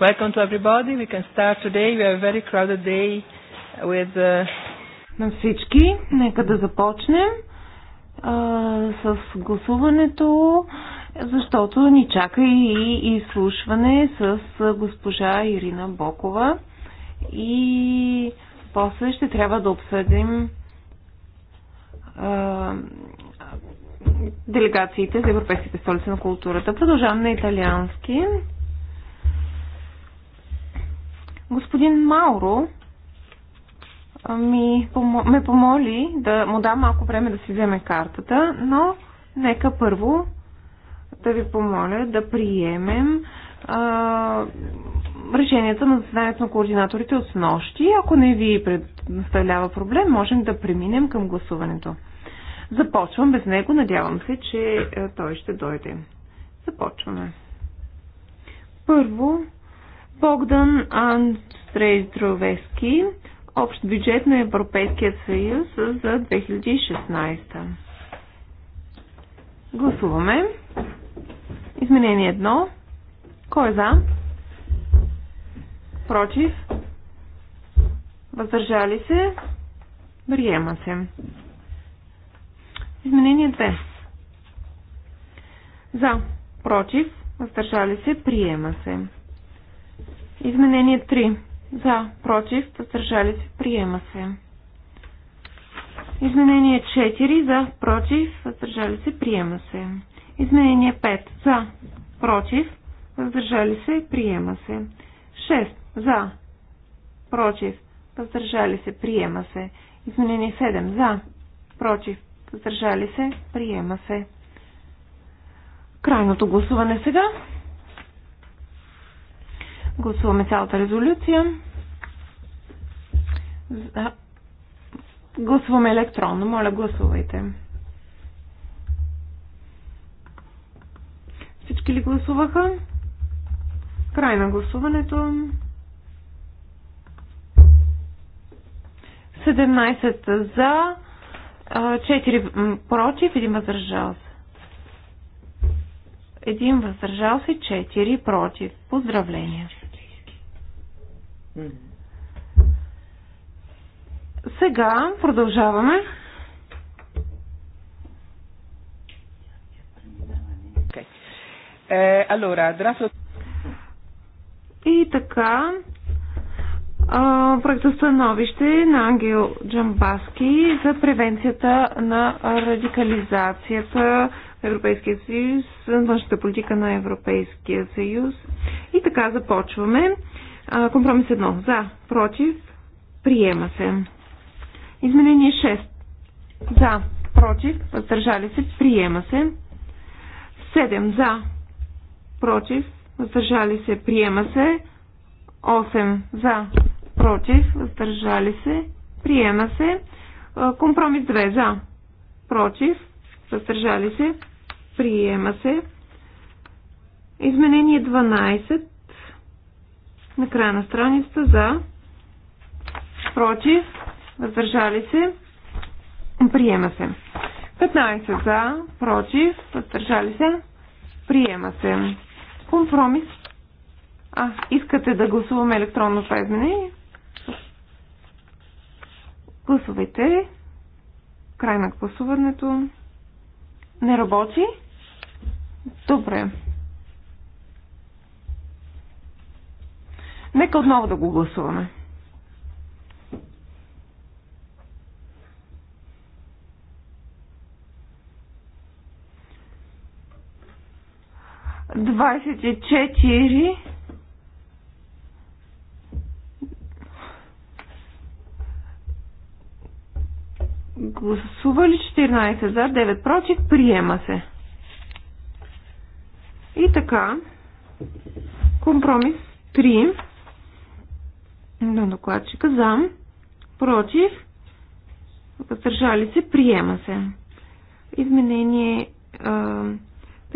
Welcome to everybody. We can start today. We have a very crowded day with... Uh, на всички, нека да започнем а, с гласуването, защото ни чака и изслушване с госпожа Ирина Бокова и после ще трябва да обсъдим а, делегациите за европейските столици на културата. Продължавам на италиански. Господин Мауро ми, ме помоли да му дам малко време да си вземе картата, но нека първо да ви помоля да приемем а, решенията на заседанието на координаторите от нощи. Ако не ви представлява проблем, можем да преминем към гласуването. Започвам без него. Надявам се, че той ще дойде. Започваме. Първо, Богдан Андрей Здравески, Общ бюджет на Европейския съюз за 2016. Гласуваме. Изменение 1. Кой е за? Против? Въздържали се? Приема се. Изменение 2. За. Против? Въздържали се? Приема се. Изменение 3. За, против, въздържали се, приема се. Изменение 4. За, против, въздържали се, приема се. Изменение 5. За, против, въздържали се, приема се. 6. За, против, въздържали се, приема се. Изменение 7. За, против, въздържали се, приема се. Крайното гласуване сега. Гласуваме цялата резолюция. Гласуваме електронно. Моля, гласувайте. Всички ли гласуваха? Край на гласуването. 17 за, 4 против, 1 въздържал се. Един въздържал се, 4 против. Поздравления! Сега продължаваме. Е, И така, становище на Ангел Джамбаски за превенцията на радикализацията в Европейския съюз, външната политика на Европейския съюз. И така започваме. А, компромис 1. За. Против. Приема се. Изменение 6. За. Против. Въздържали се. Приема се. 7. За. Против. Въздържали се. Приема се. 8. За. Против. Въздържали се. Приема се. Компромис 2. За. Против. Въздържали се. Приема се. Изменение 12 на края на страницата за против, въздържали се, приема се. 15 за, против, въздържали се, приема се. Компромис. А, искате да гласуваме електронно това изменение? Гласувайте. Край на гласуването. Не работи? Добре. Нека отново да го гласуваме. Двадесет и четири. Гласували 14 за, 9 против, приема се. И така, компромис 3 на докладчика за, против, въздържали се, приема се. Изменение а,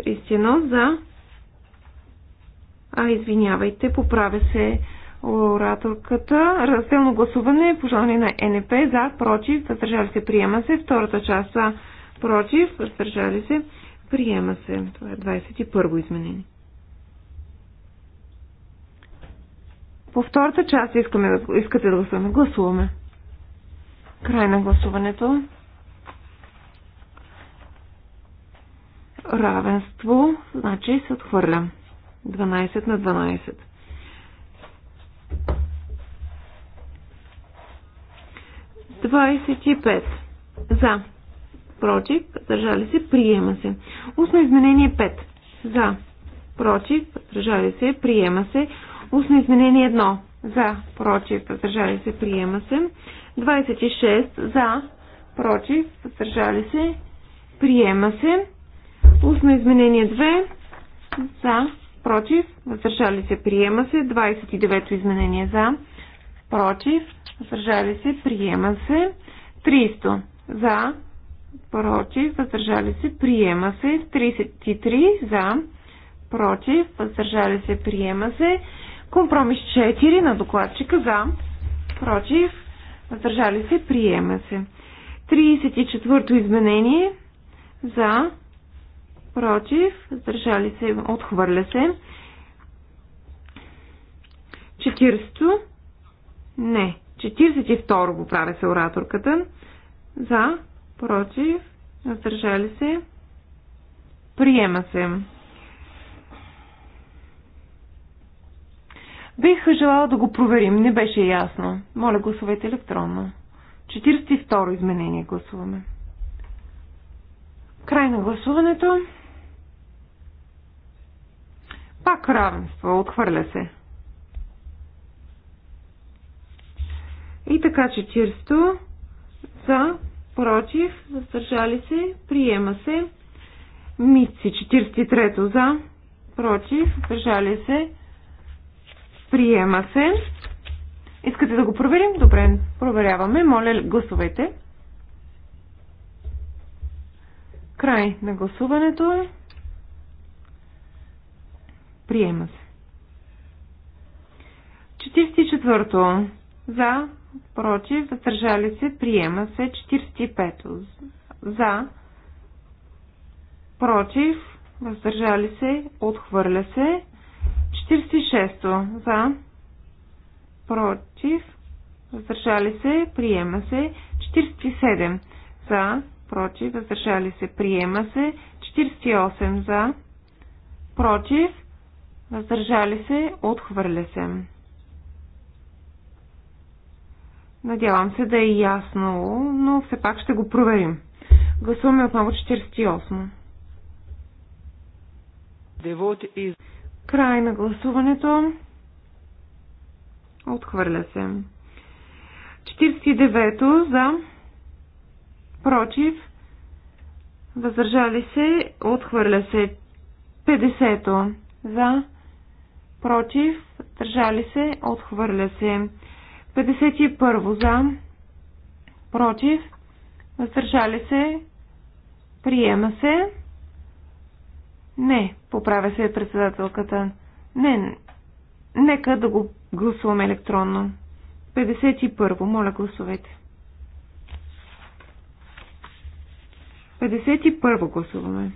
31 за. А, извинявайте, поправя се ораторката. Разделно гласуване, пожелание на НП за, против, въздържали се, приема се. Втората част за, против, въздържали се, приема се. Това е 21 изменение. По втората част искаме да, искате да гласуваме. Гласуваме. Край на гласуването. Равенство, значи се отхвърля. 12 на 12. Двадесет и пет. За. Против. Държали се. Приема се. Устно изменение 5. За. Против. Държали се. Приема се. Устно изменение 1. За, против, въздържали се, приема се. 26. За, против, въздържали се, приема се. Устно изменение 2. За, против, въздържали се, приема се. 29 изменение за, против, въздържали се, приема се. 300 за, против, въздържали се, приема се. 33 за, против, въздържали се, приема се. Компромис 4 на докладчика за, против, въздържали се, приема се. 34-то изменение за, против, въздържали се, отхвърля се. 40-то, не, 42-ро го правя се ораторката. За, против, въздържали се, приема се. Бих желала да го проверим. Не беше ясно. Моля, гласувайте електронно. 42 изменение гласуваме. Край на гласуването. Пак равенство. Отхвърля се. И така 40 за, против, въздържали се, приема се. Мици 43 за, против, въздържали се, Приема се. Искате да го проверим? Добре, проверяваме. Моля, гласувайте. Край на гласуването е. Приема се. 44-то. За, против, въздържали се, приема се. 45-то. За, против, въздържали се, отхвърля се. 46 за, против, въздържали се, приема се. 47 за, против, въздържали се, приема се. 48 за, против, въздържали се, отхвърля се. Надявам се да е ясно, но все пак ще го проверим. Гласуваме отново 48. The is... Край на гласуването. Отхвърля се. 49-то за против. Въздържали се. Отхвърля се. 50-то за против. Държали се. Отхвърля се. 51 за против. Въздържали се. Приема се. Не, поправя се председателката. Не, нека да го гласуваме електронно. 51. Моля, гласувайте. 51 гласуваме.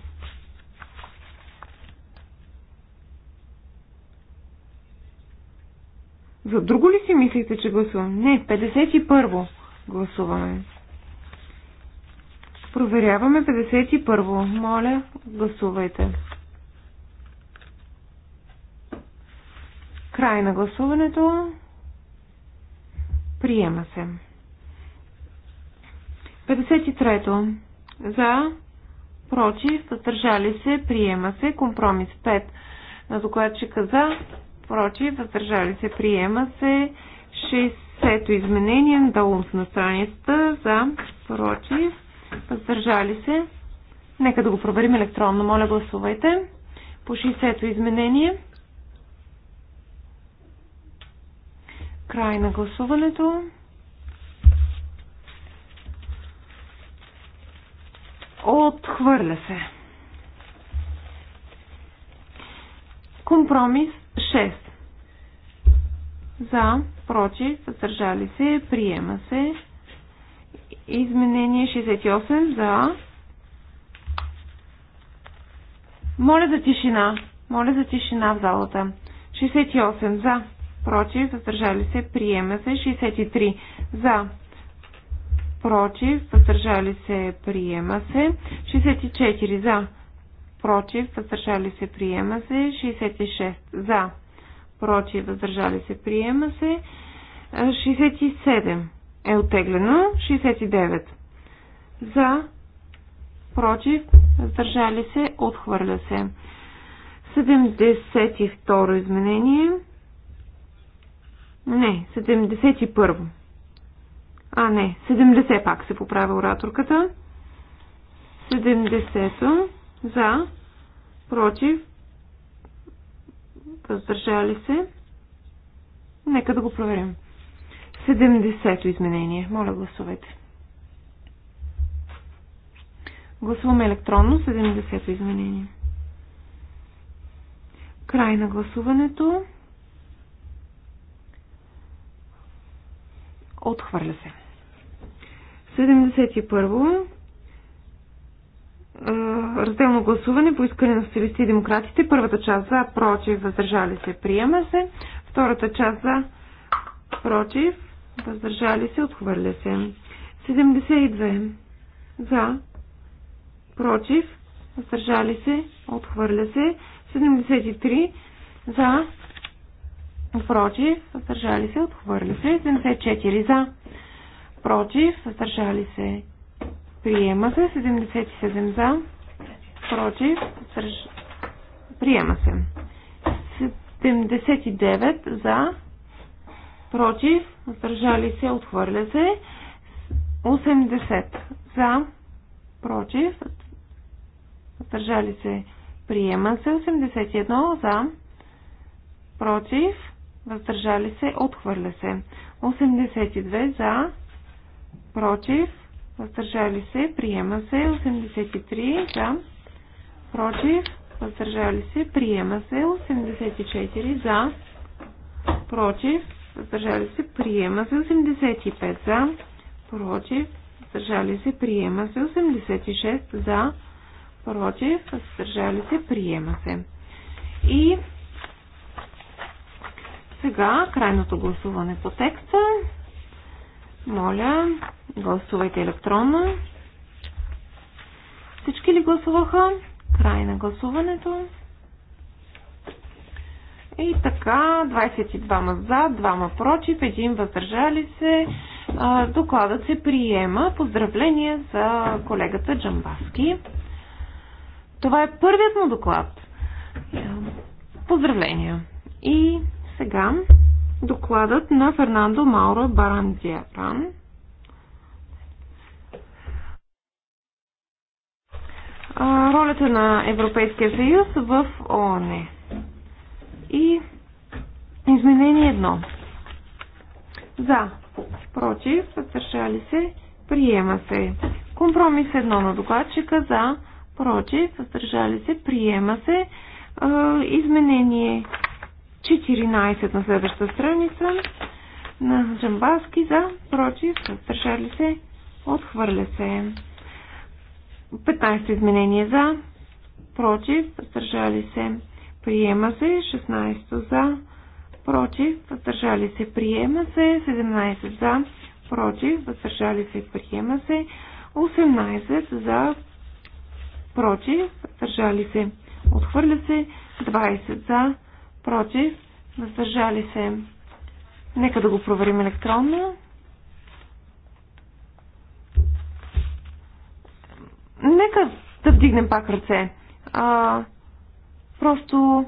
За друго ли си мислите, че гласувам? Не, 51 гласуваме. Проверяваме 51. Моля, гласувайте. Край на гласуването. Приема се. 53-то. За, против, въздържали се, приема се. Компромис 5 на докладчика за, против, въздържали се, приема се. 60-то изменение надолу на страницата за, против, въздържали се. Нека да го проверим електронно. Моля, гласувайте. По 60-то изменение. Край на гласуването. Отхвърля се. Компромис 6. За, против, съдържали се, приема се. Изменение 68 за. Моля за тишина. Моля за тишина в залата. 68 за против, въздържали се, приема се. 63 за, против, въздържали се, приема се. 64 за, против, въздържали се, приема се. 66 за, против, въздържали се, приема се. 67 е отеглено 69 за, против, въздържали се, отхвърля се. 72 изменение не, 71. А, не, 70 пак се поправя ораторката. 70 за, против, въздържали се. Нека да го проверим. 70-то изменение. Моля, гласувайте. Гласуваме електронно 70-то изменение. Край на гласуването. Отхвърля се. 71. Разделно гласуване по искане на социалисти и демократите. Първата част за, против, въздържали се, приема се. Втората част за, против, въздържали се, отхвърля се. 72. За, против, въздържали се, отхвърля се. 73. За, против, въздържали се, отхвърля се. 74 за, против, въздържали се, приема се. 77 за, против, въздърж... приема се. 79 за, против, въздържали се, отхвърля се. 80 за, против, въздържали се, приема се. 81 за, против, въздържали се, отхвърля се. 82 за, против, въздържали се, приема се. 83 за, против, въздържали се, приема се. 84 за, против, въздържали се, приема се. 85 за, против, въздържали се, приема се. 86 за, против, въздържали се, приема се. И сега крайното гласуване по текста. Моля, гласувайте електронно. Всички ли гласуваха? Край на гласуването. И така, 22 за, 2 против, 1 въздържали се. Докладът се приема. Поздравление за колегата Джамбаски. Това е първият му доклад. Поздравления. И сега докладът на Фернандо Мауро Барандиеран. Ролята на Европейския съюз в ООН. И изменение едно. За, против, въздържали се, приема се. Компромис едно на докладчика за, против, въздържали се, приема се. Изменение 14 на следващата страница на Джамбаски за, против, въздържали се, отхвърля се. 15 изменение за, против, въздържали се, приема се. 16 за, против, съдържали се, приема се. 17 за, против, въздържали се, приема се. 18 за, против, въздържали се, отхвърля се. 20 за, против, въздържали се. Нека да го проверим електронно. Нека да вдигнем пак ръце. А, просто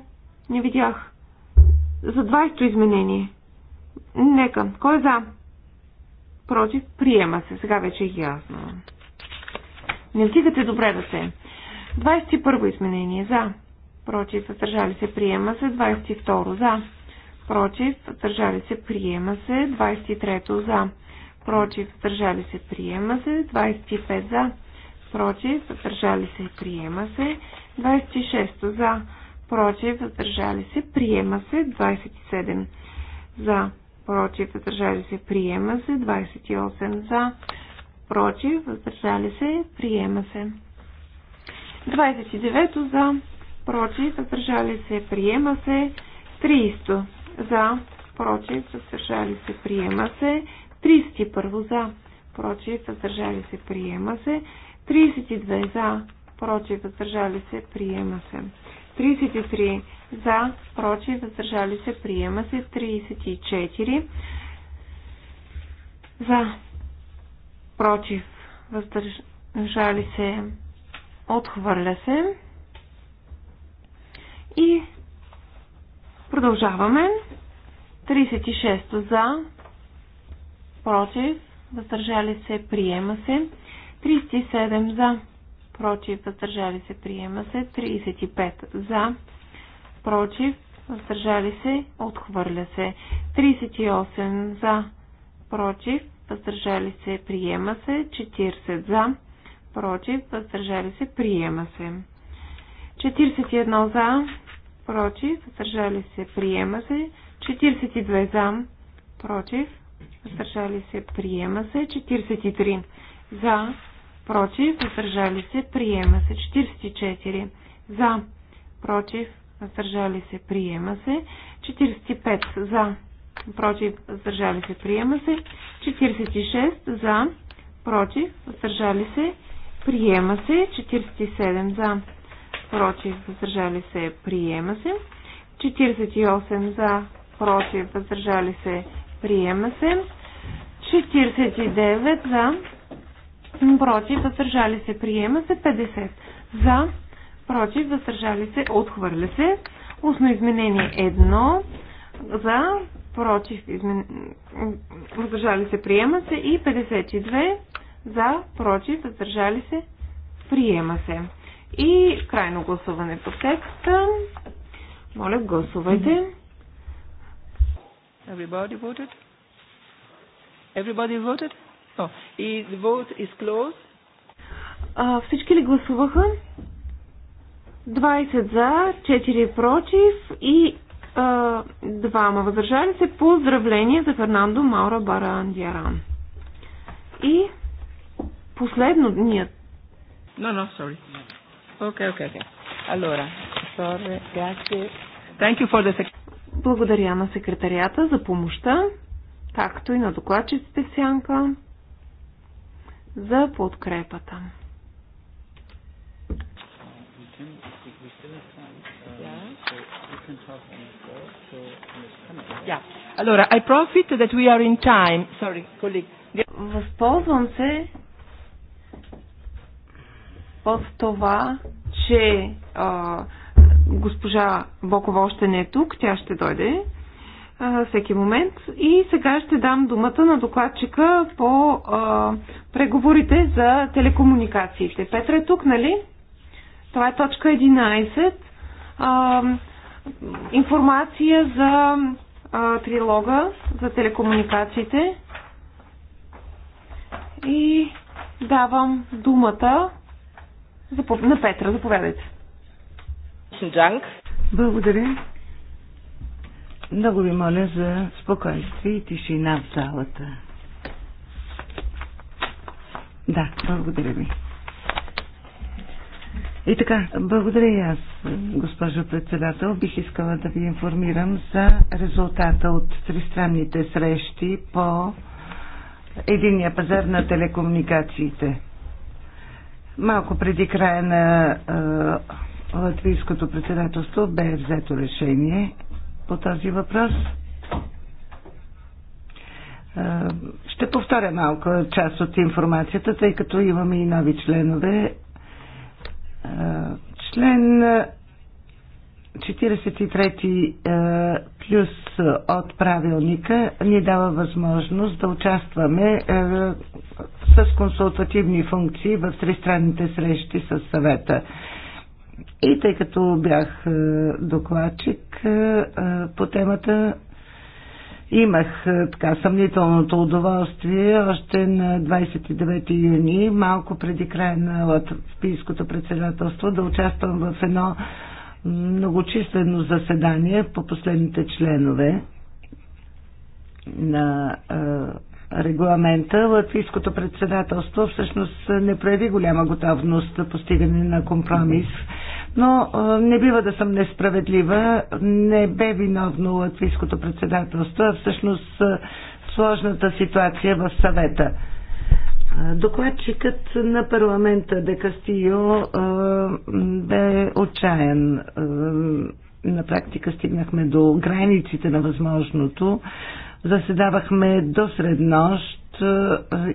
не видях. За 20-то изменение. Нека. Кой е за? Против. Приема се. Сега вече е ясно. Не вдигате добре да се. 21 изменение. За против, въздържали се, приема се, 22 за, против, въздържали се, приема се, 23 за, против, въздържали се, приема се, 25 за, против, въздържали се, приема се, 26 за, против, въздържали се, приема се, 27 за, против, въздържали се, приема се, 28 за, против, въздържали се, приема се. 29 за, против, въздържали се, приема се. 300 за, против, въздържали се, приема се. 31 за, против, въздържали се, приема се. 32 за, против, въздържали се, приема се. 33 за, против, въздържали се, приема се. 34 за, против, въздържали се, отхвърля се. И продължаваме. 36 за, против, въздържали се, приема се. 37 за, против, въздържали се, приема се. 35 за, против, въздържали се, отхвърля се. 38 за, против, въздържали се, приема се. 40 за, против, въздържали се, приема се. 41 за, против, въздържали се, приема се. 42 за, против, въздържали се, приема се. 43 за, против, въздържали се, приема се. 44 за, против, въздържали се, приема се. 45 за, против, въздържали се, приема се. 46 за, против, въздържали се, приема се. 47 за, против, въздържали се, приема се. 48 за, против, въздържали се, приема се. 49 за, против, въздържали се, приема се. 50 за, против, въздържали се, отхвърля се. Устно изменение 1 за, против, измен... въздържали се, приема се. И 52 за, против, въздържали се, приема се. И крайно гласуване по текста. Моля, гласувайте. Everybody voted? Everybody voted? No. Is vote is closed? А, всички ли гласуваха? 20 за, 4 против и двама въздържали се. Поздравление за Фернандо Маура Барандиаран. И последно дният. No, no, sorry. Ok, ok, ok. Allora, sorry, grazie. Thank you for the sec- Благодаря на секретарията за помощта, както и на докладчиците Сянка за подкрепата. Възползвам се, в това, че а, госпожа Бокова още не е тук, тя ще дойде а, всеки момент. И сега ще дам думата на докладчика по а, преговорите за телекомуникациите. Петра е тук, нали? Това е точка 11. А, информация за а, трилога за телекомуникациите. И давам думата на Петра, заповядайте. Благодаря. Много ви моля за спокойствие и тишина в залата. Да, благодаря ви. И така, благодаря и аз, госпожо председател. Бих искала да ви информирам за резултата от тристранните срещи по единия пазар на телекомуникациите. Малко преди края на а, латвийското председателство бе взето решение по този въпрос. А, ще повторя малко част от информацията, тъй като имаме и нови членове. А, член 43 е, плюс от правилника ни дава възможност да участваме е, с консултативни функции в тристранните срещи с съвета. И тъй като бях е, докладчик по темата, имах така съмнителното удоволствие още на 29 юни, малко преди края на латвийското председателство, да участвам в едно многочислено заседание по последните членове на регламента. Латвийското председателство всъщност не прояви голяма готовност за постигане на компромис, но не бива да съм несправедлива. Не бе виновно латвийското председателство, а всъщност сложната ситуация в съвета. Докладчикът на парламента Де Кастио бе отчаян. На практика стигнахме до границите на възможното. Заседавахме до среднощ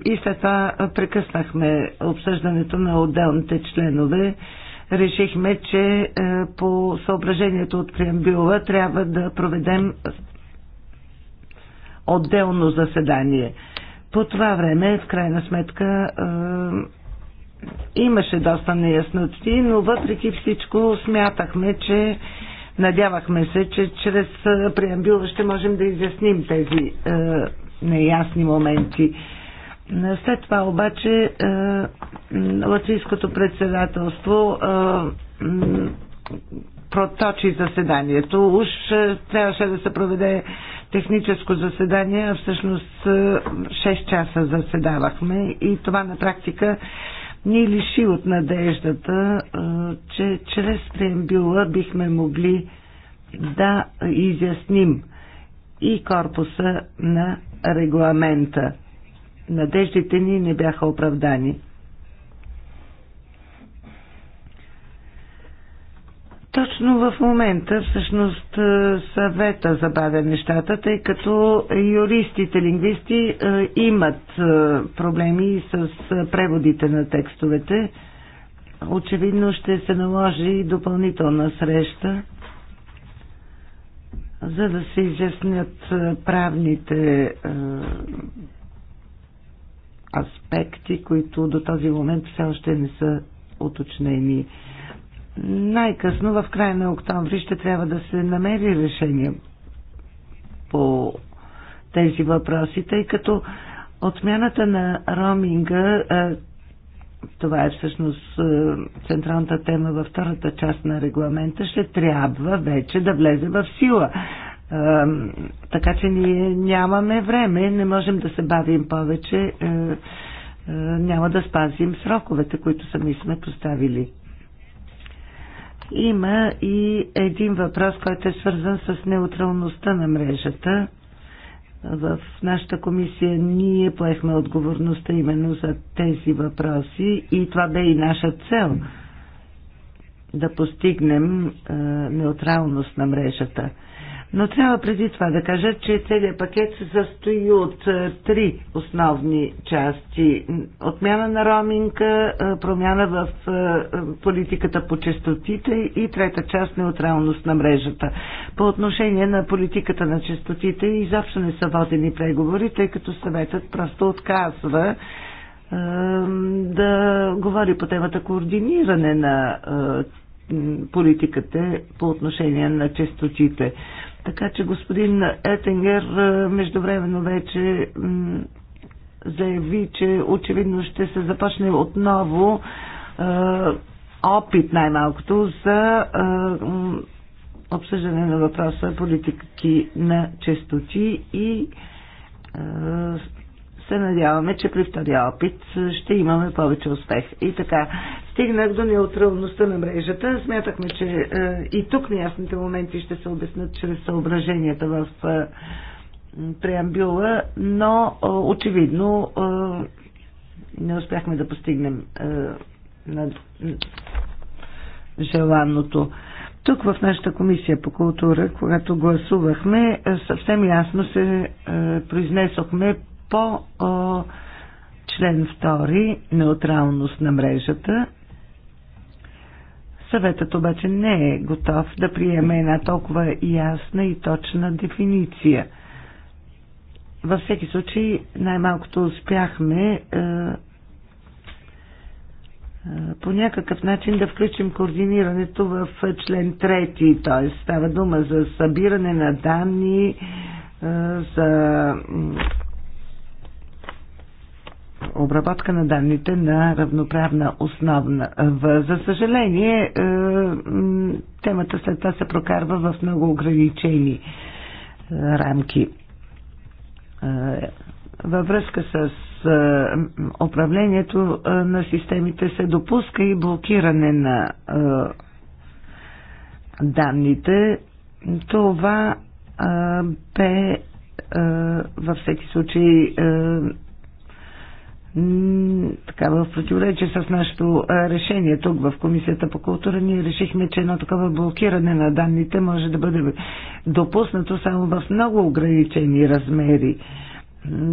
и след това прекъснахме обсъждането на отделните членове. Решихме, че по съображението от преамбюла трябва да проведем отделно заседание. По това време, в крайна сметка, имаше доста неясноти, но въпреки всичко смятахме, че надявахме се, че чрез преамбюла ще можем да изясним тези е, неясни моменти. След това обаче е, латвийското председателство е, проточи заседанието. Уж трябваше да се проведе техническо заседание, а всъщност 6 часа заседавахме и това на практика ни лиши от надеждата, че чрез преембюла бихме могли да изясним и корпуса на регламента. Надеждите ни не бяха оправдани. Точно в момента всъщност е, съвета забавя нещата, тъй като юристите, лингвисти е, имат е, проблеми с преводите на текстовете. Очевидно ще се наложи допълнителна среща, за да се изяснят правните аспекти, които до този момент все още не са уточнени най-късно в края на октомври ще трябва да се намери решение по тези въпроси, тъй като отмяната на роуминга, е, това е всъщност е, централната тема във втората част на регламента, ще трябва вече да влезе в сила. Е, така че ние нямаме време, не можем да се бавим повече, няма да спазим сроковете, които сами сме поставили. Има и един въпрос, който е свързан с неутралността на мрежата. В нашата комисия ние поехме отговорността именно за тези въпроси и това бе и наша цел да постигнем е, неутралност на мрежата. Но трябва преди това да кажа, че целият пакет се състои от е, три основни части. Отмяна на роминга, е, промяна в е, политиката по частотите и трета част неутралност на мрежата. По отношение на политиката на частотите изобщо не са водени преговори, тъй като съветът просто отказва да говори по темата координиране на политиката по отношение на честотите. Така че господин Етенгер междувременно вече заяви, че очевидно ще се започне отново е, опит най-малкото за е, обсъждане на въпроса политики на честоти и се надяваме, че при втория опит е, ще имаме повече успех. И така, стигнах до неутралността на мрежата. Смятахме, че е, и тук неясните моменти ще се обяснат чрез съображенията в е, преамбюла, но е, очевидно е, не успяхме да постигнем е, е, желаното. Тук в нашата комисия по култура, когато гласувахме, е, съвсем ясно се е, произнесохме по член 2 неутралност на мрежата. Съветът обаче не е готов да приеме една толкова ясна и точна дефиниция. Във всеки случай, най-малкото успяхме е, е, по някакъв начин да включим координирането в член 3, т.е. става дума за събиране на данни, е, за обработка на данните на равноправна основна. За съжаление, е, темата след това се прокарва в много ограничени е, рамки. Е, във връзка с управлението на системите се допуска и блокиране на данните. Това бе във всеки случай така в противоречие с нашето решение тук в Комисията по култура, ние решихме, че едно такова блокиране на данните може да бъде допуснато само в много ограничени размери.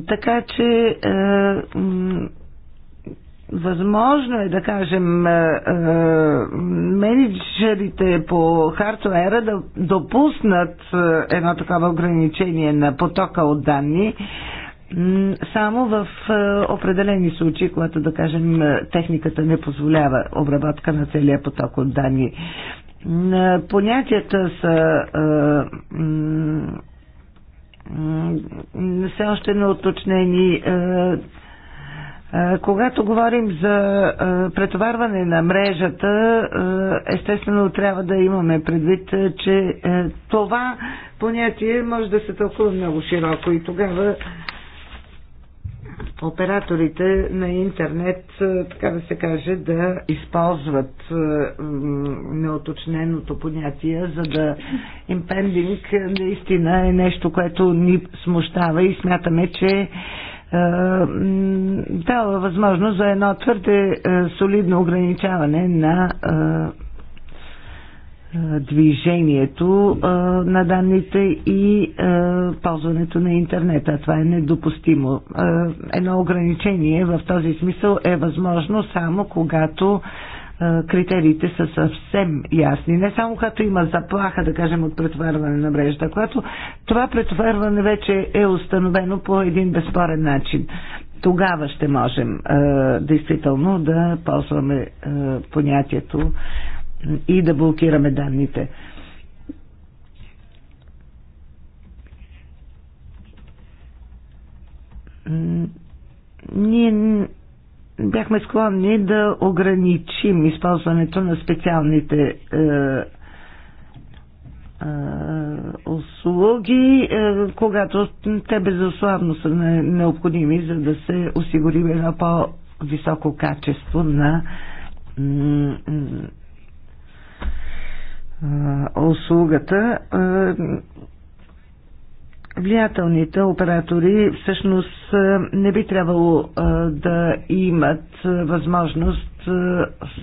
Така че е, възможно е да кажем е, менеджерите по хардуера да допуснат едно такова ограничение на потока от данни, само в е, определени случаи, когато, да кажем, е, техниката не позволява обработка на целия поток от данни. Е, понятията са все още неоточнени. Когато говорим за претоварване на мрежата, естествено трябва да имаме предвид, че това понятие може да се тълкува много широко и тогава операторите на интернет, е, така да се каже, да използват е, неоточненото понятие, за да импендинг наистина е нещо, което ни смущава и смятаме, че е, дава възможност за едно твърде солидно ограничаване на движението на данните и ползването на интернета. Това е недопустимо. Едно ограничение в този смисъл е възможно само когато критериите са съвсем ясни. Не само когато има заплаха, да кажем, от претоварване на мрежата, когато това претоварване вече е установено по един безспорен начин. Тогава ще можем действително да ползваме понятието и да блокираме данните. Ние бяхме склонни да ограничим използването на специалните е, е, услуги, е, когато те безусловно са необходими, за да се осигури едно по-високо качество на услугата, влиятелните оператори всъщност не би трябвало да имат възможност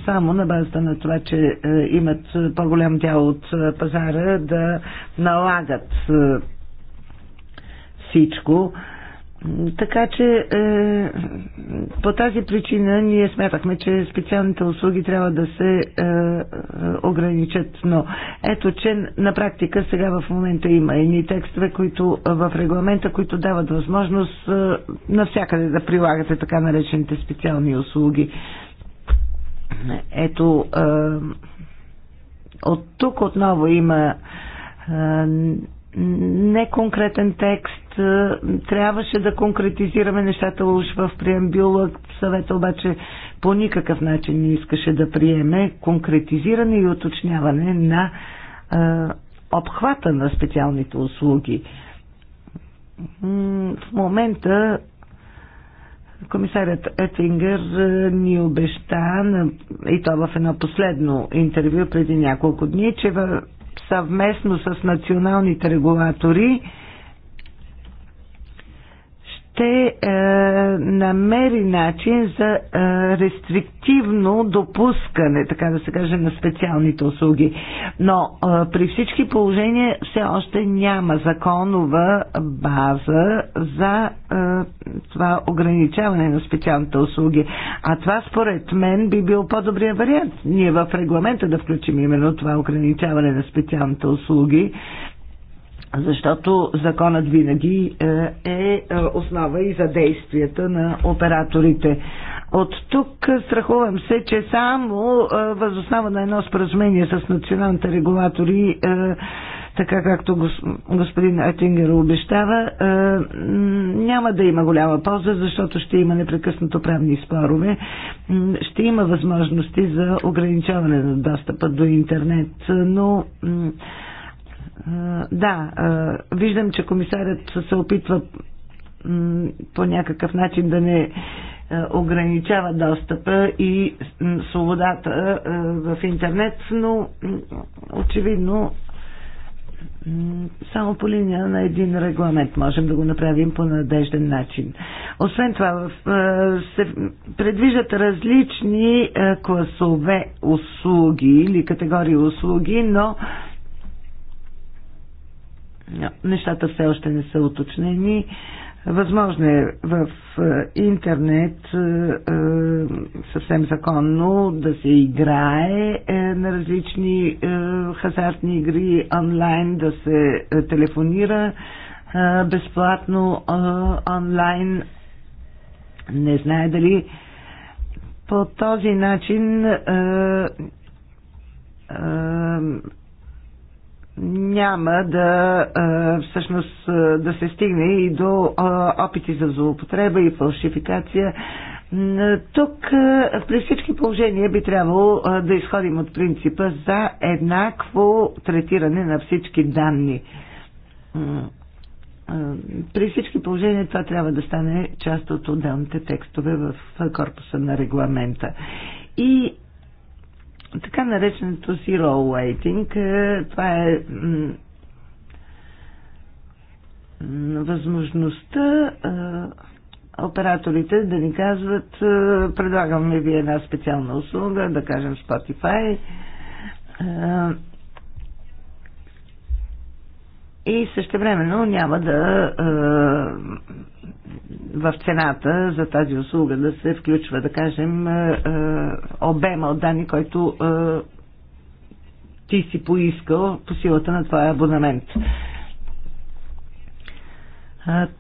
само на базата на това, че имат по-голям дял от пазара да налагат всичко така че е, по тази причина ние смятахме, че специалните услуги трябва да се е, е ограничат. Но ето, че на практика сега в момента има едни текстове, които е, в регламента, които дават възможност е, навсякъде да прилагате така наречените специални услуги. Ето, е, от тук отново има. Е, неконкретен текст. Трябваше да конкретизираме нещата уж в преамбюла. Съвета обаче по никакъв начин не искаше да приеме конкретизиране и уточняване на е, обхвата на специалните услуги. В момента комисарят Етингер ни обеща, и то в едно последно интервю преди няколко дни, че съвместно с националните регулатори ще е, намери начин за е, рестриктивно допускане, така да се каже, на специалните услуги. Но е, при всички положения все още няма законова база за е, това ограничаване на специалните услуги. А това според мен би бил по-добрия вариант. Ние в регламента да включим именно това ограничаване на специалните услуги защото законът винаги е, е, е основа и за действията на операторите. От тук страхувам се, че само е, възоснова на едно споразумение с националните регулатори, така както господин Айтингер обещава, няма да има голяма полза, защото ще има непрекъснато правни спорове, ще има възможности за ограничаване на достъпа до интернет, но да, виждам, че комисарят се опитва по някакъв начин да не ограничава достъпа и свободата в интернет, но очевидно само по линия на един регламент можем да го направим по надежден начин. Освен това, се предвиждат различни класове услуги или категории услуги, но Нещата все още не са уточнени. Възможно е в е, интернет е, е, съвсем законно да се играе на различни хазартни игри онлайн, да се телефонира безплатно онлайн. Не знае дали по този начин няма да всъщност да се стигне и до опити за злоупотреба и фалшификация. Тук при всички положения би трябвало да изходим от принципа за еднакво третиране на всички данни. При всички положения това трябва да стане част от отделните текстове в корпуса на регламента. И така нареченото zero waiting, е, това е възможността операторите да ни казват предлагаме ви една специална услуга, да кажем Spotify, и същевременно няма да в цената за тази услуга да се включва, да кажем, обема от данни, който ти си поискал по силата на твоя абонамент.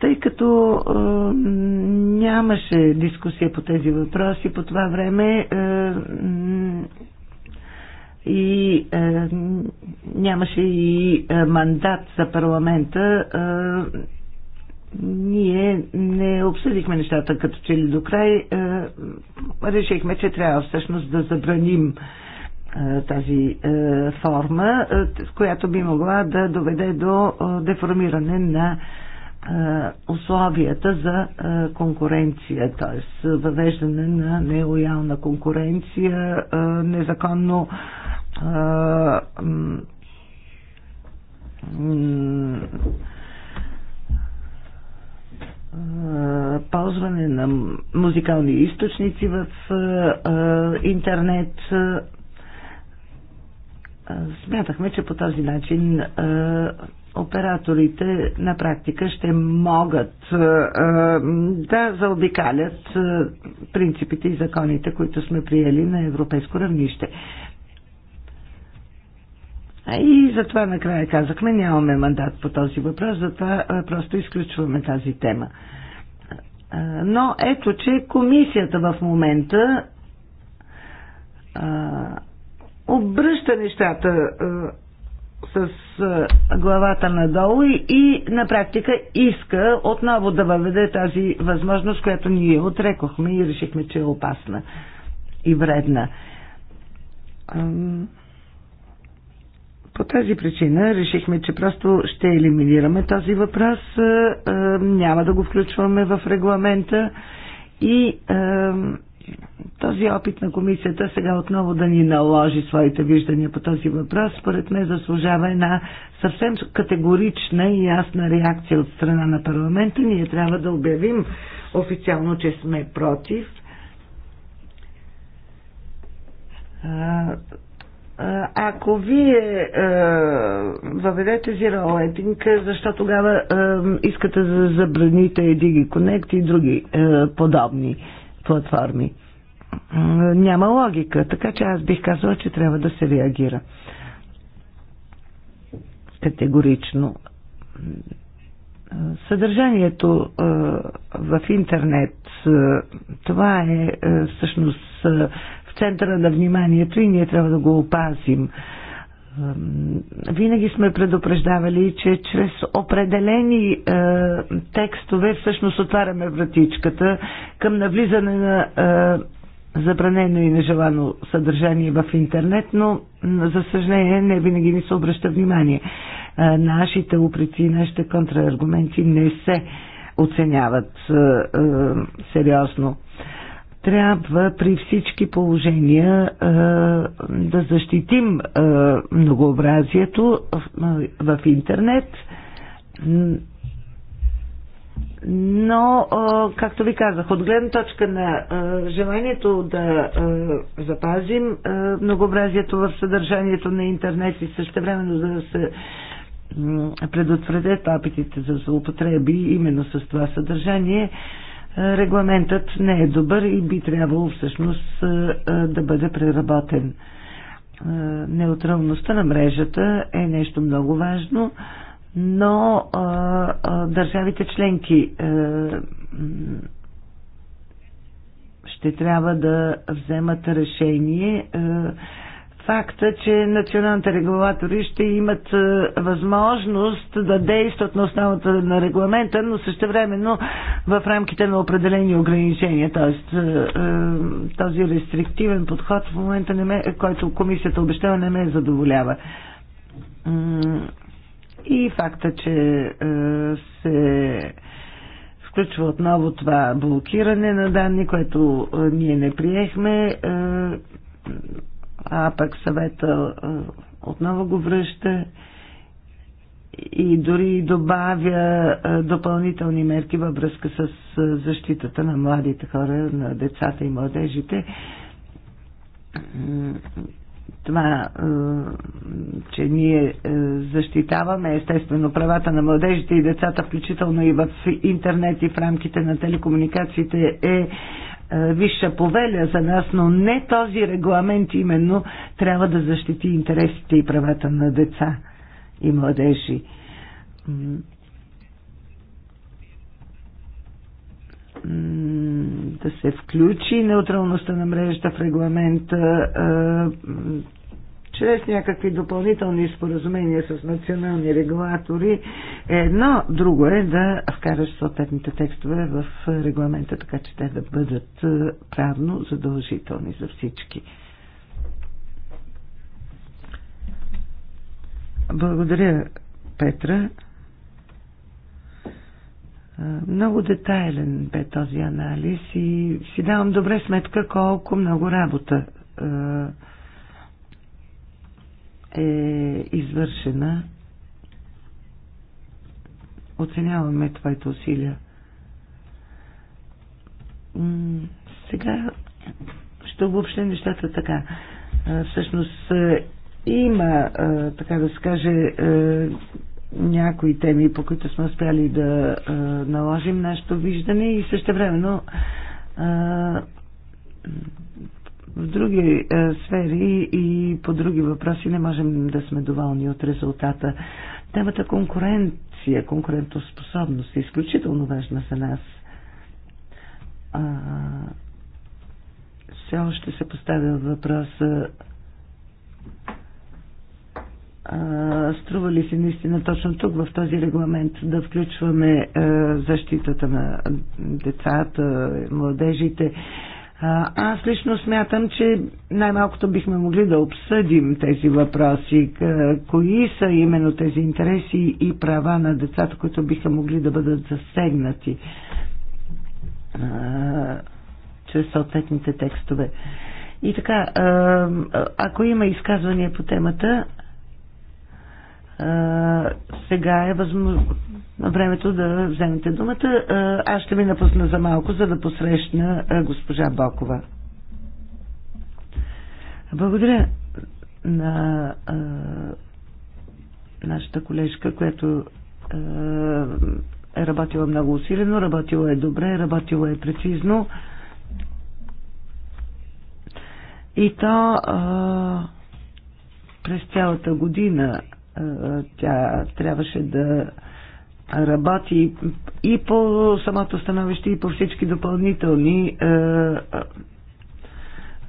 Тъй като нямаше дискусия по тези въпроси по това време, и е, нямаше и е, мандат за парламента, е, ние не обсъдихме нещата като че ли до край. Е, решихме, че трябва всъщност да забраним е, тази е, форма, е, която би могла да доведе до е, деформиране на е, е, условията за е, конкуренция, т.е. въвеждане на нелоялна конкуренция, е, незаконно ползване на музикални източници в интернет. Смятахме, че по този начин операторите на практика ще могат е, е, да заобикалят е, принципите и законите, които сме приели на европейско равнище. И затова накрая казахме, нямаме мандат по този въпрос, затова просто изключваме тази тема. Но ето, че комисията в момента обръща нещата с главата надолу и на практика иска отново да въведе тази възможност, която ние отрекохме и решихме, че е опасна и вредна. По тази причина решихме, че просто ще елиминираме този въпрос, няма да го включваме в регламента и този опит на комисията сега отново да ни наложи своите виждания по този въпрос, според мен заслужава една съвсем категорична и ясна реакция от страна на парламента. Ние трябва да обявим официално, че сме против. Ако вие е, въведете Zero Rating, защо тогава е, искате да забраните DigiConnect и други е, подобни платформи? няма логика. Така че аз бих казала, че трябва да се реагира. Категорично. Съдържанието в интернет, това е всъщност в центъра на вниманието и ние трябва да го опазим. Винаги сме предупреждавали, че чрез определени е, текстове всъщност отваряме вратичката към навлизане на забранено и нежелано съдържание в интернет, но за съжаление не винаги ни се обръща внимание. Е, нашите упреци, нашите контраргументи не се оценяват е, е, сериозно. Трябва при всички положения да защитим многообразието в интернет но, както ви казах, от гледна точка на желанието да запазим многообразието в съдържанието на интернет и също времено да се предотвратят апетите за злоупотреби именно с това съдържание, регламентът не е добър и би трябвало всъщност да бъде преработен. Неутралността на мрежата е нещо много важно но а, а, държавите членки а, е, ще трябва да вземат решение. А, е, факта, че националните регулатори ще имат е, възможност да действат на основата на регламента, но същевременно в рамките на определени ограничения. Тоест този рестриктивен подход в момента, не ме, който комисията обещава, не ме задоволява и факта, че е, се включва отново това блокиране на данни, което е, ние не приехме, е, а пък съвета отново го връща и дори добавя допълнителни мерки във връзка с защитата на младите хора, на децата и младежите това, е, че ние е, защитаваме естествено правата на младежите и децата, включително и в интернет и в рамките на телекомуникациите е, е висша повеля за нас, но не този регламент именно трябва да защити интересите и правата на деца и младежи. да се включи неутралността на мрежата в регламента чрез някакви допълнителни споразумения с национални регулатори е едно, друго е да вкараш съответните текстове в регламента, така че те да бъдат правно задължителни за всички. Благодаря, Петра. Много детайлен бе този анализ и си давам добре сметка колко много работа е извършена. Оценяваме твоите усилия. Сега ще обобща нещата така. Всъщност има, така да се каже, някои теми, по които сме успяли да а, наложим нашето виждане и също времено в други а, сфери и по други въпроси не можем да сме доволни от резултата. Темата конкуренция, конкурентоспособност е изключително важна за нас. А, все още се поставя въпроса струва ли се наистина точно тук в този регламент да включваме защитата на децата, младежите. Аз лично смятам, че най-малкото бихме могли да обсъдим тези въпроси. Кои са именно тези интереси и права на децата, които биха могли да бъдат засегнати чрез съответните текстове. И така, ако има изказвания по темата, сега е възможно времето да вземете думата. Аз ще ви напусна за малко, за да посрещна госпожа Бокова. Благодаря на а, нашата колежка, която а, е работила много усилено, работила е добре, работила е прецизно. И то а, през цялата година тя трябваше да работи и по самото становище, и по всички допълнителни е, е,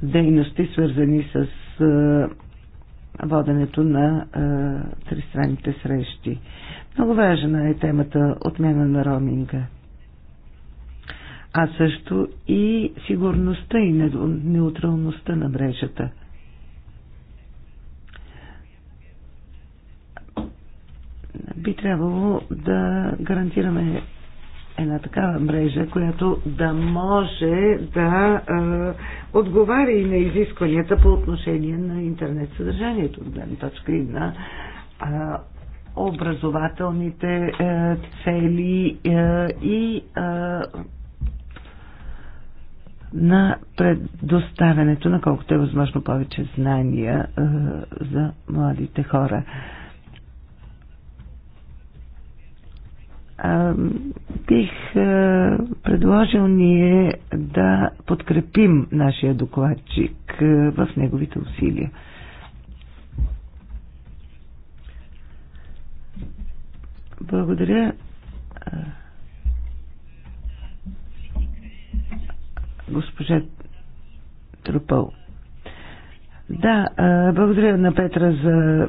дейности, свързани с е, воденето на тристранните срещи. Много важна е темата отмяна на роминга. А също и сигурността и неутралността на мрежата – би трябвало да гарантираме една такава мрежа, която да може да а, е, отговаря и на изискванията по отношение на интернет съдържанието, от гледна точка и на а, е, образователните а, е, цели а, и а, на предоставянето на колкото е възможно повече знания а, за младите хора. А, бих предложил ние да подкрепим нашия докладчик в неговите усилия. Благодаря. Госпожа Трупъл. Да, благодаря на Петра за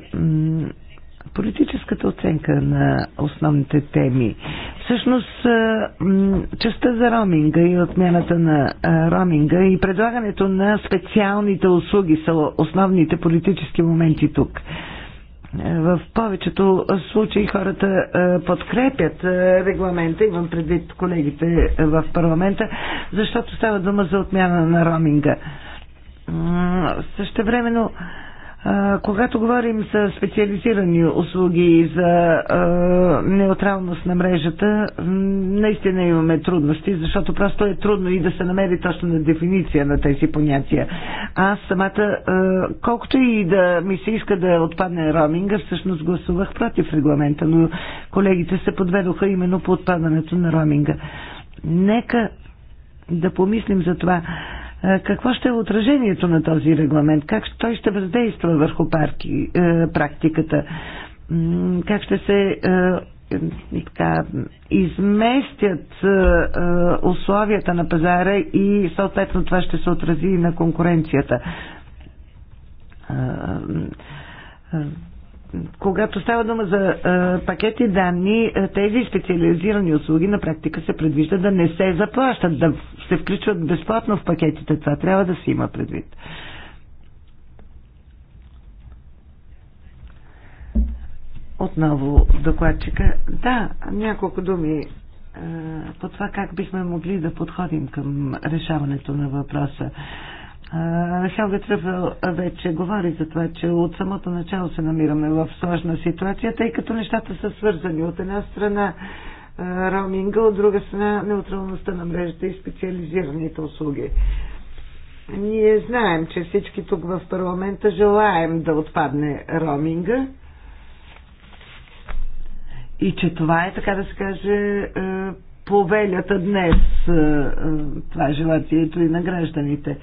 политическата оценка на основните теми. Всъщност, частта за роминга и отмяната на роминга и предлагането на специалните услуги са основните политически моменти тук. В повечето случаи хората подкрепят регламента, имам предвид колегите в парламента, защото става дума за отмяна на роминга. Също времено, когато говорим за специализирани услуги и за неутралност на мрежата, наистина имаме трудности, защото просто е трудно и да се намери точно на дефиниция на тези понятия. Аз самата, колкото и да ми се иска да отпадне роминга, всъщност гласувах против регламента, но колегите се подведоха именно по отпадането на роминга. Нека да помислим за това е, какво ще е отражението на този регламент? Как той ще въздейства върху парки, е, практиката? Как ще се е, така, изместят условията на пазара и съответно това ще се отрази и на конкуренцията? когато става дума за а, пакети данни, тези специализирани услуги на практика се предвижда да не се заплащат, да се включват безплатно в пакетите. Това трябва да се има предвид. Отново докладчика. Да, няколко думи а, по това как бихме могли да подходим към решаването на въпроса. А, Хелга Тръфел вече говори за това, че от самото начало се намираме в сложна ситуация, тъй като нещата са свързани. От една страна роуминга, от друга страна неутралността на мрежата и специализираните услуги. Ние знаем, че всички тук в парламента желаем да отпадне роуминга и че това е, така да се каже, повелята днес, това е желанието и на гражданите.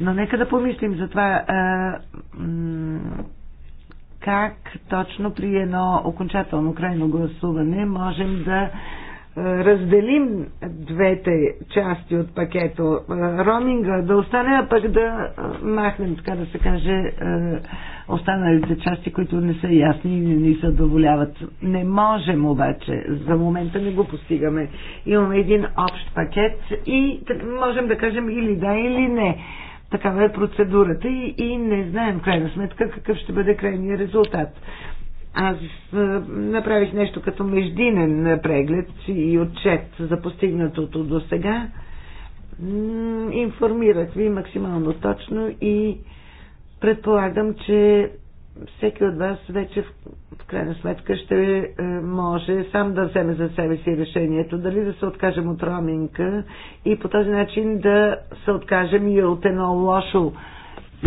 Но нека да помислим за това как точно при едно окончателно крайно гласуване можем да разделим двете части от пакето роминга, да остане, а пък да махнем, така да се каже, останалите части, които не са ясни и не ни задоволяват. Не можем обаче, за момента не го постигаме. Имаме един общ пакет и можем да кажем или да, или не. Такава е процедурата и, и не знаем крайна сметка какъв ще бъде крайния резултат. Аз е, направих нещо като междинен преглед и отчет за постигнатото до сега. Информирах ви максимално точно и предполагам, че всеки от вас вече в крайна сметка ще е, може сам да вземе за себе си решението дали да се откажем от роминга и по този начин да се откажем и от едно лошо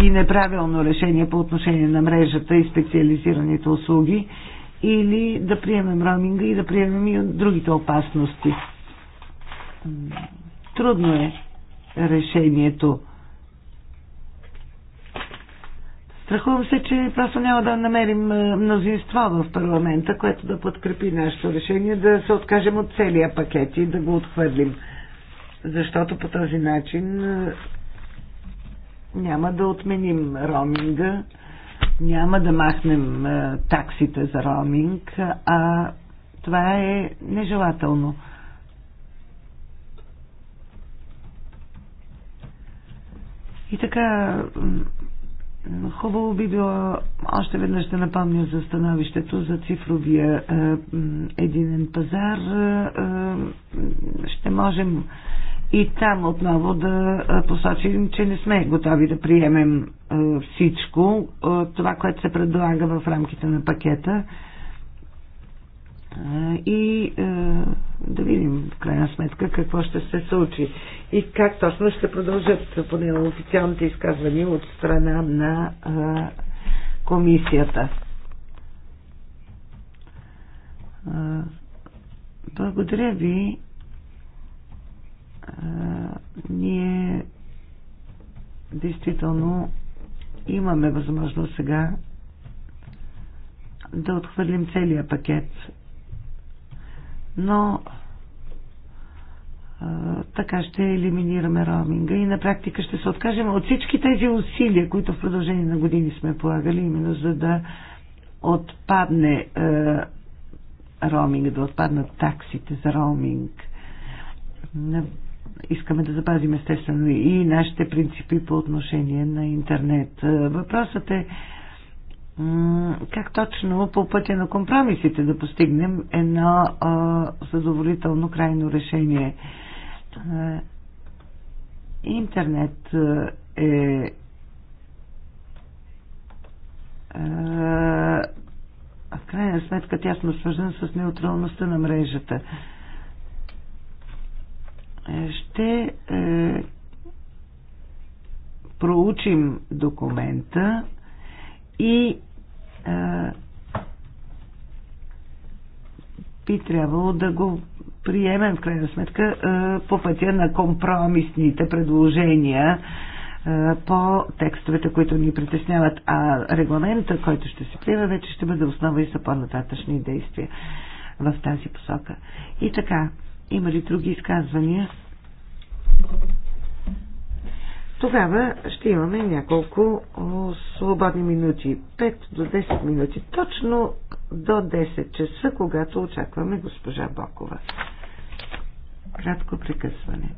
и неправилно решение по отношение на мрежата и специализираните услуги или да приемем роминга и да приемем и другите опасности. Трудно е решението Страхувам се, че просто няма да намерим мнозинство в парламента, което да подкрепи нашето решение да се откажем от целия пакет и да го отхвърлим. Защото по този начин няма да отменим роуминга, няма да махнем таксите за роминг, а това е нежелателно. И така, Хубаво би било още веднъж да напомня за становището за цифровия е, единен пазар. Е, е, ще можем и там отново да е, посочим, че не сме готови да приемем е, всичко, е, това, което се предлага в рамките на пакета. Е, и да видим в крайна сметка какво ще се случи и как точно ще продължат поне официалните изказвания от страна на комисията. Благодаря ви. Ние действително имаме възможност сега да отхвърлим целият пакет но така ще елиминираме роуминга и на практика ще се откажем от всички тези усилия, които в продължение на години сме полагали, именно за да отпадне а, роуминг, да отпаднат таксите за роуминг. Искаме да запазим естествено и нашите принципи по отношение на интернет. Въпросът е как точно по пътя на компромисите да постигнем едно задоволително крайно решение. Интернет е в крайна сметка тясно свързан с неутралността на мрежата. Е, ще е, проучим документа и а, би трябвало да го приемем в крайна сметка а, по пътя на компромисните предложения а, по текстовете, които ни притесняват, а регламента, който ще се приеме, вече ще бъде основа и за по-нататъчни действия в тази посока. И така, има ли други изказвания? тогава ще имаме няколко свободни минути. 5 до 10 минути. Точно до 10 часа, когато очакваме госпожа Бокова. Кратко прекъсване.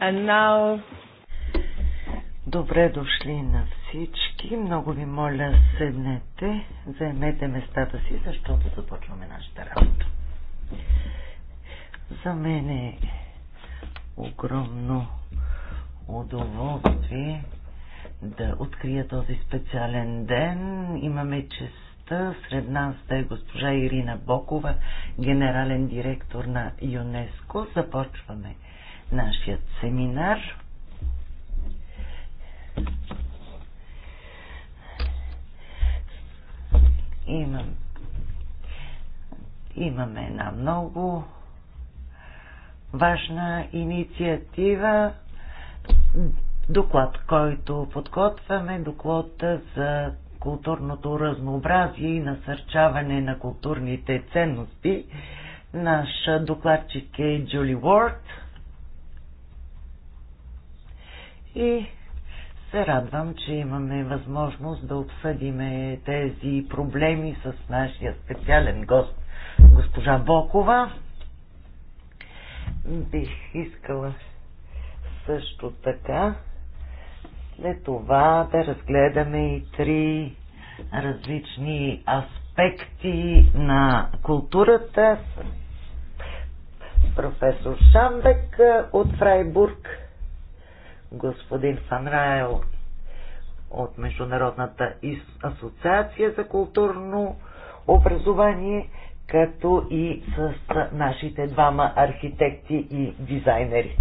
And now... Добре дошли на всички. Много ви моля, седнете, заемете местата си, защото започваме нашата работа. За мен е огромно удоволствие да открия този специален ден. Имаме честа сред нас да е госпожа Ирина Бокова, генерален директор на ЮНЕСКО. Започваме нашият семинар. Имам, имаме една много важна инициатива. Доклад, който подготвяме, доклад за културното разнообразие и насърчаване на културните ценности. Наш докладчик е Джули Уорд и се радвам, че имаме възможност да обсъдиме тези проблеми с нашия специален гост, госпожа Бокова. Бих искала също така след това да разгледаме и три различни аспекти на културата с професор Шамбек от Фрайбург господин Фанраел от Международната асоциация за културно образование, като и с нашите двама архитекти и дизайнери.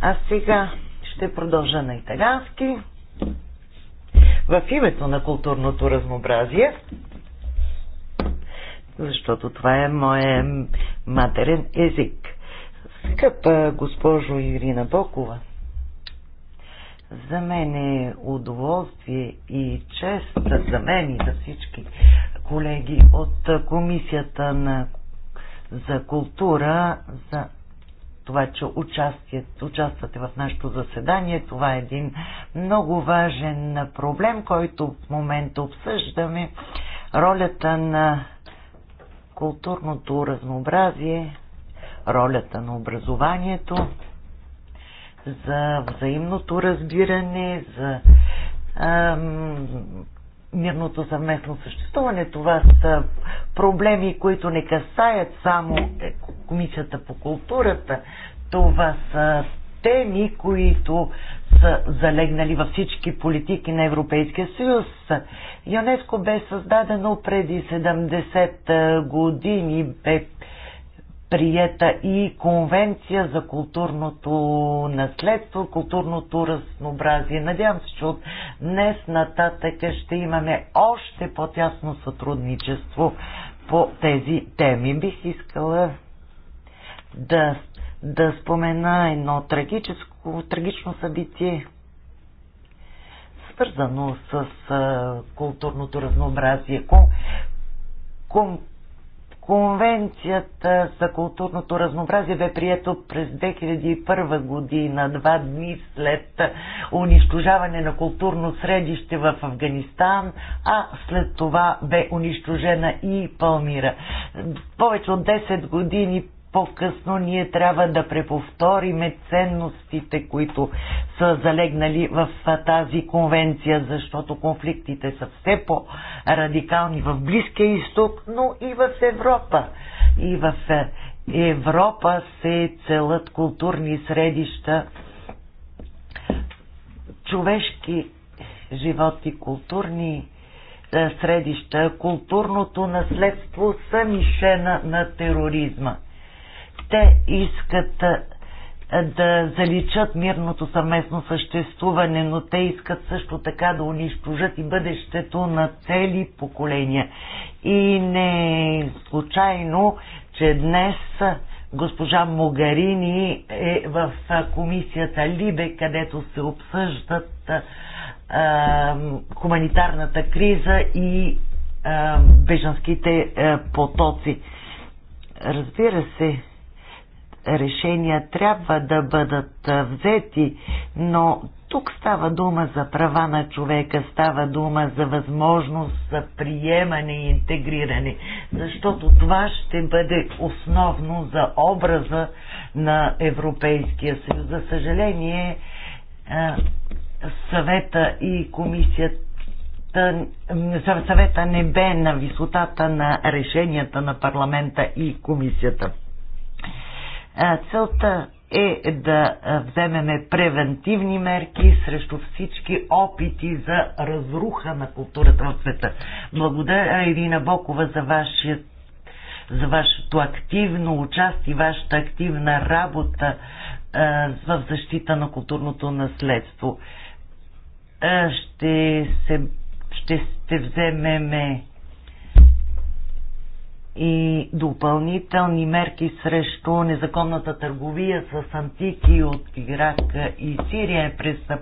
А сега ще продължа на италянски. В името на културното разнообразие, защото това е моят матерен език. Скъпа госпожо Ирина Бокова, за мен е удоволствие и чест за мен и за всички колеги от Комисията на, за култура за това, че участвате в нашето заседание. Това е един много важен проблем, който в момента обсъждаме. Ролята на културното разнообразие, ролята на образованието за взаимното разбиране, за ам, мирното съвместно съществуване. Това са проблеми, които не касаят само Комисията по културата. Това са теми, които са залегнали във всички политики на Европейския съюз. ЮНЕСКО бе създадено преди 70 години, бе приета и конвенция за културното наследство, културното разнообразие. Надявам се, че от днес нататък ще имаме още по-тясно сътрудничество по тези теми. Бих искала да, да спомена едно трагическо, трагично събитие, свързано с а, културното разнообразие. Ком, ком, Конвенцията за културното разнообразие бе прието през 2001 година, два дни след унищожаване на културно средище в Афганистан, а след това бе унищожена и Палмира. Повече от 10 години по-късно ние трябва да преповториме ценностите, които са залегнали в тази конвенция, защото конфликтите са все по-радикални в Близкия изток, но и в Европа. И в Европа се целят културни средища, човешки животи, културни средища, културното наследство са мишена на тероризма те искат да заличат мирното съвместно съществуване, но те искат също така да унищожат и бъдещето на цели поколения. И не случайно, че днес госпожа Могарини е в комисията Либе, където се обсъждат а, хуманитарната криза и а, бежанските а, потоци. Разбира се, решения трябва да бъдат взети, но тук става дума за права на човека, става дума за възможност за приемане и интегриране, защото това ще бъде основно за образа на Европейския съюз. За съжаление, съвета и комисията съвета не бе на висотата на решенията на парламента и комисията. Целта е да вземеме превентивни мерки срещу всички опити за разруха на културата в света. Благодаря Ирина Бокова за вашия, за вашето активно участие, вашата активна работа в защита на културното наследство. ще, се, ще, ще вземеме и допълнителни мерки срещу незаконната търговия с антики от Ирак и Сирия. През е,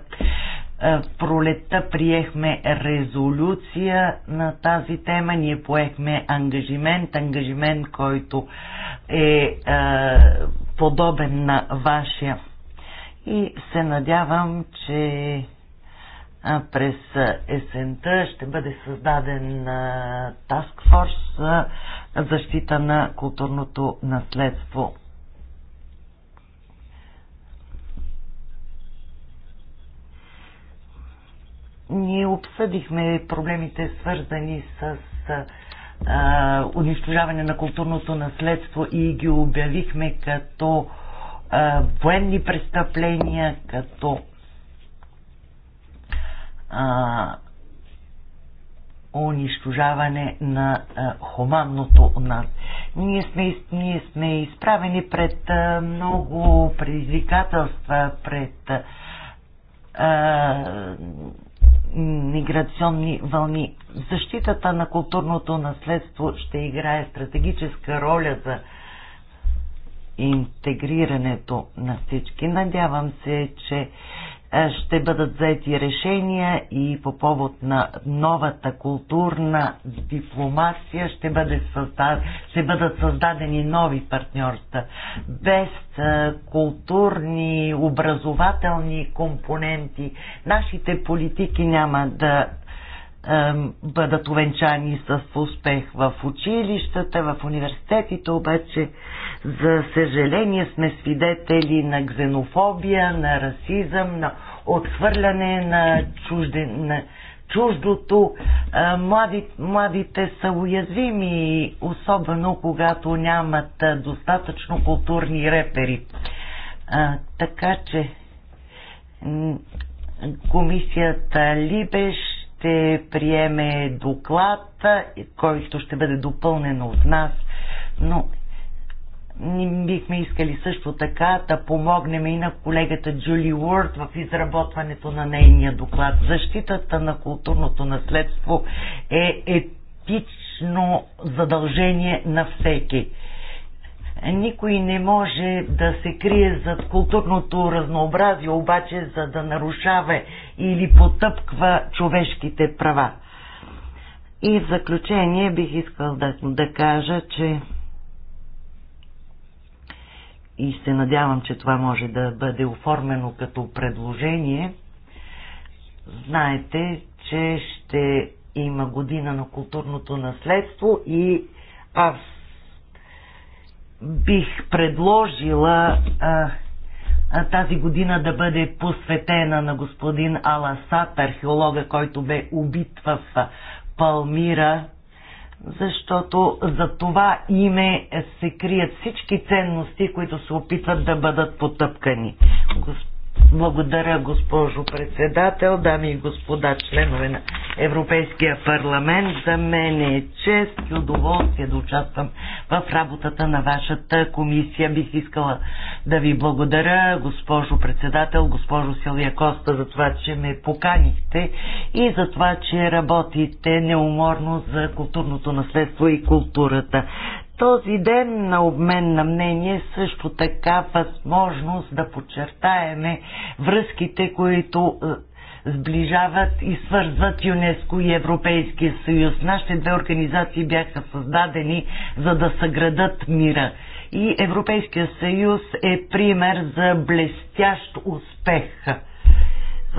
пролетта приехме резолюция на тази тема. Ние поехме ангажимент, ангажимент, който е, е подобен на вашия. И се надявам, че през есента ще бъде създаден Task Force защита на културното наследство. Ние обсъдихме проблемите свързани с а, унищожаване на културното наследство и ги обявихме като а, военни престъпления, като а, унищожаване на а, хуманното у нас. Ние сме, ние сме изправени пред а, много предизвикателства, пред а, миграционни вълни. Защитата на културното наследство ще играе стратегическа роля за интегрирането на всички. Надявам се, че е, ще бъдат взети решения и по повод на новата културна дипломация ще, бъде създад... ще бъдат създадени нови партньорства. Без е, културни, образователни компоненти нашите политики няма да бъдат увенчани с успех в училищата, в университетите, обаче за съжаление сме свидетели на ксенофобия, на расизъм, на отхвърляне на, чужде, на чуждото. Е, млади, младите са уязвими, особено когато нямат е, достатъчно културни репери. Е, така че комисията Либеш ще приеме доклад, който ще бъде допълнен от нас, но бихме искали също така да помогнем и на колегата Джули Уорд в изработването на нейния доклад. Защитата на културното наследство е етично задължение на всеки. Никой не може да се крие зад културното разнообразие, обаче за да нарушава или потъпква човешките права. И в заключение бих искал да, да кажа, че и се надявам, че това може да бъде оформено като предложение. Знаете, че ще има година на културното наследство и аз бих предложила а, а, тази година да бъде посветена на господин Аласат, археолога, който бе убит в Палмира, защото за това име се крият всички ценности, които се опитват да бъдат потъпкани. Господин благодаря, госпожо председател, дами и господа, членове на Европейския парламент. За мен е чест и удоволствие да участвам в работата на вашата комисия. Бих искала да ви благодаря, госпожо председател, госпожо Силвия Коста, за това, че ме поканихте и за това, че работите неуморно за културното наследство и културата този ден на обмен на мнение също така възможност да подчертаеме връзките, които е, сближават и свързват ЮНЕСКО и Европейския съюз. Нашите две организации бяха създадени за да съградат мира. И Европейския съюз е пример за блестящ успех, е,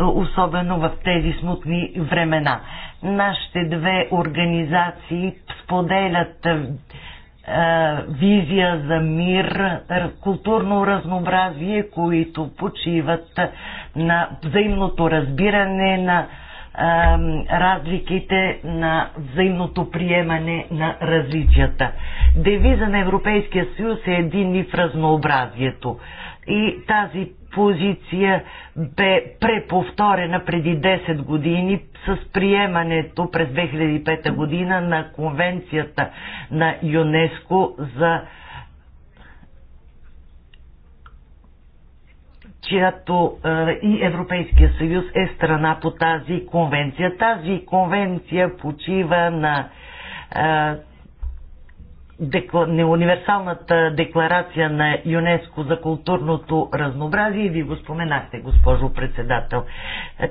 особено в тези смутни времена. Нашите две организации споделят е, е, визия за мир, културно разнообразие, които почиват на взаимното разбиране на разликите на взаимното приемане на различията. Девиза на Европейския съюз е един и в разнообразието. И тази позиция бе преповторена преди 10 години с приемането през 2005 година на конвенцията на ЮНЕСКО за чиято е, и Европейския съюз е страна по тази конвенция. Тази конвенция почива на е, декла... универсалната декларация на ЮНЕСКО за културното разнообразие, ви го споменахте, госпожо председател.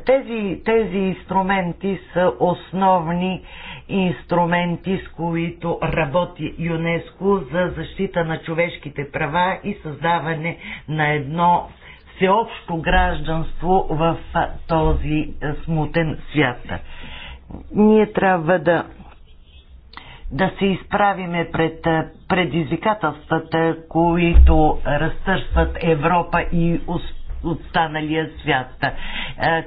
Тези, тези инструменти са основни инструменти, с които работи ЮНЕСКО за защита на човешките права и създаване на едно всеобщо гражданство в този смутен свят. Ние трябва да да се изправиме пред предизвикателствата, които разтърсват Европа и останалия свят.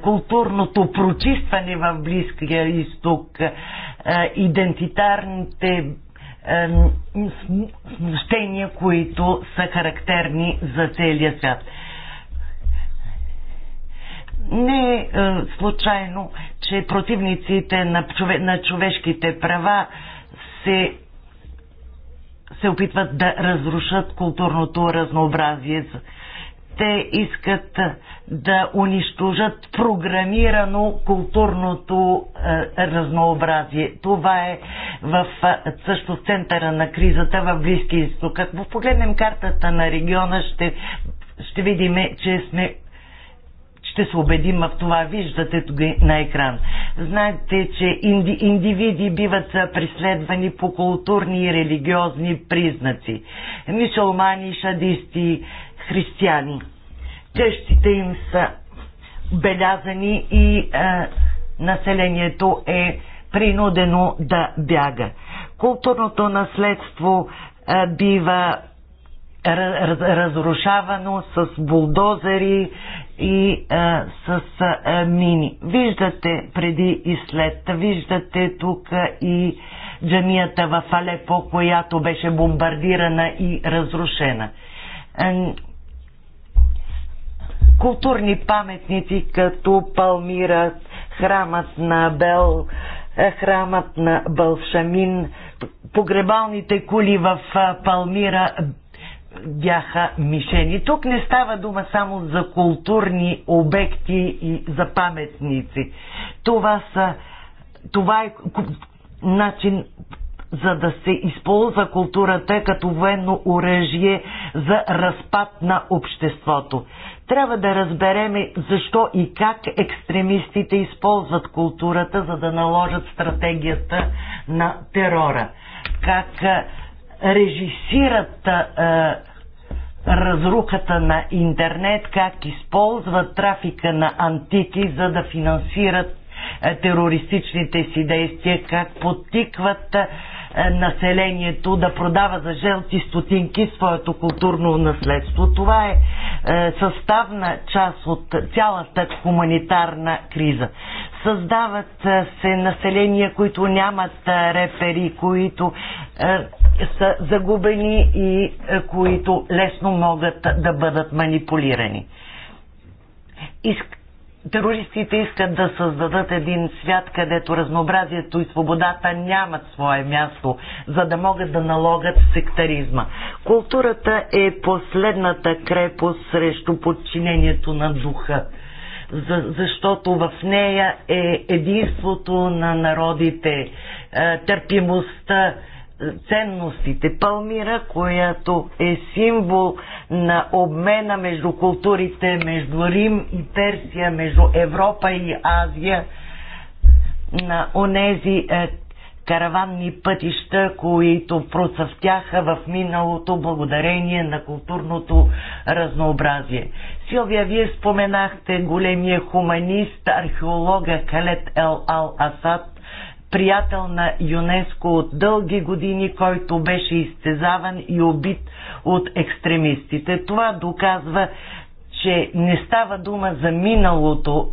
Културното прочистване в Близкия изток, идентитарните смущения, които са характерни за целия свят. Не е случайно, че противниците на, на човешките права се се опитват да разрушат културното разнообразие. Те искат да унищожат програмирано културното е, разнообразие. Това е в е, също центъра на кризата в Близки изток. Ако погледнем картата на региона, ще, ще видим, че сме ще се убедим в това. Виждате на екран. Знаете, че инди, индивиди биват преследвани по културни и религиозни признаци. Мишелмани, шадисти, християни. Тещите им са белязани и е, населението е принудено да бяга. Културното наследство е, бива раз, разрушавано с булдозери и а, с а, мини. Виждате преди и след, виждате тук и джамията в Алепо, която беше бомбардирана и разрушена. Културни паметници като Палмира, храмът на Бел, е, храмът на Бълшамин, погребалните кули в Палмира бяха мишени. Тук не става дума само за културни обекти и за паметници. Това, са, това е начин за да се използва културата като военно оръжие за разпад на обществото. Трябва да разбереме защо и как екстремистите използват културата, за да наложат стратегията на терора. Как режисират а, разрухата на интернет, как използват трафика на антики, за да финансират терористичните си действия, как подтикват населението да продава за желти стотинки своето културно наследство. Това е, е съставна част от цялата хуманитарна криза. Създават е, се населения, които нямат е, рефери, които са загубени и които лесно могат да бъдат манипулирани. Иск Терористите искат да създадат един свят, където разнообразието и свободата нямат свое място, за да могат да налогат сектаризма. Културата е последната крепост срещу подчинението на духа, за, защото в нея е единството на народите, е, търпимостта, ценностите. Палмира, която е символ на обмена между културите, между Рим и Персия, между Европа и Азия, на онези е, караванни пътища, които процъфтяха в миналото благодарение на културното разнообразие. Силвия, вие споменахте големия хуманист, археолога Калет Ел Ал Асад, приятел на ЮНЕСКО от дълги години, който беше изтезаван и убит от екстремистите. Това доказва, че не става дума за миналото,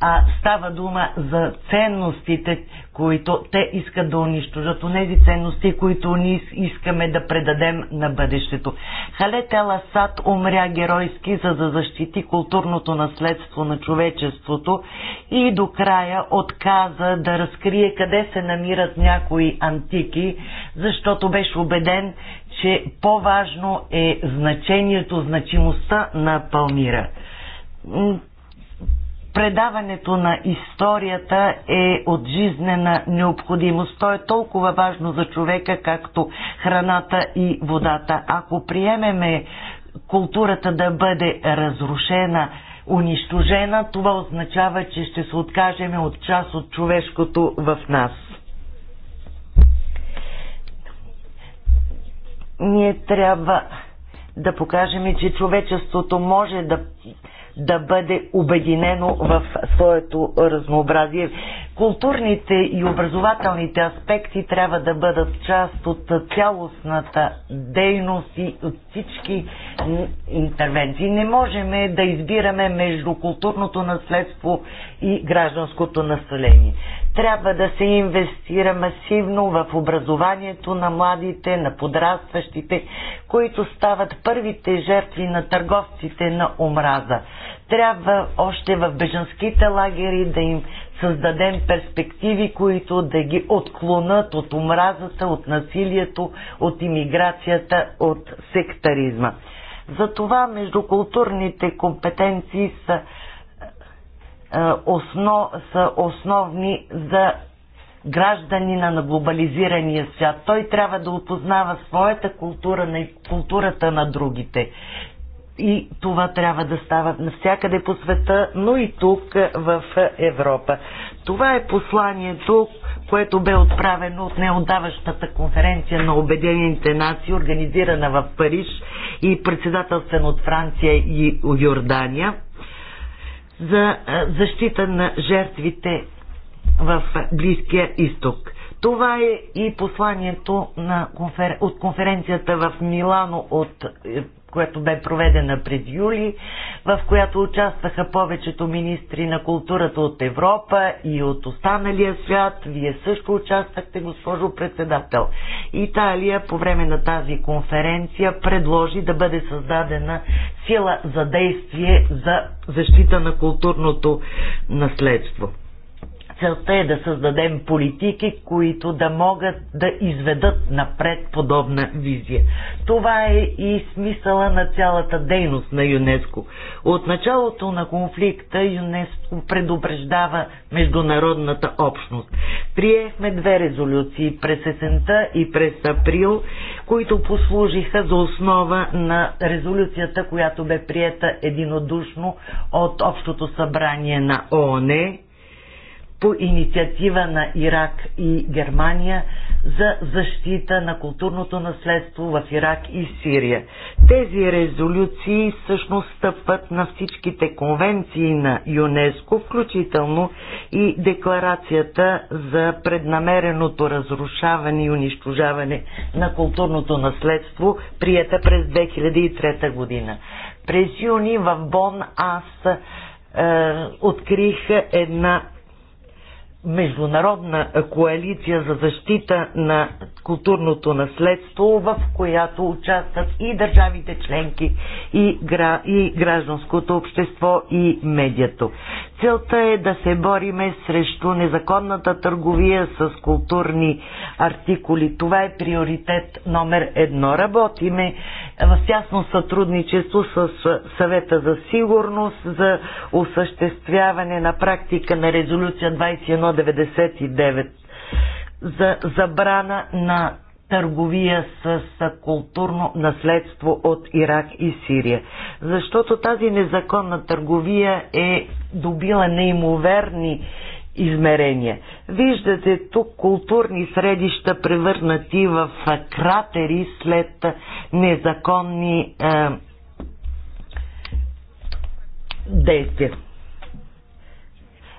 а става дума за ценностите, които те искат да унищожат, онези ценности, които ние искаме да предадем на бъдещето. Халет Аласад умря геройски, за да защити културното наследство на човечеството и до края отказа да разкрие къде се намират някои антики, защото беше убеден, че по-важно е значението, значимостта на Палмира предаването на историята е от жизнена необходимост. То е толкова важно за човека, както храната и водата. Ако приемеме културата да бъде разрушена, унищожена, това означава, че ще се откажем от част от човешкото в нас. Ние трябва да покажем, че човечеството може да да бъде обединено в своето разнообразие. Културните и образователните аспекти трябва да бъдат част от цялостната дейност и от всички интервенции. Не можем да избираме между културното наследство и гражданското население. Трябва да се инвестира масивно в образованието на младите, на подрастващите, които стават първите жертви на търговците на омраза. Трябва още в бежанските лагери да им създадем перспективи, които да ги отклонат от омразата, от насилието, от иммиграцията, от сектаризма. Затова междукултурните компетенции са, е, основ, са основни за гражданина на глобализирания свят. Той трябва да опознава своята култура на културата на другите и това трябва да става навсякъде по света, но и тук в Европа. Това е посланието, което бе отправено от неотдаващата конференция на Обединените нации, организирана в Париж и председателствена от Франция и Йордания за защита на жертвите в Близкия изток. Това е и посланието на конфер... от конференцията в Милано от е, която бе проведена през юли, в която участваха повечето министри на културата от Европа и от останалия свят. Вие също участвахте, госпожо председател. Италия по време на тази конференция предложи да бъде създадена сила за действие за защита на културното наследство. Целта е да създадем политики, които да могат да изведат напред подобна визия. Това е и смисъла на цялата дейност на ЮНЕСКО. От началото на конфликта ЮНЕСКО предупреждава международната общност. Приехме две резолюции през есента и през април, които послужиха за основа на резолюцията, която бе приета единодушно от Общото събрание на ООН по инициатива на Ирак и Германия за защита на културното наследство в Ирак и Сирия. Тези резолюции всъщност стъпват на всичките конвенции на ЮНЕСКО, включително и декларацията за преднамереното разрушаване и унищожаване на културното наследство, прията през 2003 година. През юни в Бон аз е, открих една международна коалиция за защита на културното наследство, в която участват и държавите членки, и, гра, и гражданското общество, и медието. Целта е да се бориме срещу незаконната търговия с културни артикули. Това е приоритет номер едно. Работиме в тясно сътрудничество с съвета за сигурност за осъществяване на практика на резолюция 2199 за забрана на търговия с културно наследство от Ирак и Сирия. Защото тази незаконна търговия е добила неимоверни измерения. Виждате тук културни средища, превърнати в кратери след незаконни е, действия.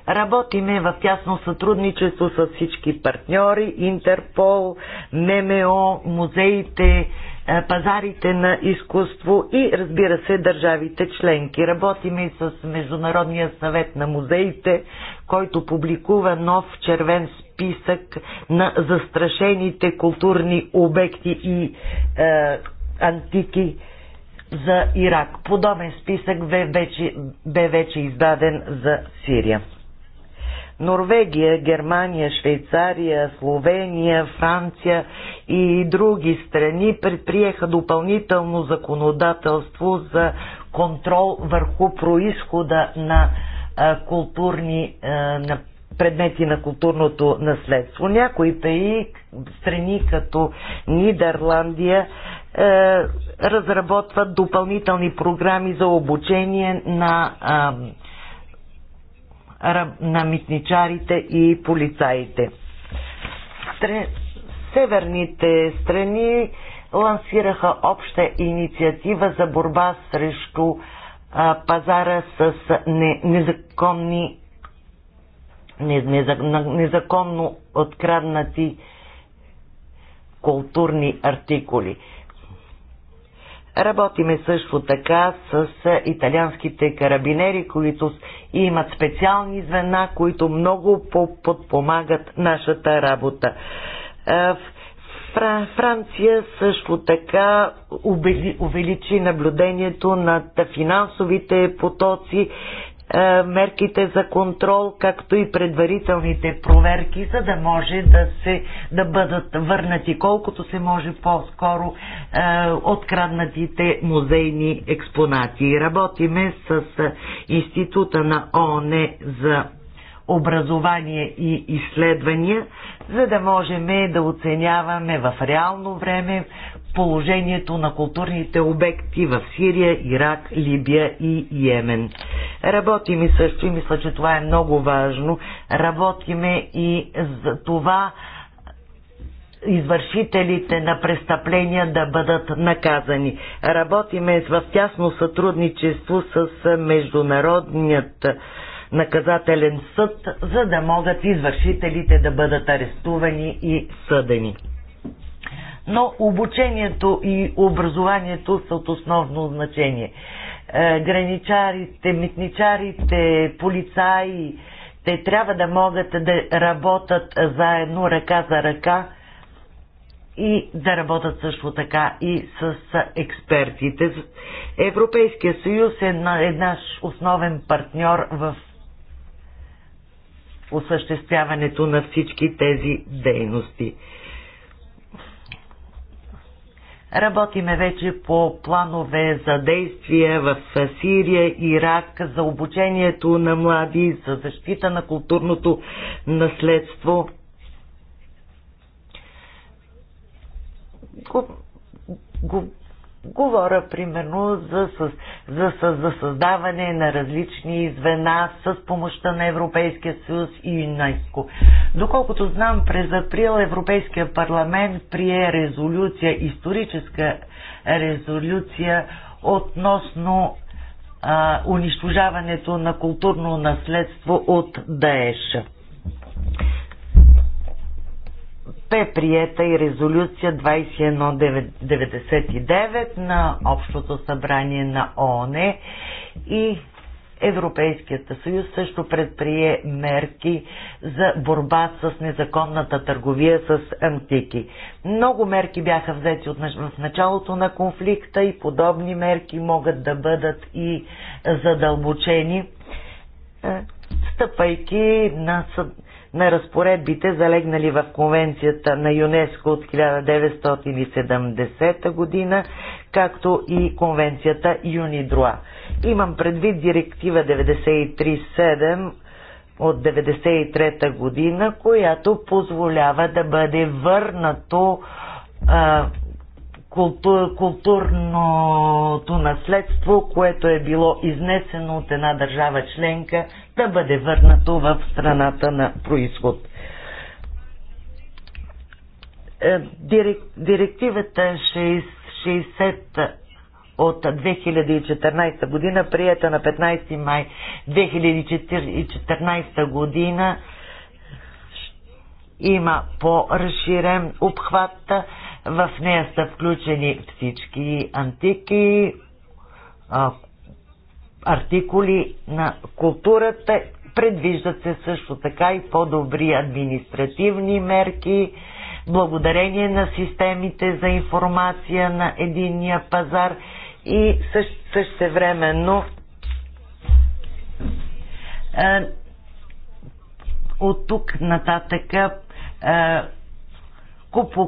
Работиме в тясно сътрудничество с всички партньори, Интерпол, ММО, музеите, пазарите на изкуство и разбира се държавите членки. Работиме и с Международния съвет на музеите, който публикува нов червен списък на застрашените културни обекти и е, антики за Ирак. Подобен списък бе вече, бе вече издаден за Сирия. Норвегия, Германия, Швейцария, Словения, Франция и други страни предприеха допълнително законодателство за контрол върху происхода на културни на предмети на културното наследство. Някои и страни като Нидерландия е, разработват допълнителни програми за обучение на, е, на митничарите и полицаите. Стре, северните страни лансираха обща инициатива за борба срещу е, пазара с незаконни незаконно откраднати културни артикули. Работиме също така с италианските карабинери, които имат специални звена, които много подпомагат нашата работа. В Франция също така увеличи наблюдението над финансовите потоци, е, мерките за контрол, както и предварителните проверки, за да може да, се, да бъдат върнати колкото се може по-скоро е, откраднатите музейни експонати. Работиме с е, Института на ООН за образование и изследвания, за да можем да оценяваме в реално време положението на културните обекти в Сирия, Ирак, Либия и Йемен. Работиме също и мисля, че това е много важно. Работиме и за това извършителите на престъпления да бъдат наказани. Работиме в тясно сътрудничество с Международният наказателен съд, за да могат извършителите да бъдат арестувани и съдени. Но обучението и образованието са от основно значение. Е, граничарите, митничарите, полицаи, те трябва да могат да работят заедно ръка за ръка и да работят също така и с експертите. Европейския съюз е, е наш основен партньор в осъществяването на всички тези дейности. Работиме вече по планове за действия в Сирия, Ирак, за обучението на млади, за защита на културното наследство. Го, го, Говоря примерно за, за, за, за създаване на различни звена с помощта на Европейския съюз и ЮНЕСКО. Доколкото знам, през април Европейския парламент прие резолюция, историческа резолюция относно а, унищожаването на културно наследство от ДАЕШ бе приета и резолюция 2199 на Общото събрание на ООН и Европейският съюз също предприе мерки за борба с незаконната търговия с антики. Много мерки бяха взети от, в началото на конфликта и подобни мерки могат да бъдат и задълбочени, е, стъпайки на, на разпоредбите, залегнали в Конвенцията на ЮНЕСКО от 1970 година, както и Конвенцията ЮНИДРОА. Имам предвид директива 937 от 1993 година, която позволява да бъде върнато а, култур, културното наследство, което е било изнесено от една държава членка да бъде върнато в страната на происход. Е, директивата 60 от 2014 година, прията на 15 май 2014 година, има по-разширен обхват. В нея са включени всички антики, артикули на културата. Предвиждат се също така и по-добри административни мерки, благодарение на системите за информация на единния пазар и също, същевременно е, от тук нататък е,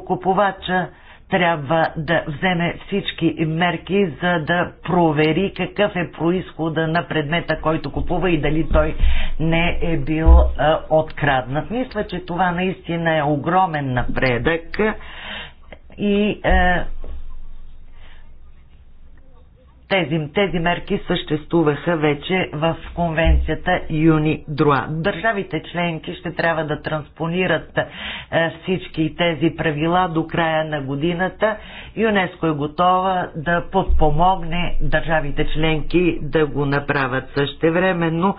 купувача трябва да вземе всички мерки, за да провери какъв е происхода на предмета, който купува и дали той не е бил а, откраднат. Мисля, че това наистина е огромен напредък и а, тези, тези мерки съществуваха вече в конвенцията Юни Друа. Държавите членки ще трябва да транспонират е, всички тези правила до края на годината. ЮНЕСКО е готова да подпомогне държавите членки да го направят същевременно.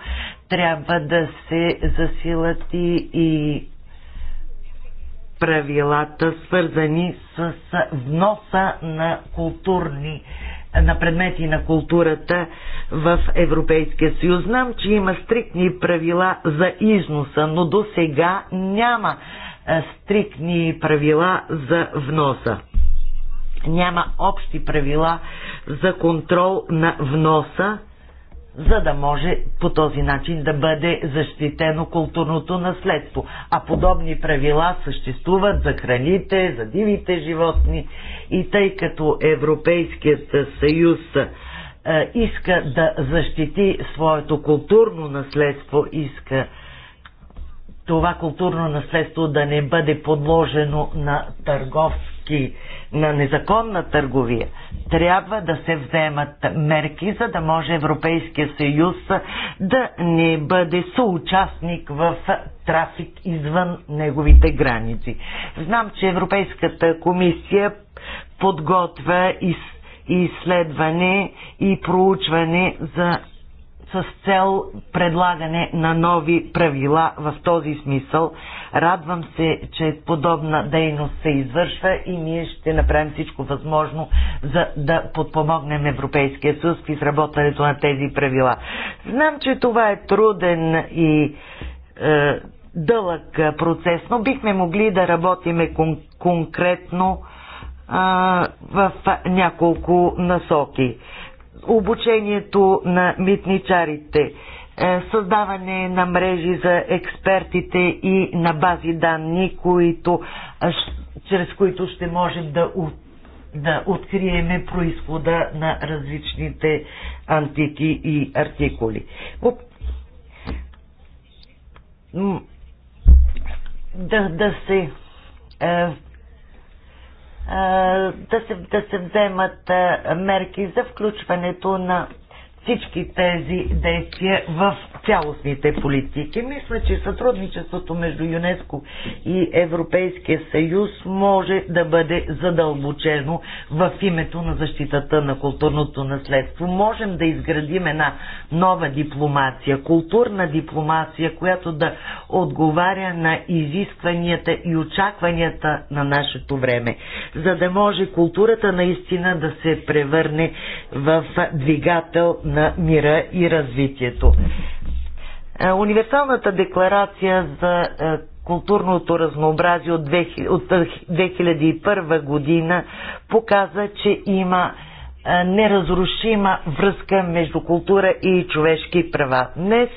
Трябва да се засилат и, и правилата, свързани с вноса на културни на предмети на културата в Европейския съюз. Знам, че има стриктни правила за износа, но до сега няма е, стриктни правила за вноса. Няма общи правила за контрол на вноса за да може по този начин да бъде защитено културното наследство. А подобни правила съществуват за храните, за дивите животни и тъй като Европейският съюз е, иска да защити своето културно наследство, иска това културно наследство да не бъде подложено на търговски, на незаконна търговия. Трябва да се вземат мерки, за да може Европейския съюз да не бъде съучастник в трафик извън неговите граници. Знам, че Европейската комисия подготвя и изследване и проучване за с цел предлагане на нови правила в този смисъл. Радвам се, че подобна дейност се извършва и ние ще направим всичко възможно за да подпомогнем Европейския съюз в изработването на тези правила. Знам, че това е труден и е, дълъг процес, но бихме могли да работиме кон- конкретно е, в няколко насоки обучението на митничарите, е, създаване на мрежи за експертите и на бази данни, които, чрез които ще можем да, да откриеме происхода на различните антики и артикули. Да, да се е, да се, да се вземат мерки за включването на всички тези действия в цялостните политики. Мисля, че сътрудничеството между ЮНЕСКО и Европейския съюз може да бъде задълбочено в името на защитата на културното наследство. Можем да изградим една нова дипломация, културна дипломация, която да отговаря на изискванията и очакванията на нашето време, за да може културата наистина да се превърне в двигател на мира и развитието. Е, универсалната декларация за е, културното разнообразие от 2001 е, година показа, че има неразрушима връзка между култура и човешки права. Днес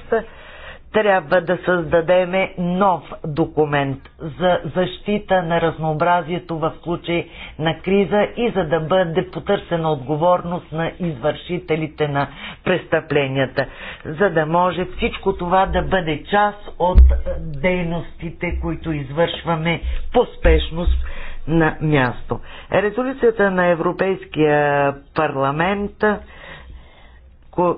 трябва да създадеме нов документ за защита на разнообразието в случай на криза и за да бъде потърсена отговорност на извършителите на престъпленията, за да може всичко това да бъде част от дейностите, които извършваме по спешност на място. Резолюцията на Европейския парламент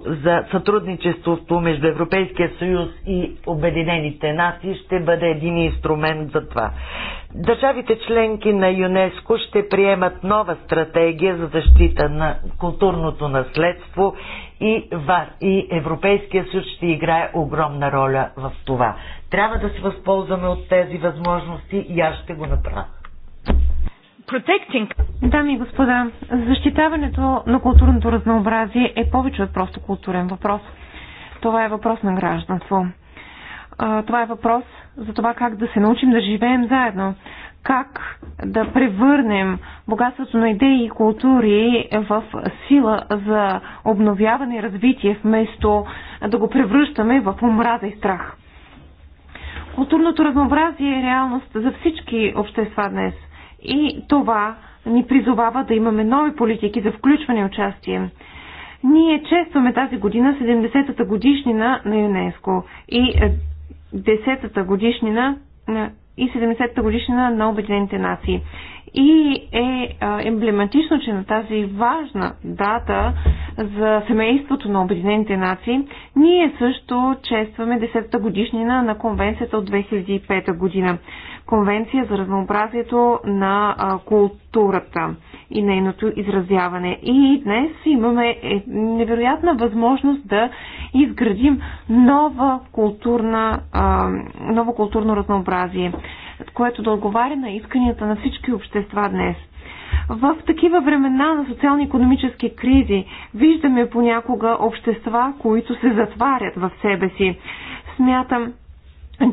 за сътрудничеството между Европейския съюз и Обединените нации ще бъде един инструмент за това. Държавите членки на ЮНЕСКО ще приемат нова стратегия за защита на културното наследство и, ВАР, и Европейския съюз ще играе огромна роля в това. Трябва да се възползваме от тези възможности и аз ще го направя. Дами и господа, защитаването на културното разнообразие е повече от просто културен въпрос. Това е въпрос на гражданство. Това е въпрос за това как да се научим да живеем заедно, как да превърнем богатството на идеи и култури в сила за обновяване и развитие, вместо да го превръщаме в омраза и страх. Културното разнообразие е реалност за всички общества днес. И това ни призовава да имаме нови политики за включване и участие. Ние честваме тази година 70-та годишнина на ЮНЕСКО и 10-та е, годишнина е, и 70-та годишнина на Обединените нации. И е, е емблематично, че на тази важна дата за семейството на Обединените нации, ние също честваме 10-та годишнина на конвенцията от 2005 година конвенция за разнообразието на културата и нейното изразяване. И днес имаме е, невероятна възможност да изградим нова културна, ново културно разнообразие, което да отговаря на исканията на всички общества днес. В такива времена на социално-економически кризи виждаме понякога общества, които се затварят в себе си. Смятам,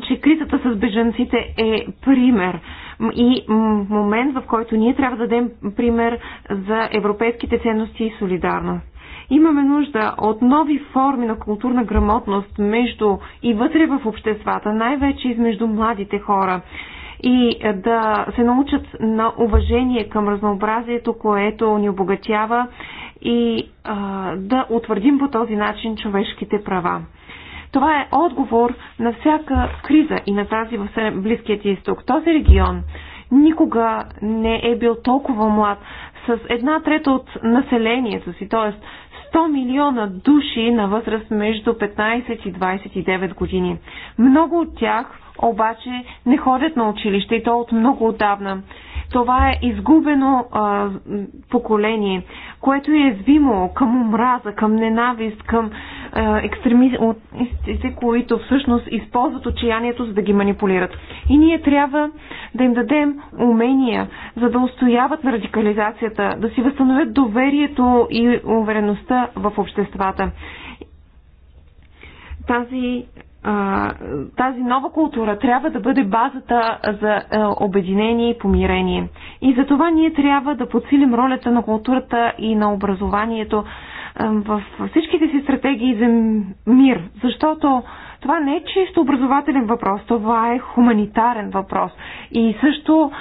че кризата с бежанците е пример и момент, в който ние трябва да дадем пример за европейските ценности и солидарност. Имаме нужда от нови форми на културна грамотност между и вътре в обществата, най-вече между младите хора и е, да се научат на уважение към разнообразието, което ни обогатява и а, да утвърдим по този начин човешките права. Това е отговор на всяка криза и на тази в Близкият изток. Този регион никога не е бил толкова млад с една трета от населението си, т.е. 100 милиона души на възраст между 15 и 29 години. Много от тях обаче не ходят на училище и то от много отдавна. Това е изгубено а, поколение, което е извимо към омраза, към ненавист, към екстремистите, които всъщност използват отчаянието, за да ги манипулират. И ние трябва да им дадем умения, за да устояват на радикализацията, да си възстановят доверието и увереността в обществата. Тази тази нова култура трябва да бъде базата за е, обединение и помирение. И за това ние трябва да подсилим ролята на културата и на образованието е, в всичките си стратегии за мир, защото това не е чисто образователен въпрос, това е хуманитарен въпрос. И също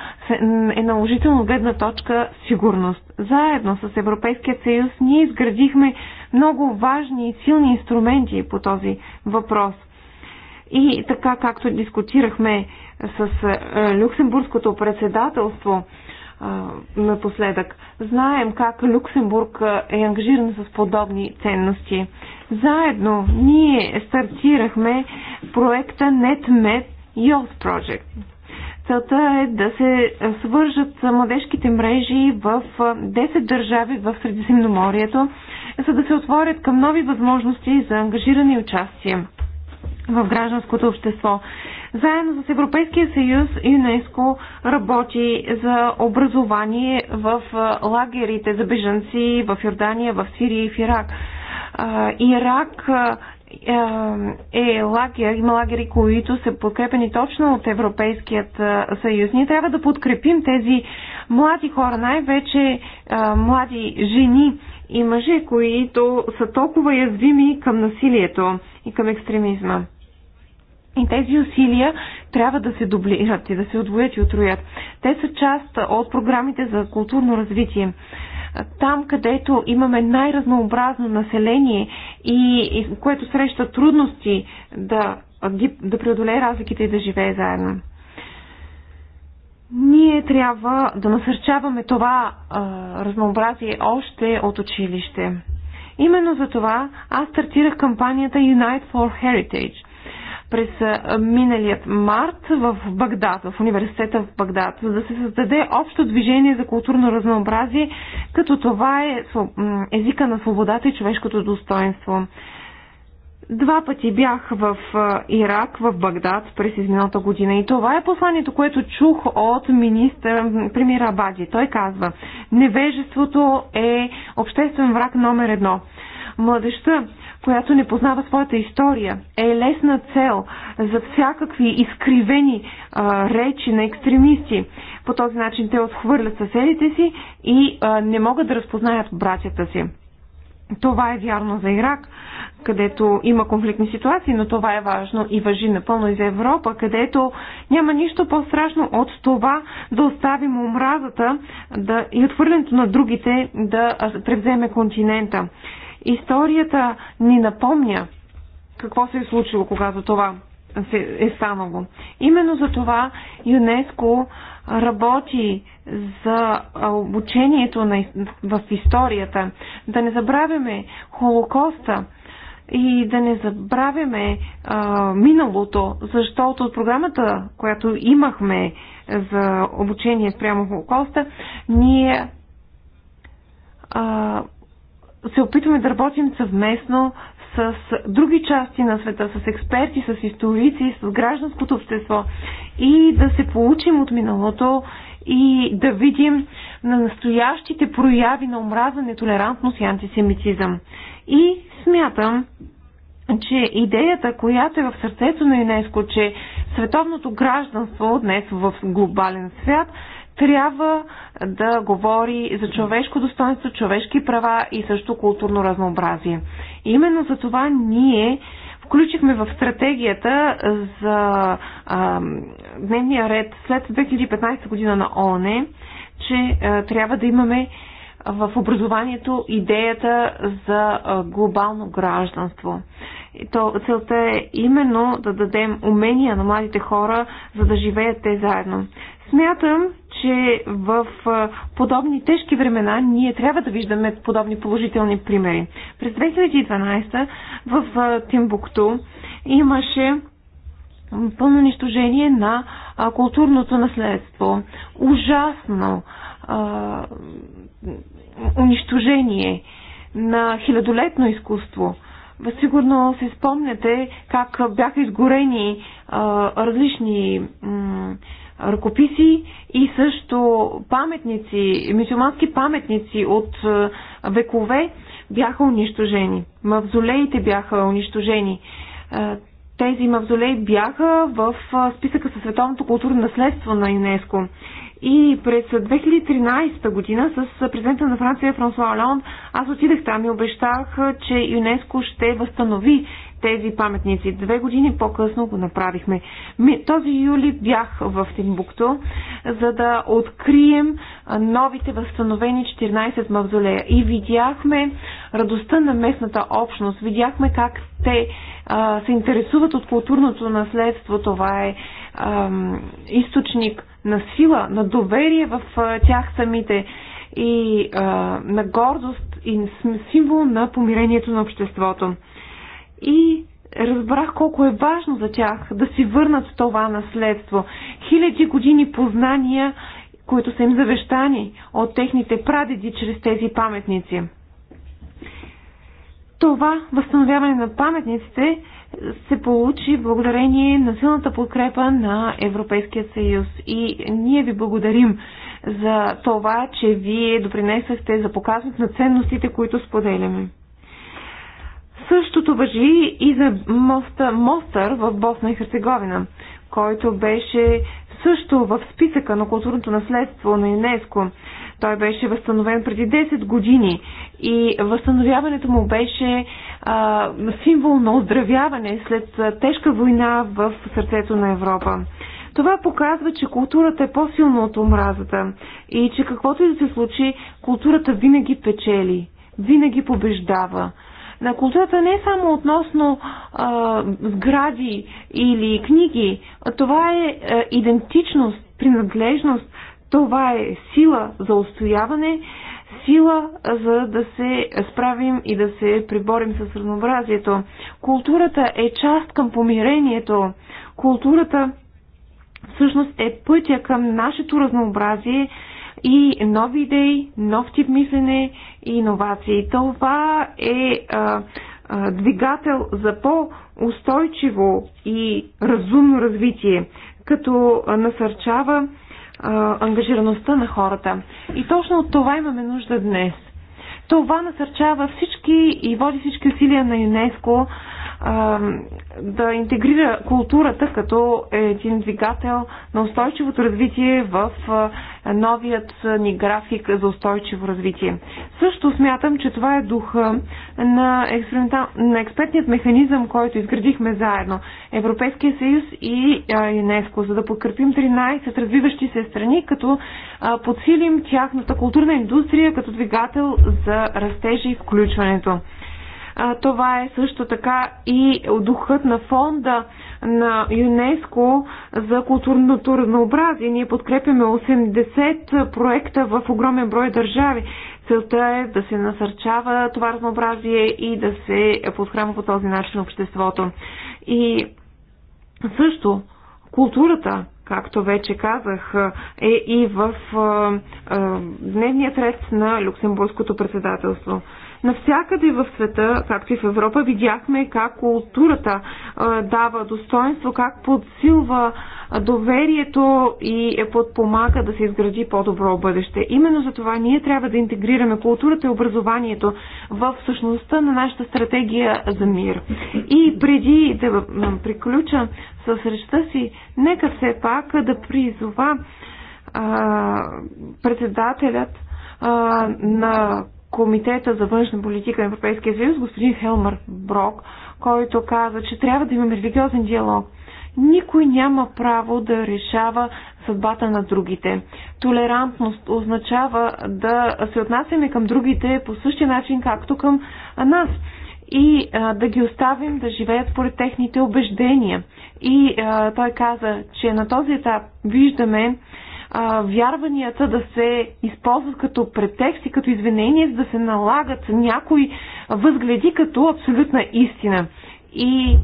е наложително гледна точка сигурност. Заедно с Европейският съюз ние изградихме много важни и силни инструменти по този въпрос – и така както дискутирахме с е, Люксембургското председателство е, напоследък, знаем как Люксембург е ангажиран с подобни ценности. Заедно ние стартирахме проекта NetMed Youth Project. Целта е да се свържат младежките мрежи в 10 е, държави в Средиземноморието, за да се отворят към нови възможности за ангажиране и участие в гражданското общество. Заедно с Европейския съюз ЮНЕСКО работи за образование в лагерите за бежанци в Йордания, в Сирия и в Ирак. Ирак е лагер, има лагери, които са подкрепени точно от Европейският съюз. Ние трябва да подкрепим тези млади хора, най-вече млади жени и мъже, които са толкова язвими към насилието и към екстремизма. И тези усилия трябва да се дублират и да се отвоят и отроят. Те са част от програмите за културно развитие. Там, където имаме най-разнообразно население и, и което среща трудности да, да преодолее разликите и да живее заедно. Ние трябва да насърчаваме това а, разнообразие още от училище. Именно за това аз стартирах кампанията Unite for Heritage през миналият март в Багдад, в университета в Багдад, за да се създаде общо движение за културно разнообразие, като това е езика на свободата и човешкото достоинство. Два пъти бях в Ирак, в Багдад през изминалата година и това е посланието, което чух от министър, премира Бади. Той казва, невежеството е обществен враг номер едно. Младеща, която не познава своята история, е лесна цел за всякакви изкривени а, речи на екстремисти. По този начин те отхвърлят съседите си и а, не могат да разпознаят братята си. Това е вярно за Ирак, където има конфликтни ситуации, но това е важно и въжи напълно и за Европа, където няма нищо по-страшно от това да оставим омразата да, и отвърлянето на другите да превземе континента. Историята ни напомня какво се е случило, когато това е станало. Именно за това ЮНЕСКО работи за обучението на, в историята, да не забравяме Холокоста и да не забравяме а, миналото, защото от програмата, която имахме за обучение спрямо Холокоста, ние а, се опитваме да работим съвместно с други части на света, с експерти, с историци, с гражданското общество и да се получим от миналото и да видим на настоящите прояви на омраза, нетолерантност и антисемитизъм. И смятам, че идеята, която е в сърцето на ЮНЕСКО, че световното гражданство днес в глобален свят трябва да говори за човешко достоинство, човешки права и също културно разнообразие. И Именно за това ние включихме в стратегията за а, дневния ред след 2015 година на ООН, че а, трябва да имаме в образованието идеята за а, глобално гражданство. И то, целта е именно да дадем умения на младите хора, за да живеят те заедно. Смятам, че в подобни тежки времена ние трябва да виждаме подобни положителни примери. През 2012 в Тимбукту имаше пълно унищожение на културното наследство. Ужасно а, унищожение на хилядолетно изкуство. Сигурно се спомняте как бяха изгорени а, различни м- ръкописи и също паметници, мисюмански паметници от векове бяха унищожени. Мавзолеите бяха унищожени. Тези мавзолеи бяха в списъка със световното културно наследство на ЮНЕСКо. И през 2013 година с президента на Франция Франсуа Олеон аз отидах там и обещах, че ЮНЕСКО ще възстанови тези паметници. Две години по-късно го направихме. Този юли бях в Тимбукто, за да открием новите възстановени 14 мавзолея. И видяхме радостта на местната общност. Видяхме как те а, се интересуват от културното наследство. Това е а, източник на сила, на доверие в а, тях самите и а, на гордост и символ на помирението на обществото и разбрах колко е важно за тях да си върнат това наследство. Хиляди години познания, които са им завещани от техните прадеди чрез тези паметници. Това възстановяване на паметниците се получи благодарение на силната подкрепа на Европейския съюз. И ние ви благодарим за това, че вие допринесахте за показването на ценностите, които споделяме. Същото въжи и за моста Мостър в Босна и Херцеговина, който беше също в списъка на културното наследство на ЮНЕСКО. Той беше възстановен преди 10 години и възстановяването му беше а, символ на оздравяване след тежка война в сърцето на Европа. Това показва, че културата е по-силна от омразата и че каквото и да се случи, културата винаги печели, винаги побеждава. На културата не е само относно а, сгради или книги. Това е а, е, идентичност, принадлежност, това е сила за устояване, сила за да се справим и да се приборим с разнообразието. Културата е част към помирението. Културата всъщност е пътя към нашето разнообразие, и нови идеи, нов тип мислене и иновации. Това е а, а, двигател за по-устойчиво и разумно развитие, като насърчава а, ангажираността на хората. И точно от това имаме нужда днес. Това насърчава всички и води всички усилия на ЮНЕСКО да интегрира културата като един двигател на устойчивото развитие в новият ни график за устойчиво развитие. Също смятам, че това е духа на, експериментал... на експертният механизъм, който изградихме заедно Европейския съюз и ЮНЕСКО, за да подкрепим 13 развиващи се страни, като подсилим тяхната културна индустрия като двигател за растежи и включването. А, това е също така и духът на фонда на ЮНЕСКО за културното разнообразие. Ние подкрепяме 80 проекта в огромен брой държави. Целта е да се насърчава това разнообразие и да се подхрама по този начин обществото. И също културата, както вече казах, е и в дневния ред на Люксембургското председателство. Навсякъде в света, както и в Европа, видяхме как културата дава достоинство, как подсилва доверието и е подпомага да се изгради по-добро бъдеще. Именно за това ние трябва да интегрираме културата и образованието в същността на нашата стратегия за мир. И преди да приключа с речта си, нека все пак да призова а, председателят а, на Комитета за външна политика на Европейския съюз, господин Хелмар Брок, който каза, че трябва да имаме религиозен диалог. Никой няма право да решава съдбата на другите. Толерантност означава да се отнасяме към другите по същия начин, както към нас и а, да ги оставим да живеят според техните убеждения. И а, той каза, че на този етап виждаме, а, вярванията да се използват като претекст и като извинение, за да се налагат някои възгледи като абсолютна истина. И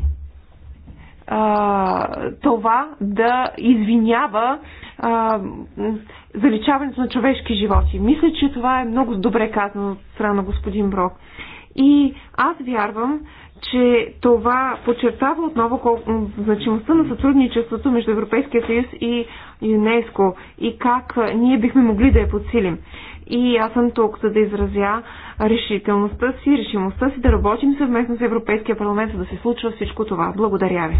а, това да извинява а, заличаването на човешки животи. Мисля, че това е много добре казано от страна на господин Брок. И аз вярвам, че това подчертава отново значимостта на сътрудничеството между Европейския съюз и ЮНЕСКО и как ние бихме могли да я подсилим. И аз съм тук, за да изразя решителността си, решимостта си да работим съвместно с Европейския парламент, за да се случва всичко това. Благодаря ви.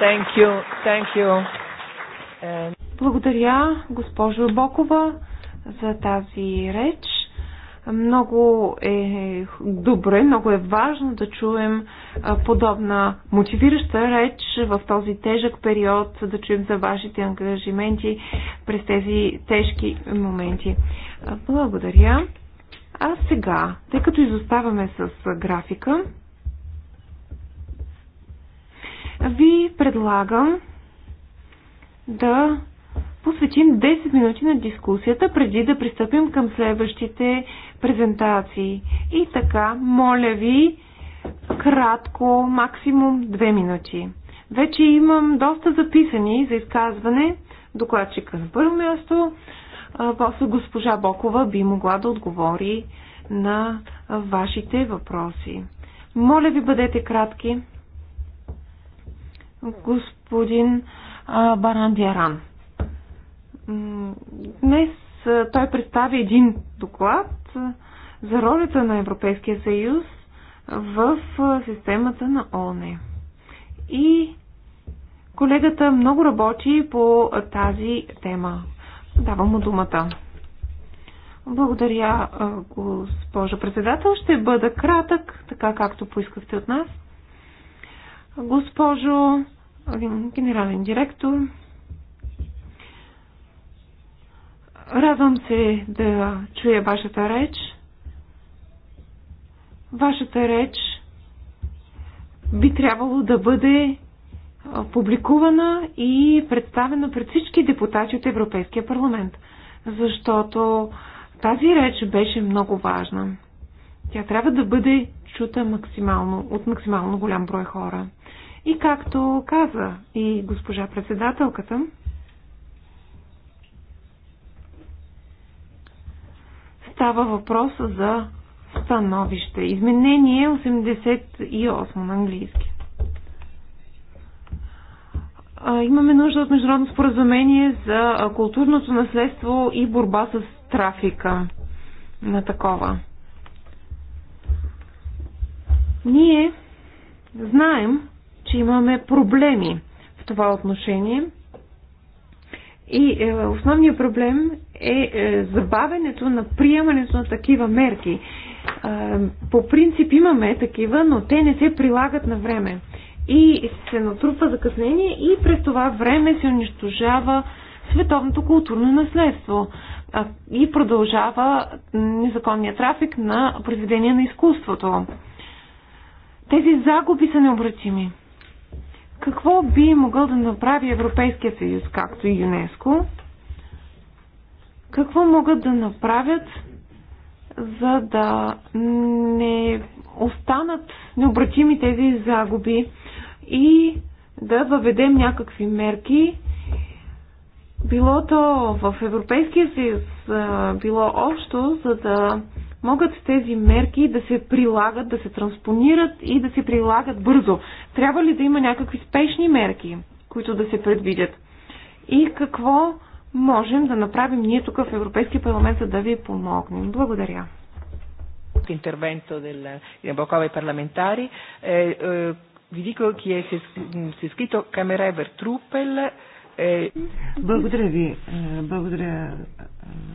Thank you. Thank you. And... Благодаря, госпожо Бокова, за тази реч. Много е добре, много е важно да чуем подобна мотивираща реч в този тежък период, да чуем за вашите ангажименти през тези тежки моменти. Благодаря. А сега, тъй като изоставаме с графика, ви предлагам да посветим 10 минути на дискусията, преди да пристъпим към следващите презентации. И така, моля ви, кратко, максимум две минути. Вече имам доста записани за изказване. Докладчика на първо място. После госпожа Бокова би могла да отговори на вашите въпроси. Моля ви, бъдете кратки. Господин Баран Диаран. Днес той представи един доклад за ролята на Европейския съюз в системата на ООН. И колегата много работи по тази тема. Давам му думата. Благодаря, госпожо председател. Ще бъда кратък, така както поискахте от нас. Госпожо генерален директор, Радвам се да чуя вашата реч. Вашата реч би трябвало да бъде публикувана и представена пред всички депутати от Европейския парламент, защото тази реч беше много важна. Тя трябва да бъде чута максимално, от максимално голям брой хора. И както каза и госпожа председателката, Става въпрос за становище. Изменение 88 на английски. Имаме нужда от международно споразумение за културното наследство и борба с трафика на такова. Ние знаем, че имаме проблеми в това отношение. И е, основният проблем е, е забавенето на приемането на такива мерки. Е, по принцип имаме такива, но те не се прилагат на време. И се натрупва закъснение и през това време се унищожава световното културно наследство и продължава незаконния трафик на произведения на изкуството. Тези загуби са необратими. Какво би могъл да направи Европейския съюз, както и ЮНЕСКО, какво могат да направят, за да не останат необратими тези загуби и да въведем някакви мерки, било то в Европейския съюз, било общо, за да могат тези мерки да се прилагат, да се транспонират и да се прилагат бързо. Трябва ли да има някакви спешни мерки, които да се предвидят? И какво можем да направим ние тук в Европейския парламент, за да ви помогнем? Благодаря. Интервенто на бокове парламентари. Ви дико, ки е се скрито è, si mm, Благодаря ви. Е, благодаря е,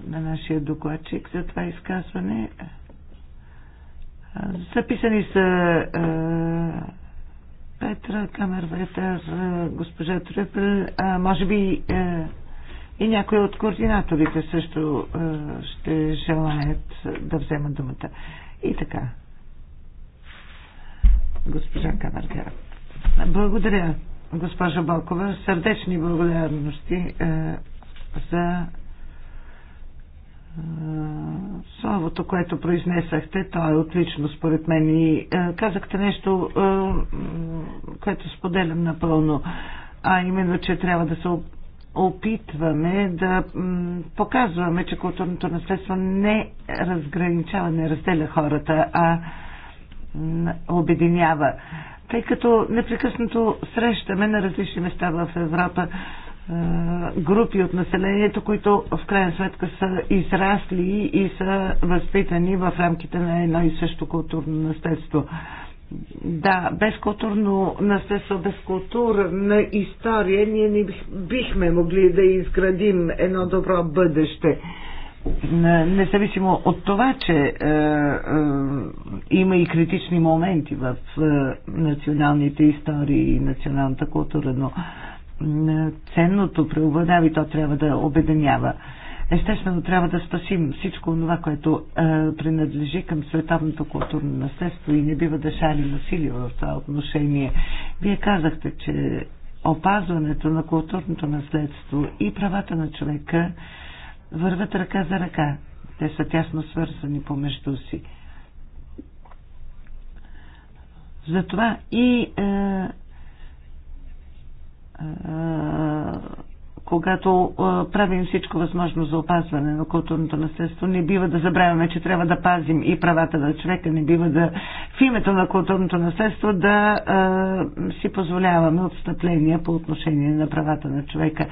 на нашия докладчик за това изказване. Е, записани са Петра Камерветер, госпожа Трупел. може би и някои от координаторите също е, ще желаят да вземат думата. И така. Госпожа Камаргера. Благодаря, госпожа Балкова. Сърдечни благодарности е, за е, словото, което произнесахте, то е отлично според мен и казахте нещо, което споделям напълно, а именно, че трябва да се опитваме да показваме, че културното наследство не разграничава, не разделя хората, а обединява. Тъй като непрекъснато срещаме на различни места в Европа групи от населението, които в крайна сметка са израсли и са възпитани в рамките на едно и също културно наследство. Да, без културно наследство, без на история ние не бихме могли да изградим едно добро бъдеще. Независимо от това, че е, е, има и критични моменти в е, националните истории и националната култура, но е, ценното преобладава и то трябва да обединява. Е, Естествено, трябва да спасим всичко това, което е, принадлежи към световното културно наследство и не бива да шалим насилие в това отношение. Вие казахте, че опазването на културното наследство и правата на човека върват ръка за ръка. Те са тясно свързани помежду си. Затова и е, е, когато правим всичко възможно за опазване на културното наследство, не бива да забравяме, че трябва да пазим и правата на човека, не бива да в името на културното наследство да си позволяваме отстъпления по отношение на правата на човека.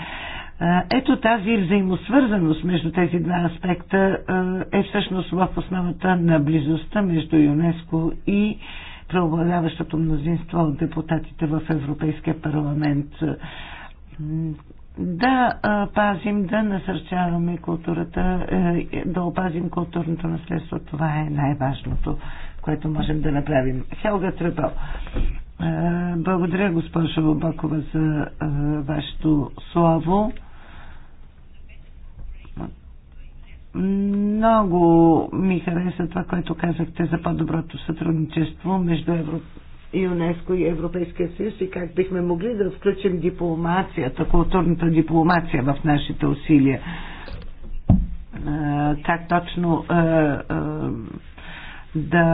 Ето тази взаимосвързаност между тези два аспекта е всъщност в основата на близостта между ЮНЕСКО и преобладаващото мнозинство от депутатите в Европейския парламент да пазим, да насърчаваме културата, е, да опазим културното наследство. Това е най-важното, което можем да направим. Хелга Трепел. Благодаря, госпожо Бакова, за е, вашето слово. Много ми хареса това, което казахте за по-доброто сътрудничество между Европа ЮНЕСКО и Европейския съюз и как бихме могли да включим дипломацията, културната дипломация в нашите усилия. Как точно да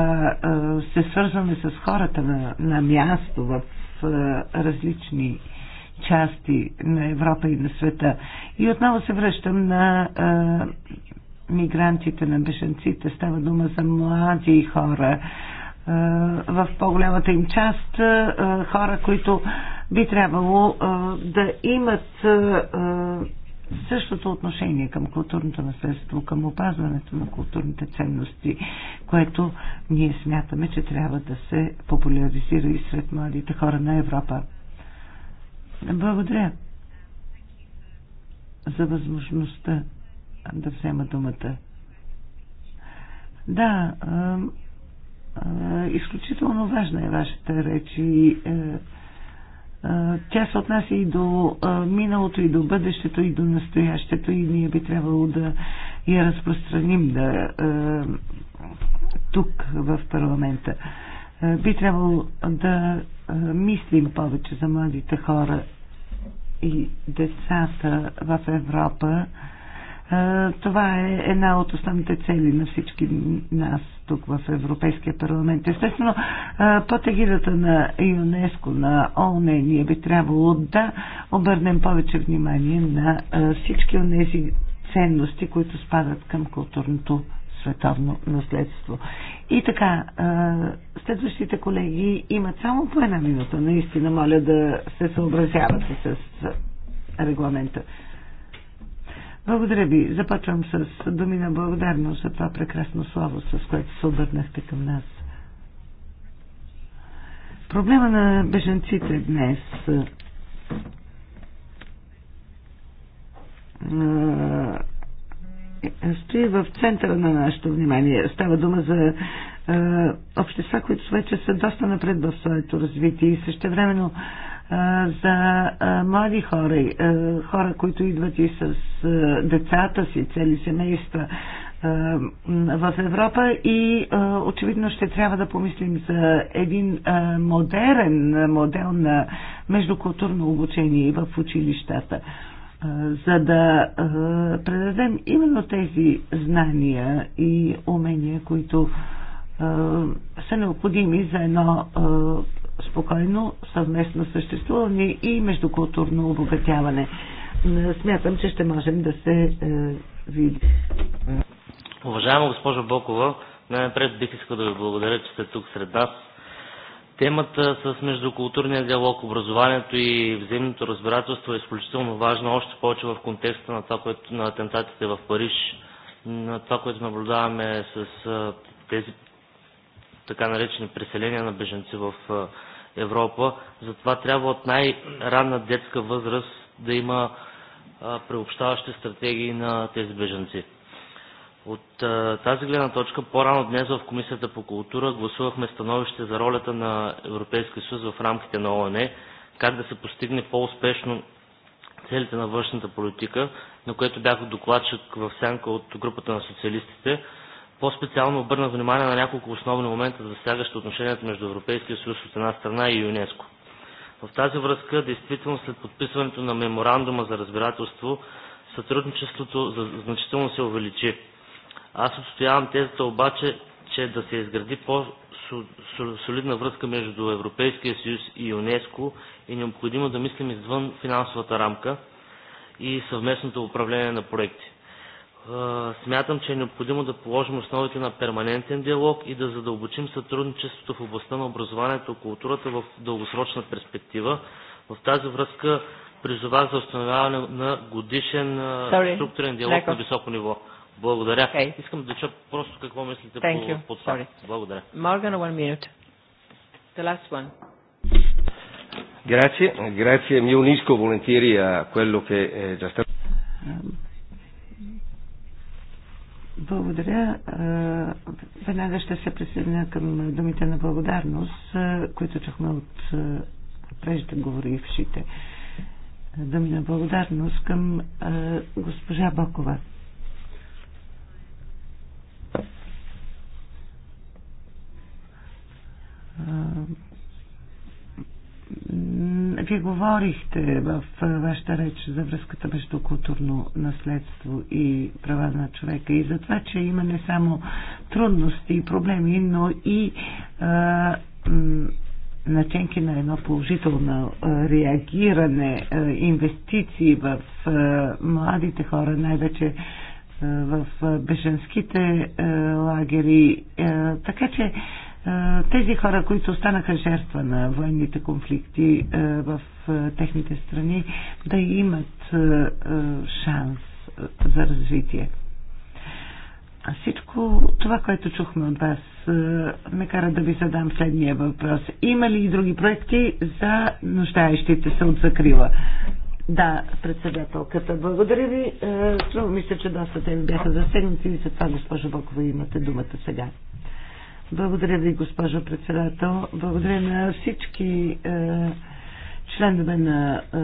се свързваме с хората на, на място в различни части на Европа и на света. И отново се връщам на мигрантите, на бешенците. Става дума за млади хора е, в по-голямата им част е, е, хора, които би трябвало да имат същото отношение към културното наследство, към опазването на културните ценности, което ние смятаме, че трябва да се популяризира и сред младите хора на Европа. Благодаря за възможността да взема думата. Да, изключително важна е вашата реч и е, е, тя се отнася и до е, миналото, и до бъдещето, и до настоящето и ние би трябвало да я разпространим да, тук в парламента. Би трябвало да мислим повече за младите хора и децата в Европа, това е една от основните цели на всички нас тук в Европейския парламент. Естествено, под егидата на ЮНЕСКО, на ООН, ние би трябвало да обърнем повече внимание на всички от тези ценности, които спадат към културното световно наследство. И така, следващите колеги имат само по една минута. Наистина, моля да се съобразявате с регламента. Благодаря ви. Започвам с думи на благодарност за това прекрасно слово, с което се обърнахте към нас. Проблема на беженците днес е, стои в центъра на нашето внимание. Става дума за общества, които вече са доста напред в своето развитие и също времено за млади хора, хора, които идват и с децата си, цели семейства в Европа и очевидно ще трябва да помислим за един модерен модел на междукултурно обучение в училищата, за да предадем именно тези знания и умения, които са необходими за едно спокойно съвместно съществуване и междукултурно обогатяване. Смятам, че ще можем да се е, видим. Уважаема госпожо Бокова, най-напред бих искал да ви благодаря, че сте тук сред нас. Темата с междукултурния диалог, образованието и взаимното разбирателство е изключително важна, още повече в контекста на, това, което, на атентатите в Париж, на това, което наблюдаваме с тези така наречени преселения на беженци в Европа. Затова трябва от най-ранна детска възраст да има преобщаващи стратегии на тези беженци. От тази гледна точка, по-рано днес в Комисията по култура гласувахме становище за ролята на Европейския съюз в рамките на ООН, как да се постигне по-успешно целите на външната политика, на което бях докладчик в сянка от групата на социалистите. По-специално обърна внимание на няколко основни момента, засягащи отношенията между Европейския съюз от една страна и ЮНЕСКО. В тази връзка, действително след подписването на меморандума за разбирателство, сътрудничеството значително се увеличи. Аз отстоявам тезата обаче, че да се изгради по-солидна връзка между Европейския съюз и ЮНЕСКО е необходимо да мислим извън финансовата рамка и съвместното управление на проекти смятам, че е необходимо да положим основите на перманентен диалог и да задълбочим сътрудничеството в областта на образованието и културата в дългосрочна перспектива. В тази връзка призовах за установяване на годишен Sorry. структурен диалог Lekos. на високо ниво. Благодаря. Okay. Искам да чуя просто какво мислите Thank по, по това. Благодаря. Morgan, one minute. The last one. Grazie, grazie, mi unisco volentieri a quello che è eh, già stato. Благодаря. Веднага ще се присъединя към думите на благодарност, които чухме от преждеговорившите. Думи на благодарност към госпожа Бокова. А, вие говорихте в вашата реч за връзката между културно наследство и права на човека и за това, че има не само трудности и проблеми, но и а, наченки на едно положително реагиране, инвестиции в младите хора, най-вече в беженските лагери. Така че тези хора, които останаха жертва на военните конфликти в техните страни, да имат шанс за развитие. А всичко това, което чухме от вас, ме кара да ви задам следния въпрос. Има ли и други проекти за нуждаещите се от закрила? Да, председателката. Благодаря ви. Струва се, че доста теми бяха засегнати и затова, госпожо Бокова, имате думата сега. Благодаря ви, госпожо председател. Благодаря на всички е, членове на, е,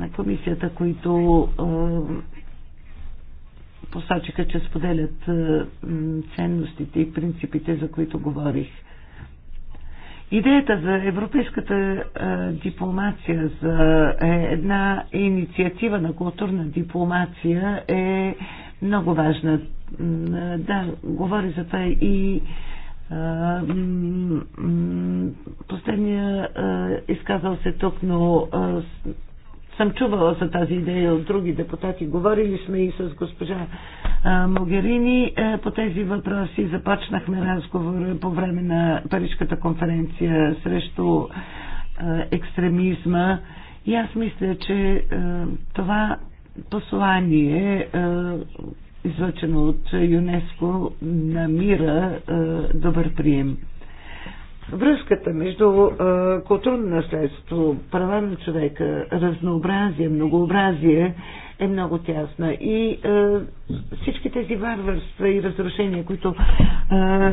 на комисията, които е, посочиха, че споделят е, ценностите и принципите, за които говорих. Идеята за европейската дипломация, за е една инициатива на културна дипломация е много важна. Да, говори за това и последния изказал се тук, но съм чувала за тази идея от други депутати. Говорили сме и с госпожа Могерини по тези въпроси. Започнахме разговор по време на Парижката конференция срещу екстремизма. И аз мисля, че това послание, излъчено от ЮНЕСКо, намира добър прием. Връзката между а, културно наследство, права на човека, разнообразие, многообразие е много тясна. И а, всички тези варварства и разрушения, които а,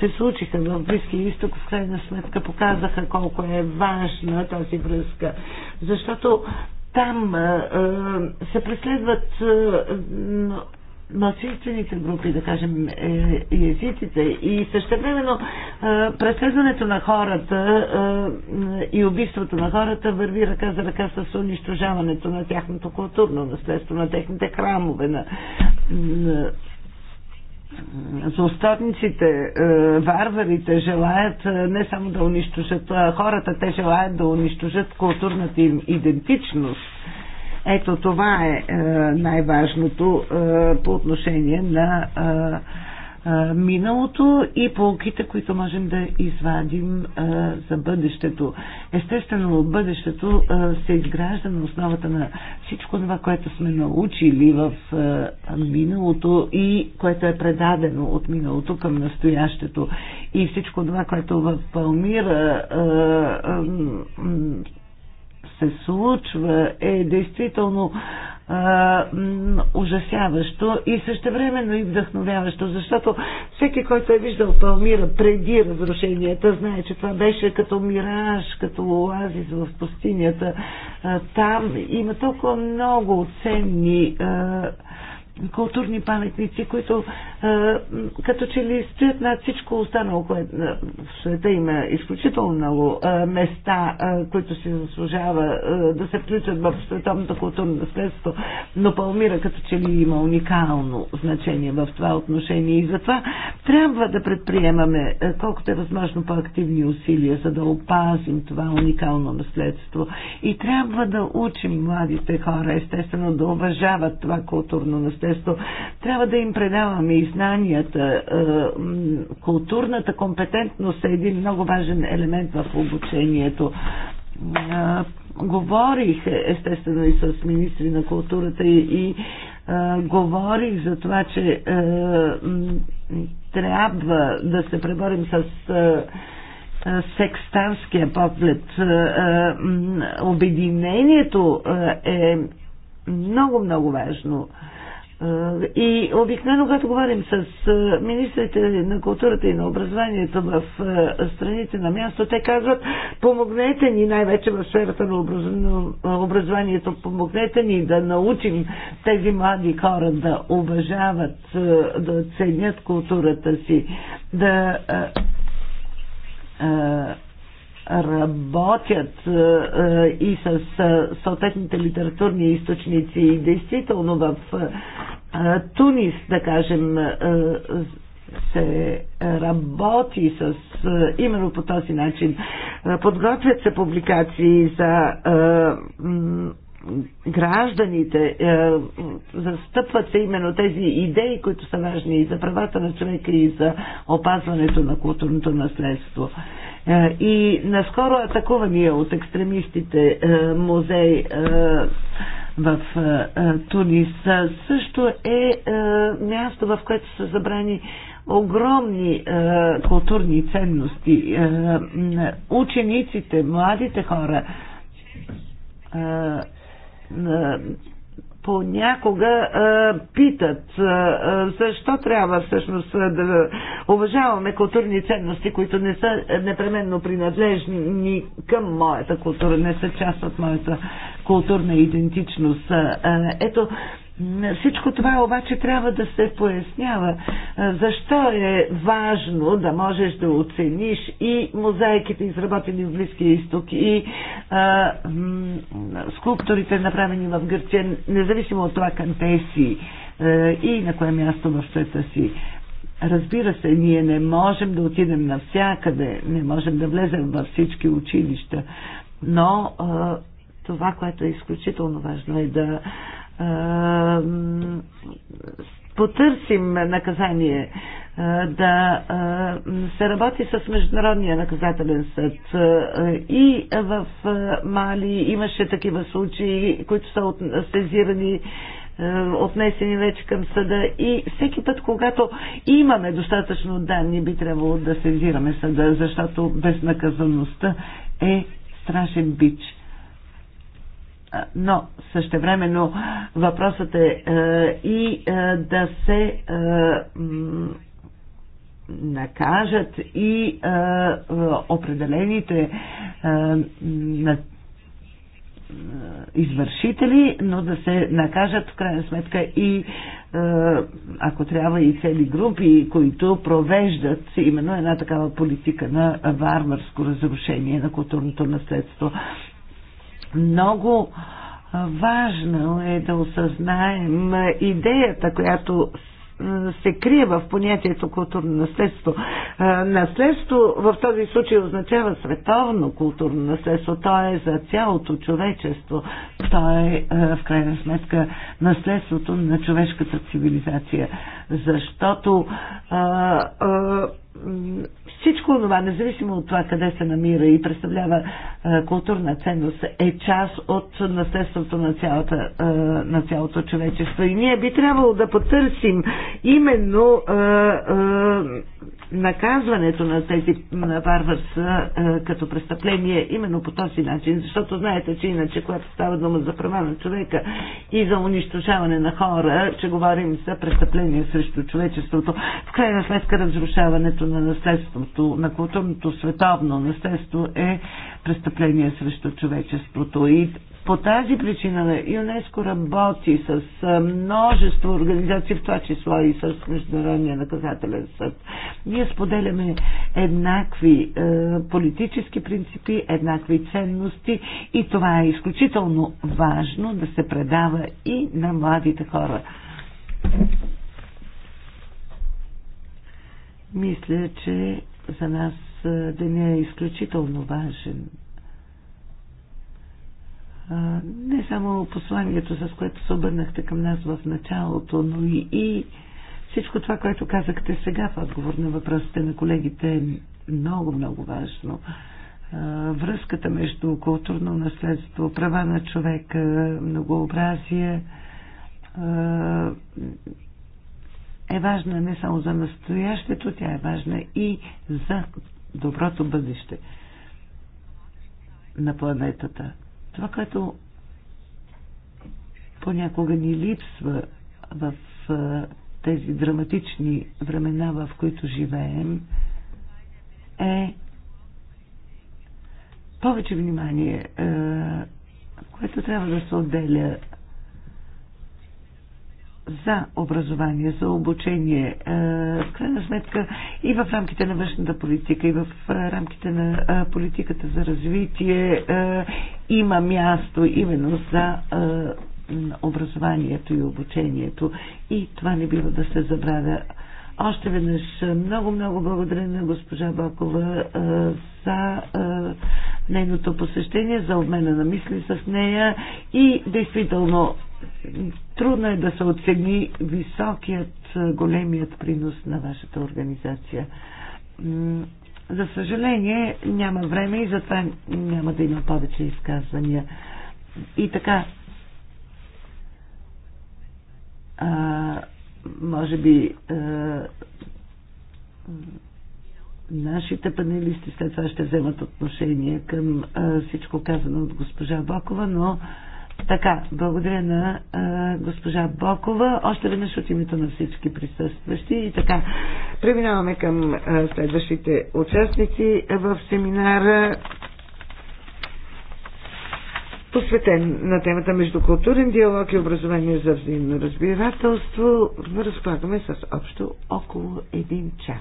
се случиха в Близкия изток, в крайна сметка показаха колко е важна тази връзка. Защото там а, се преследват а, малцинствените групи, да кажем, и е, езиците. И същевременно е, преследването на хората е, и убийството на хората върви ръка за ръка с унищожаването на тяхното културно наследство, на техните храмове, на злостотниците, варварите желаят не само да унищожат хората, те желаят да унищожат културната им идентичност ето това е, е най-важното е, по отношение на е, е, миналото и полките, които можем да извадим е, за бъдещето. Естествено, бъдещето е, се изгражда на основата на всичко това, което сме научили в е, миналото и което е предадено от миналото към настоящето. И всичко това, което в Е, е, се случва е действително а, ужасяващо и същевременно и вдъхновяващо, защото всеки, който е виждал Палмира преди разрушенията, знае, че това беше като мираж, като оазис в пустинята. А, там има толкова много ценни а, културни паметници, които като че ли стоят над всичко останало, което в света има изключително много места, които си заслужава да се включат в световното културно наследство, но Палмира като че ли има уникално значение в това отношение и затова трябва да предприемаме колкото е възможно по-активни усилия, за да опазим това уникално наследство и трябва да учим младите хора, естествено, да уважават това културно наследство естество. Трябва да им предаваме и знанията. Е, културната компетентност е един много важен елемент в обучението е, говорих естествено и с министри на културата и, и а, е, говорих за това, че а, трябва да се преборим с а, секстанския поглед. обединението а, е много-много важно. А, е, и обикновено, когато говорим с е, министрите на културата и на образованието в е, страните на място, те казват, помогнете ни най-вече в сферата на образованието, помогнете ни да научим тези млади хора да уважават, да ценят културата си, да работят и с съответните литературни източници. И действително в Тунис, да кажем, се работи с, именно по този начин. Подготвят се публикации за гражданите, застъпват се именно тези идеи, които са важни и за правата на човека и за опазването на културното наследство. И наскоро атакувания от екстремистите музей в Тунис също е място, в което са забрани огромни културни ценности. учениците, младите хора понякога а, питат а, защо трябва всъщност да уважаваме културни ценности, които не са непременно принадлежни към моята култура, не са част от моята културна идентичност. А, ето, всичко това обаче трябва да се пояснява. Защо е важно да можеш да оцениш и мозаиките, изработени в Близкия изток, и а, скулпторите, направени в Гърция, независимо от това къде си и на кое място в света си. Разбира се, ние не можем да отидем навсякъде, не можем да влезем във всички училища, но а, това, което е изключително важно е да потърсим наказание, да се работи с Международния наказателен съд. И в Мали имаше такива случаи, които са сезирани отнесени вече към съда и всеки път, когато имаме достатъчно данни, би трябвало да сезираме съда, защото безнаказаността е страшен бич но същевременно въпросът е, е и е, да се е, накажат и определените извършители, но да се накажат в крайна сметка и ако трябва и цели групи, които провеждат именно една такава политика на варварско разрушение на културното наследство. Много важно е да осъзнаем идеята, която се крие в понятието културно наследство. Наследство в този случай означава световно културно наследство. То е за цялото човечество. То е в крайна сметка наследството на човешката цивилизация защото а, а, всичко това, независимо от това къде се намира и представлява а, културна ценност, е част от наследството на, цялата, а, на цялото човечество. И ние би трябвало да потърсим именно а, а, наказването на тези а, като престъпление именно по този начин, защото знаете, че иначе, когато става дума за права на човека и за унищожаване на хора, че говорим за престъпление срещу човечеството. В крайна сметка разрушаването на наследството, на културното световно наследство е престъпление срещу човечеството. И по тази причина ЮНЕСКО работи с множество организации, в това число и с Международния наказателен съд. Ние споделяме еднакви е, политически принципи, еднакви ценности и това е изключително важно да се предава и на младите хора. Мисля, че за нас деня е изключително важен. Не само посланието, с което се обърнахте към нас в началото, но и, и всичко това, което казахте сега в отговор на въпросите на колегите е много, много важно. Връзката между културно наследство, права на човека, многообразие, е важна не само за настоящето, тя е важна и за доброто бъдеще на планетата. Това, което понякога ни липсва в тези драматични времена, в които живеем, е повече внимание, което трябва да се отделя за образование, за обучение, е, в крайна сметка и в рамките на външната политика, и в е, рамките на е, политиката за развитие има място именно за образованието и обучението. И това не бива да се забравя. Още веднъж много-много е, благодаря на госпожа Бакова е, за е, нейното посещение, за обмена на мисли с нея и действително трудно е да се оцени високият, големият принос на вашата организация. За съжаление няма време и затова няма да има повече изказвания. И така, може би е, нашите панелисти след това ще вземат отношение към е, всичко казано от госпожа Бокова, но така, благодаря на е, госпожа Бокова, още веднъж от името на всички присъстващи и така, преминаваме към е, следващите участници в семинара посветен на темата междукултурен диалог и образование за взаимно разбирателство. Разполагаме с общо около един час.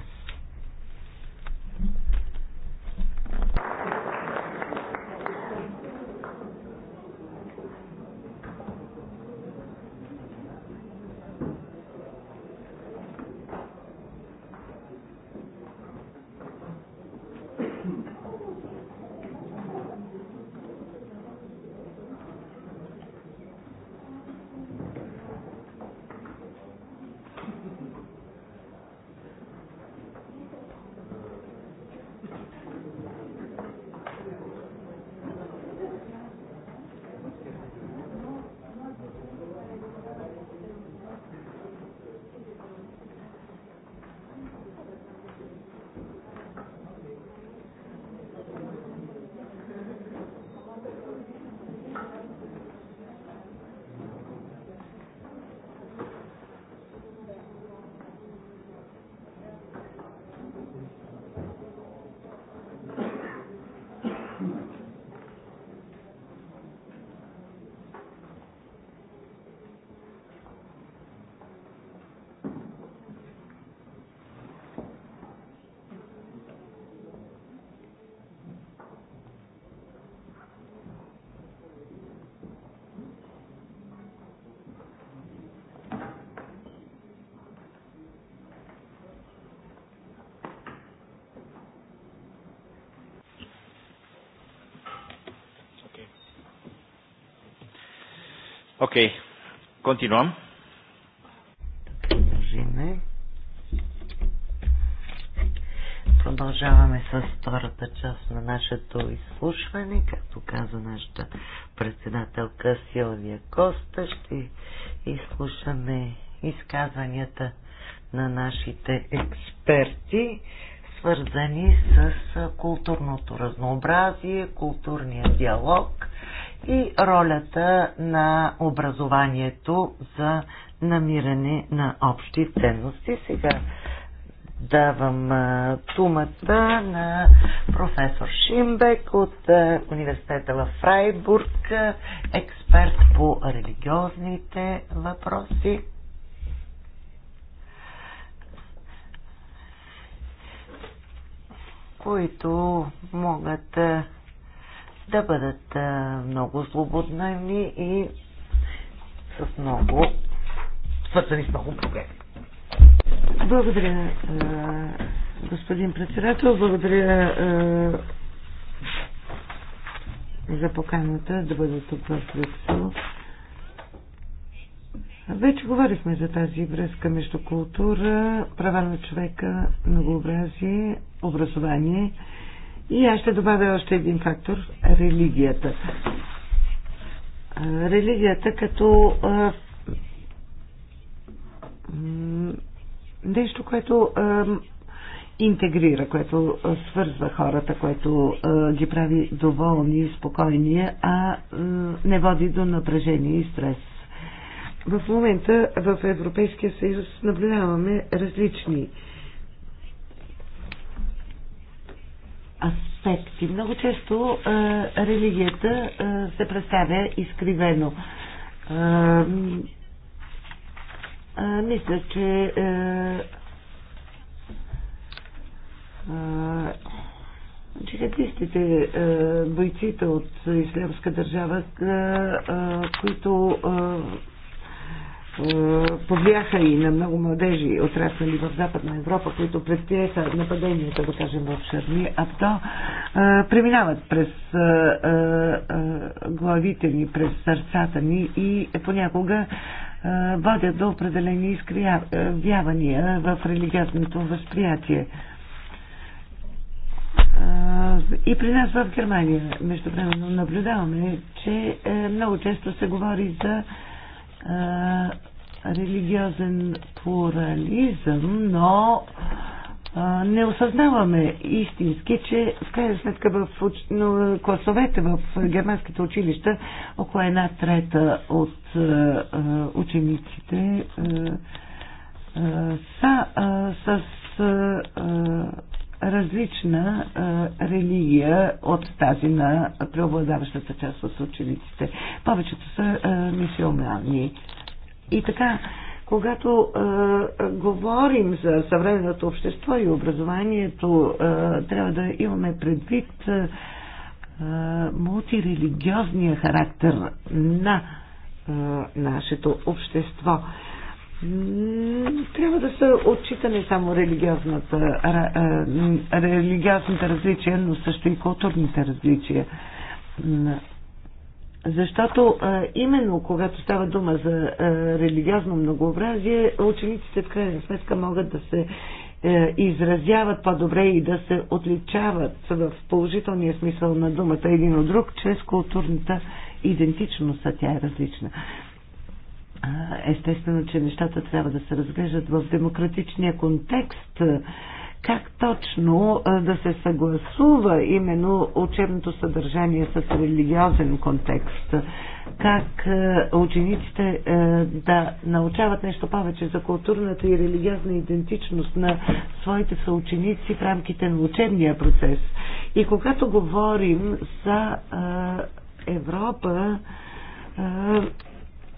Окей, continuăm. Продължаваме с втората част на нашето изслушване. Както каза нашата председателка Силвия Коста, ще изслушаме изказванията на нашите експерти, свързани с културното разнообразие, културния диалог и ролята на образованието за намиране на общи ценности. Сега давам думата на професор Шимбек от университета в Фрайбург, експерт по религиозните въпроси. които могат да бъдат много свободни и с много свързани с много проблеми. Благодаря, господин председател. Благодаря за поканата да бъда тук в Брюксел. Вече говорихме за тази връзка между култура, права на човека, многообразие, образование и аз ще добавя още един фактор – религията. Религията като нещо, което интегрира, което свързва хората, което ги прави доволни и спокойни, а не води до напрежение и стрес. В момента в Европейския съюз наблюдаваме различни аспекти. Много често е, религията е, се представя изкривено. Е, е, мисля, че е, е, джихадистите, е, бойците от Ислямска държава, е, е, които е, повлияха и на много младежи, отраснали в Западна Европа, които предприеха нападенията, да кажем, в а то е, преминават през е, главите ни, през сърцата ни и понякога водят до определени изкривявания в религиозното възприятие. И при нас в Германия, междувременно, наблюдаваме, че много често се говори за религиозен плурализъм, но а, не осъзнаваме истински, че в крайна сметка в но, класовете в германските училища около една трета от а, учениците а, а, са а, с а, различна а, религия от тази на преобладаващата част от учениците. Повечето са а, мисиомални. И така, когато а, говорим за съвременното общество и образованието, а, трябва да имаме предвид а, мултирелигиозния характер на а, нашето общество. Трябва да се отчита не само религиозната, религиозните различия, но също и културните различия. Защото именно когато става дума за религиозно многообразие, учениците в крайна сметка могат да се е, изразяват по-добре и да се отличават в положителния смисъл на думата един от друг, чрез културната идентичност, а тя е различна. Естествено, че нещата трябва да се разглеждат в демократичния контекст. Как точно да се съгласува именно учебното съдържание с религиозен контекст? Как учениците да научават нещо повече за културната и религиозна идентичност на своите съученици в рамките на учебния процес? И когато говорим за Европа,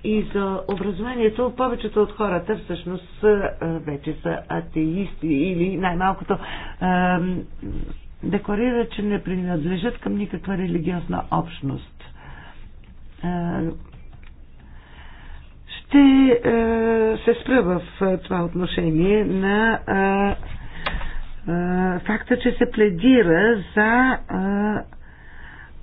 и за образованието, повечето от хората всъщност е, вече са атеисти или най-малкото е, декларират, че не принадлежат към никаква религиозна общност. Е, ще се спра в това отношение на факта, че се пледира за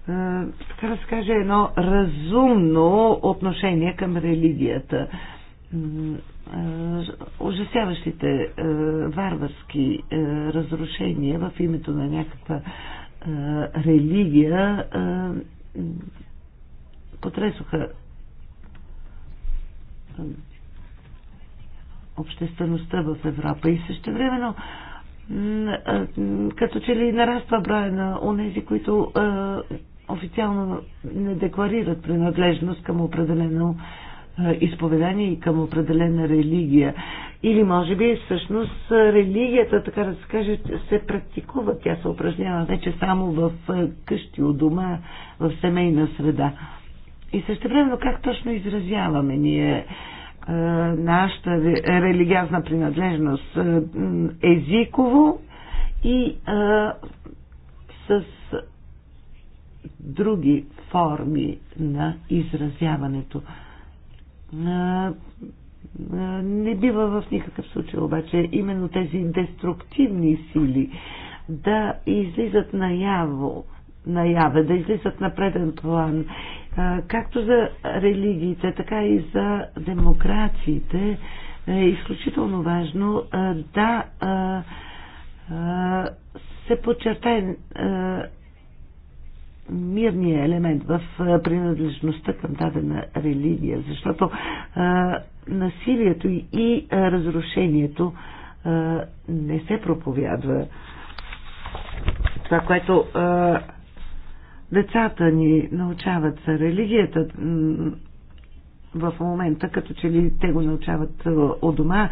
е, така да се каже, едно разумно отношение към религията. Е, ужасяващите е, варварски разрушения в името на някаква религия потресоха обществеността в Европа и също времено като че ли нараства броя на онези, които официално не декларират принадлежност към определено е, изповедание и към определена религия. Или може би всъщност религията, така да се каже, се практикува, тя се упражнява вече само в е, къщи, у дома, в семейна среда. И също времено как точно изразяваме ние е, нашата религиозна принадлежност езиково и с други форми на изразяването. Не бива в никакъв случай обаче именно тези деструктивни сили да излизат наяво, наяве, да излизат на преден план, както за религиите, така и за демокрациите. Е изключително важно да се подчертае мирния елемент в принадлежността към дадена религия, защото а, насилието и а, разрушението а, не се проповядва. Това, което а, децата ни научават за религията, в момента, като че ли те го научават от дома,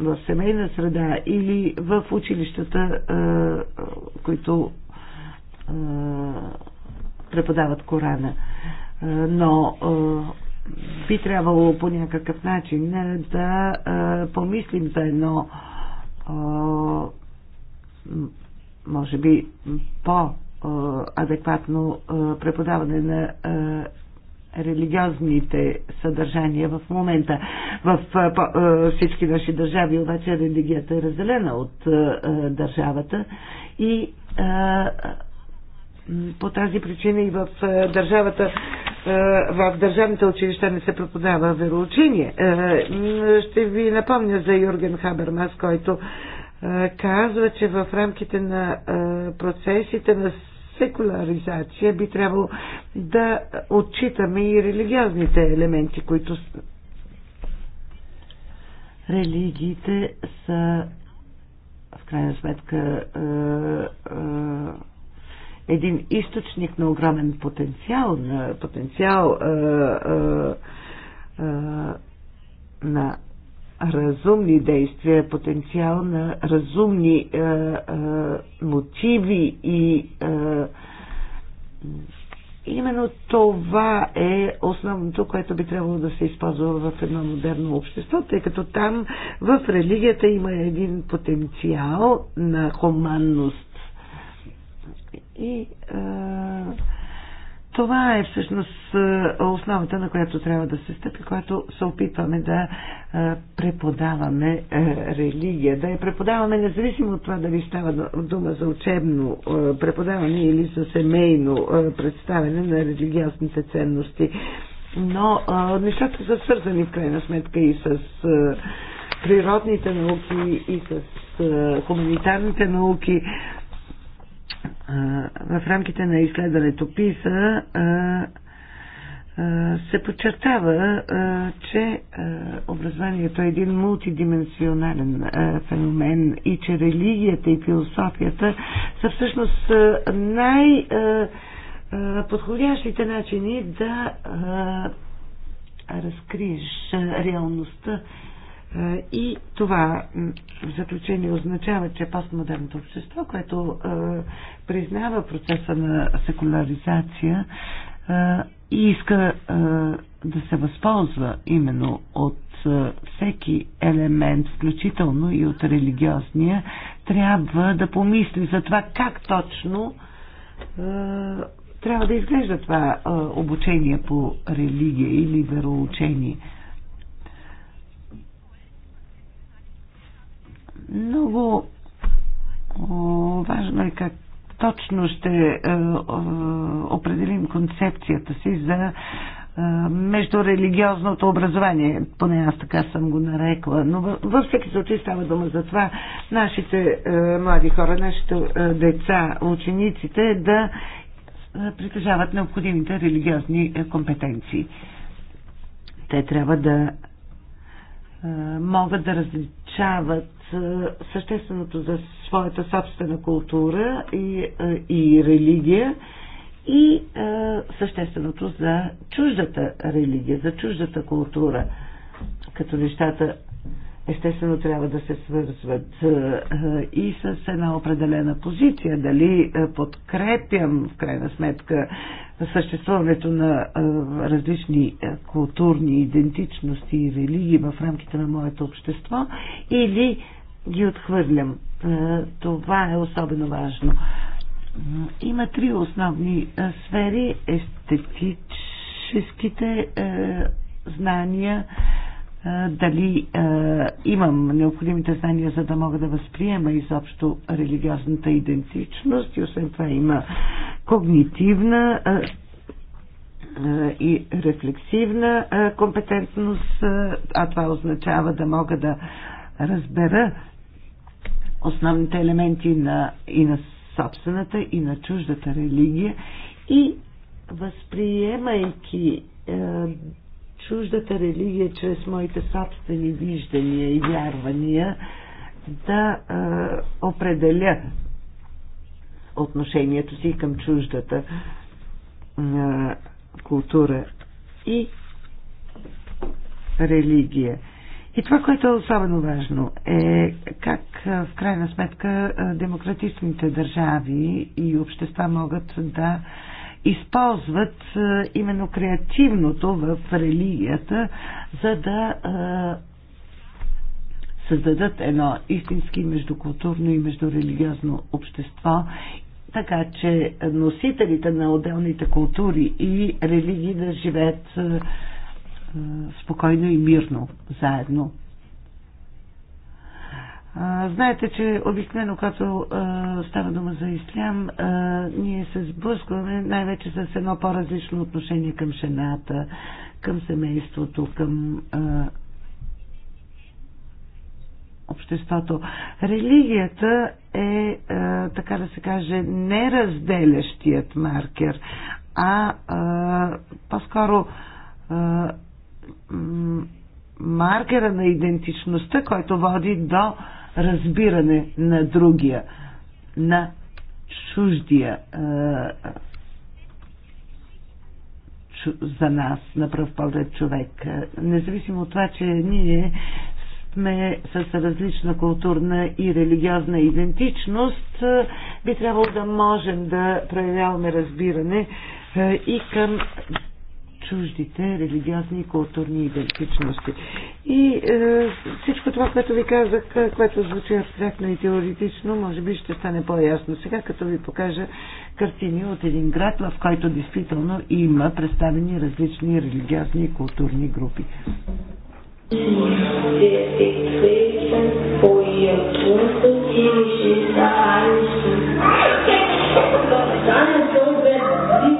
в семейна среда или в училищата, които преподават Корана. Но би трябвало по някакъв начин е, да помислим за едно може би по-адекватно преподаване на религиозните съдържания в момента. В всички наши държави обаче религията е разделена от държавата и по тази причина и в държавата, в държавните училища не се преподава вероучение. Ще ви напомня за Юрген Хабермас, който казва, че в рамките на процесите на секуларизация би трябвало да отчитаме и религиозните елементи, които религиите са в крайна сметка един източник на огромен потенциал, на потенциал а, а, а, на разумни действия, потенциал на разумни а, е, а, е, мотиви и а, е, именно това е основното, което би трябвало да се използва в едно модерно общество, тъй като там в религията има един потенциал на хуманност и това е всъщност основата, на която трябва да се стъпи, когато се опитваме да преподаваме религия, да я преподаваме независимо от това дали става дума за учебно преподаване или за семейно представяне на религиозните ценности. Но нещата са свързани в крайна сметка и с природните науки, и с хуманитарните науки в рамките на изследването ПИСА се подчертава, че образованието е един мултидименционален феномен и че религията и философията са всъщност най- подходящите начини да разкриеш реалността и това в заключение означава, че постмодерното общество, което признава процеса на секуляризация и иска да се възползва именно от всеки елемент, включително и от религиозния, трябва да помисли за това как точно трябва да изглежда това обучение по религия или вероучение. Много важно е как точно ще е, е, определим концепцията си за е, междурелигиозното образование, поне аз така съм го нарекла, но във всеки случай става дума за това нашите млади хора, нашите деца, учениците да притежават необходимите религиозни компетенции. Те трябва да могат да различават същественото за своята собствена култура и, е, и религия и е, същественото за чуждата религия, за чуждата култура, като нещата естествено трябва да се свързват е, и с една определена позиция. Дали подкрепям в крайна сметка съществуването на различни културни идентичности и религии в рамките на моето общество или ги отхвърлям. Е, това е особено важно. Има три основни е, сфери. Естетическите е, знания, дали имам необходимите знания, за да мога да възприема изобщо религиозната идентичност и освен това има когнитивна и рефлексивна компетентност, а това означава да мога да разбера основните елементи на, и на собствената, и на чуждата религия и възприемайки е, чуждата религия чрез моите собствени виждания и вярвания, да е, определя отношението си към чуждата е, култура и религия. И това, което е особено важно, е как в крайна сметка демократичните държави и общества могат да използват именно креативното в религията, за да създадат едно истински междукултурно и междурелигиозно общество, така че носителите на отделните култури и религии да живеят е, спокойно и мирно заедно. Знаете, че обикновено, когато е, става дума за ислям, е, ние се сблъскваме най-вече с едно по-различно отношение към жената, към семейството, към обществото. Религията е, така да се каже, неразделящият маркер, а по-скоро маркера на идентичността, който води до разбиране на другия, на чуждия за нас, на пръв поглед човек. Независимо от това, че ние сме с различна културна и религиозна идентичност, би трябвало да можем да проявяваме разбиране и към чуждите религиозни и културни идентичности. И е, всичко това, което ви казах, което звучи абстрактно и теоретично, може би ще стане по-ясно сега, като ви покажа картини от един град, в който действително има представени различни религиозни и културни групи. Deine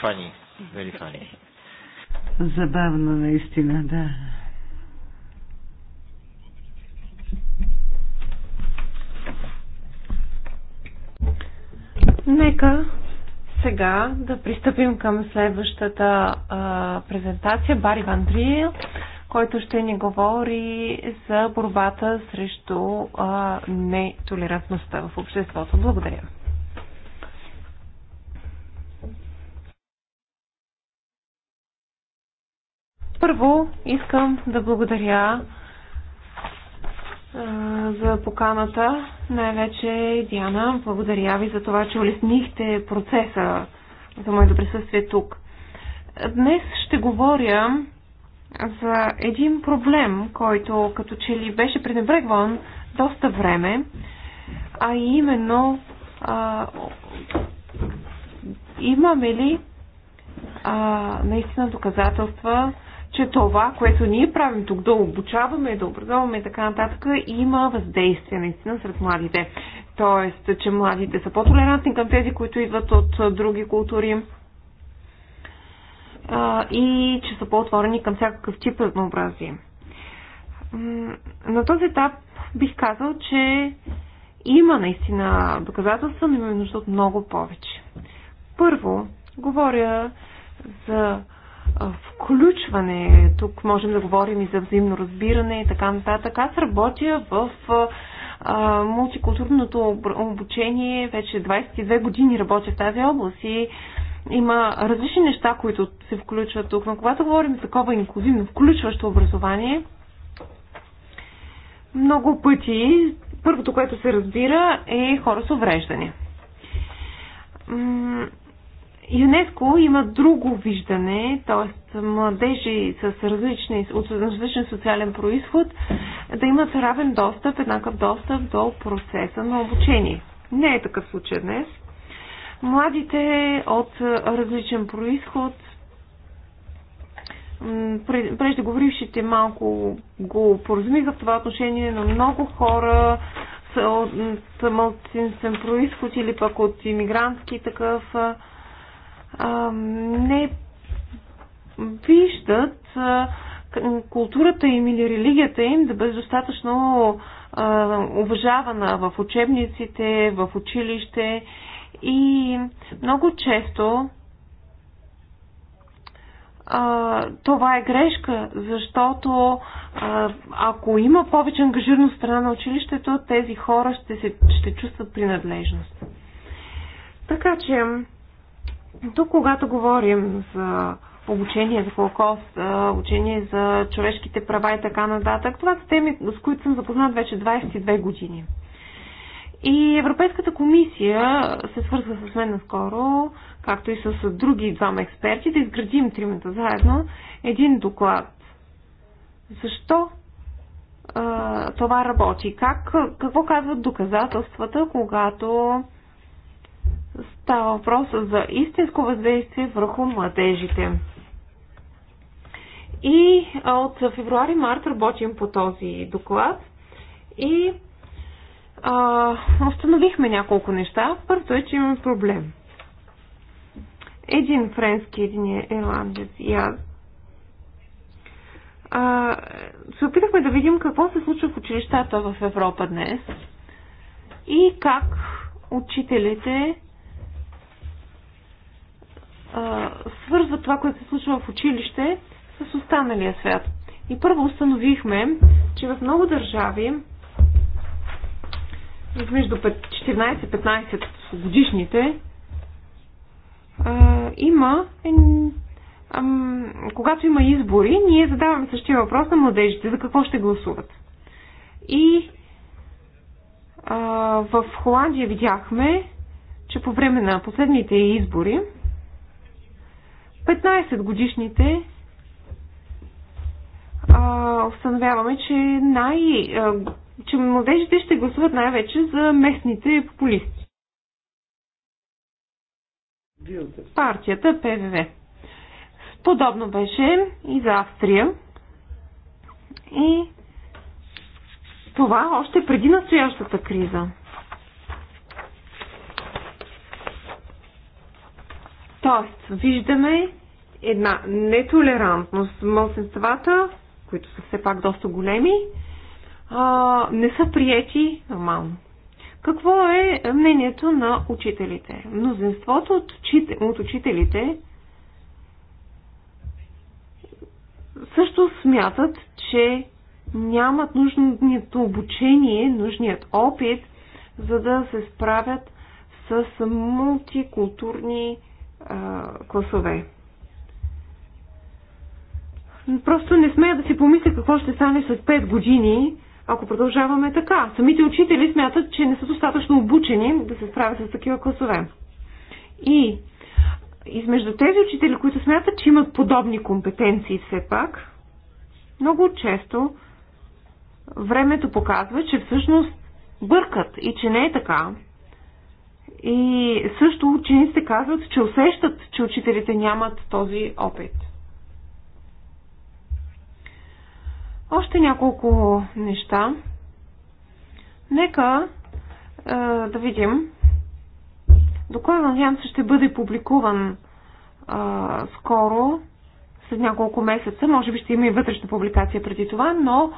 funny. Very funny. Забавно, наистина, да. Нека сега да пристъпим към следващата а, презентация. Бари Ван Дриел, който ще ни говори за борбата срещу а, нетолерантността в обществото. Благодаря. Първо искам да благодаря за поканата. Най-вече, Диана, благодаря ви за това, че улеснихте процеса за моето присъствие тук. Днес ще говоря за един проблем, който като че ли беше пренебрегван доста време, а именно а, имаме ли а, наистина доказателства че това, което ние правим тук, да обучаваме, да образоваме и така нататък, има въздействие наистина сред младите. Тоест, че младите са по-толерантни към тези, които идват от други култури и че са по-отворени към всякакъв тип разнообразие. На този етап бих казал, че има наистина доказателства, но имаме нужда от много повече. Първо, говоря за включване. Тук можем да говорим и за взаимно разбиране и така нататък. Аз работя в мултикултурното обучение. Вече 22 години работя в тази област и има различни неща, които се включват тук. Но когато говорим за такова инклюзивно включващо образование, много пъти първото, което се разбира е хора с увреждане ЮНЕСКО има друго виждане, т.е. младежи с различни, от различен социален происход да имат равен достъп, еднакъв достъп до процеса на обучение. Не е такъв случай днес. Младите от различен происход, преждеговорившите малко го поразумиха в това отношение, но много хора са от, малцинствен происход или пък от иммигрантски такъв не виждат културата им или религията им да бъде достатъчно уважавана в учебниците, в училище и много често а, това е грешка, защото а, ако има повече ангажираност страна на училището, тези хора ще, се, ще чувстват принадлежност. Така че тук, когато говорим за обучение за Холокост, обучение за човешките права и така нататък, това са теми, с които съм запознат вече 22 години. И Европейската комисия се свързва с мен наскоро, както и с други двама експерти, да изградим тримата заедно един доклад. Защо а, това работи? Как, какво казват доказателствата, когато става въпрос за истинско въздействие върху младежите. И от февруари-март работим по този доклад и а, установихме няколко неща. Първото е, че имаме проблем. Един френски, един е ирландец и аз а, се опитахме да видим какво се случва в училищата в Европа днес и как учителите Свързва това, което се случва в училище с останалия свят. И първо установихме, че в много държави между 14-15 годишните има когато има избори, ние задаваме същия въпрос на младежите за какво ще гласуват. И в Холандия видяхме, че по време на последните избори 15 годишните а, установяваме, че, най, а, че младежите ще гласуват най-вече за местните популисти. Партията ПВВ. Подобно беше и за Австрия. И това още преди настоящата криза. Тоест, виждаме една нетолерантност. Мълсенствата, които са все пак доста големи, а, не са приети нормално. Какво е мнението на учителите? Мнозинството от, от учителите също смятат, че нямат нужното обучение, нужният опит, за да се справят с мултикултурни класове. Просто не смея да си помисля какво ще стане след 5 години, ако продължаваме така. Самите учители смятат, че не са достатъчно обучени да се справят с такива класове. И измежду тези учители, които смятат, че имат подобни компетенции все пак, много често времето показва, че всъщност бъркат и че не е така. И също учениците казват, че усещат, че учителите нямат този опит. Още няколко неща. Нека е, да видим до кой вариант ще бъде публикуван е, скоро, след няколко месеца. Може би ще има и вътрешна публикация преди това, но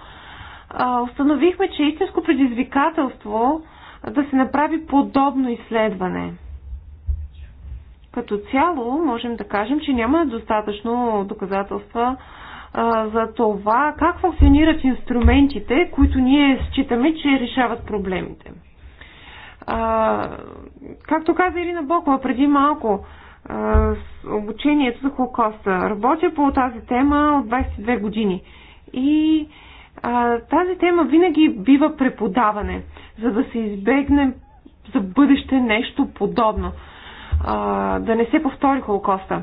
е, установихме, че истинско предизвикателство е, да се направи подобно изследване. Като цяло можем да кажем, че няма достатъчно доказателства а, за това как функционират инструментите, които ние считаме, че решават проблемите. А, както каза Ирина Бокова преди малко, а, с обучението за Холокоста. Работя по тази тема от 22 години. И а, тази тема винаги бива преподаване, за да се избегне за бъдеще нещо подобно, а, да не се повтори Холокоста.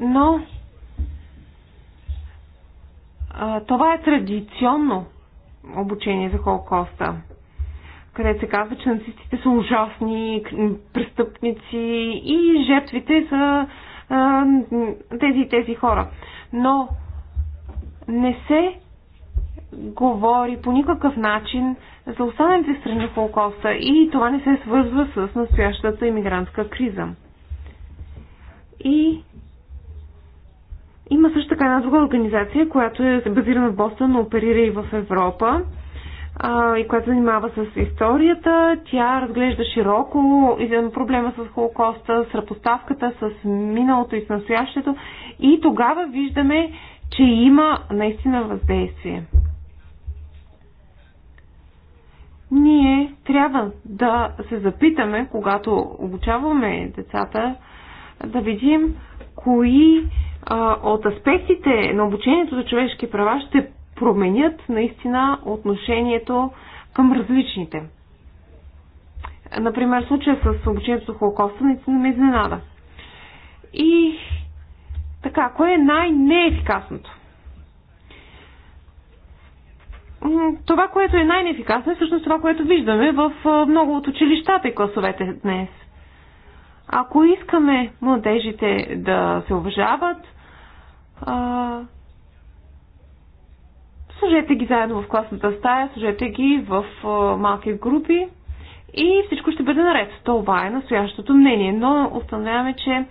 Но а, това е традиционно обучение за Холокоста, където се казва, че нацистите са ужасни престъпници и жертвите са а, тези и тези хора. Но не се говори по никакъв начин за останалите страни в Холокоста и това не се свързва с настоящата иммигрантска криза. И има също така една друга организация, която е базирана в Бостон, но оперира и в Европа а, и която занимава с историята. Тя разглежда широко проблема с Холокоста, с ръпоставката, с миналото и с настоящето. И тогава виждаме че има наистина въздействие. Ние трябва да се запитаме, когато обучаваме децата, да видим кои а, от аспектите на обучението за човешки права ще променят наистина отношението към различните. Например, случая с обучението за Холокоста не ме изненада. И така, кое е най-неефикасното? Това, което е най-неефикасно, е всъщност това, което виждаме в много от училищата и класовете днес. Ако искаме младежите да се уважават, сложете ги заедно в класната стая, сложете ги в малки групи и всичко ще бъде наред. Това е настоящото мнение, но установяваме, че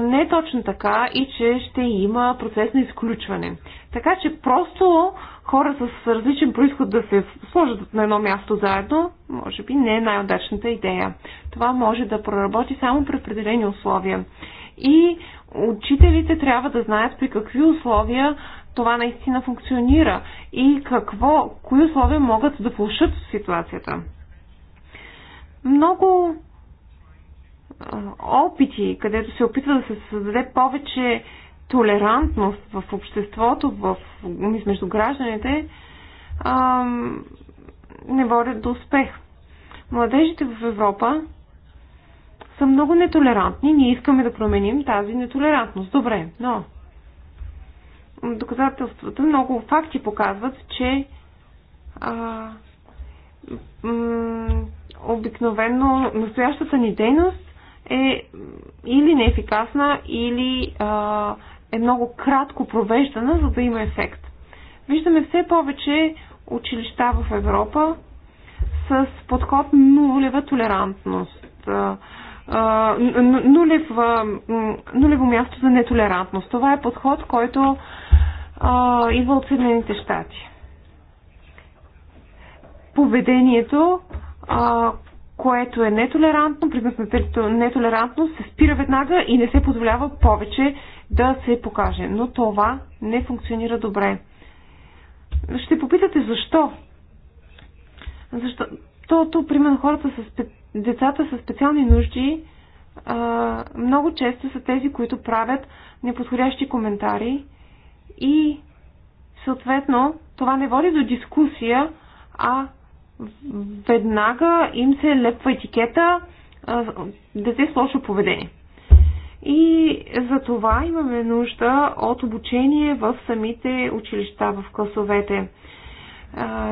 не е точно така и че ще има процес на изключване. Така че просто хора с различен происход да се сложат на едно място заедно, може би не е най-удачната идея. Това може да проработи само при определени условия. И учителите трябва да знаят при какви условия това наистина функционира и какво, кои условия могат да влушат ситуацията. Много опити, където се опитва да се създаде повече толерантност в обществото, в, между гражданите, а, не водят до успех. Младежите в Европа са много нетолерантни. Ние искаме да променим тази нетолерантност. Добре, но доказателствата, много факти показват, че а, обикновено настоящата ни дейност е или неефикасна, или а, е много кратко провеждана, за да има ефект. Виждаме все повече училища в Европа с подход нулева толерантност. А, а, нулев, а, нулево място за нетолерантност. Това е подход, който а, идва от Съединените щати. Поведението, а, което е нетолерантно, признак на е нетолерантно, се спира веднага и не се позволява повече да се покаже. Но това не функционира добре. Ще попитате защо? Защото, примерно, хората с децата с специални нужди много често са тези, които правят неподходящи коментари и съответно това не води до дискусия, а веднага им се лепва етикета дете с лошо поведение. И за това имаме нужда от обучение в самите училища, в класовете.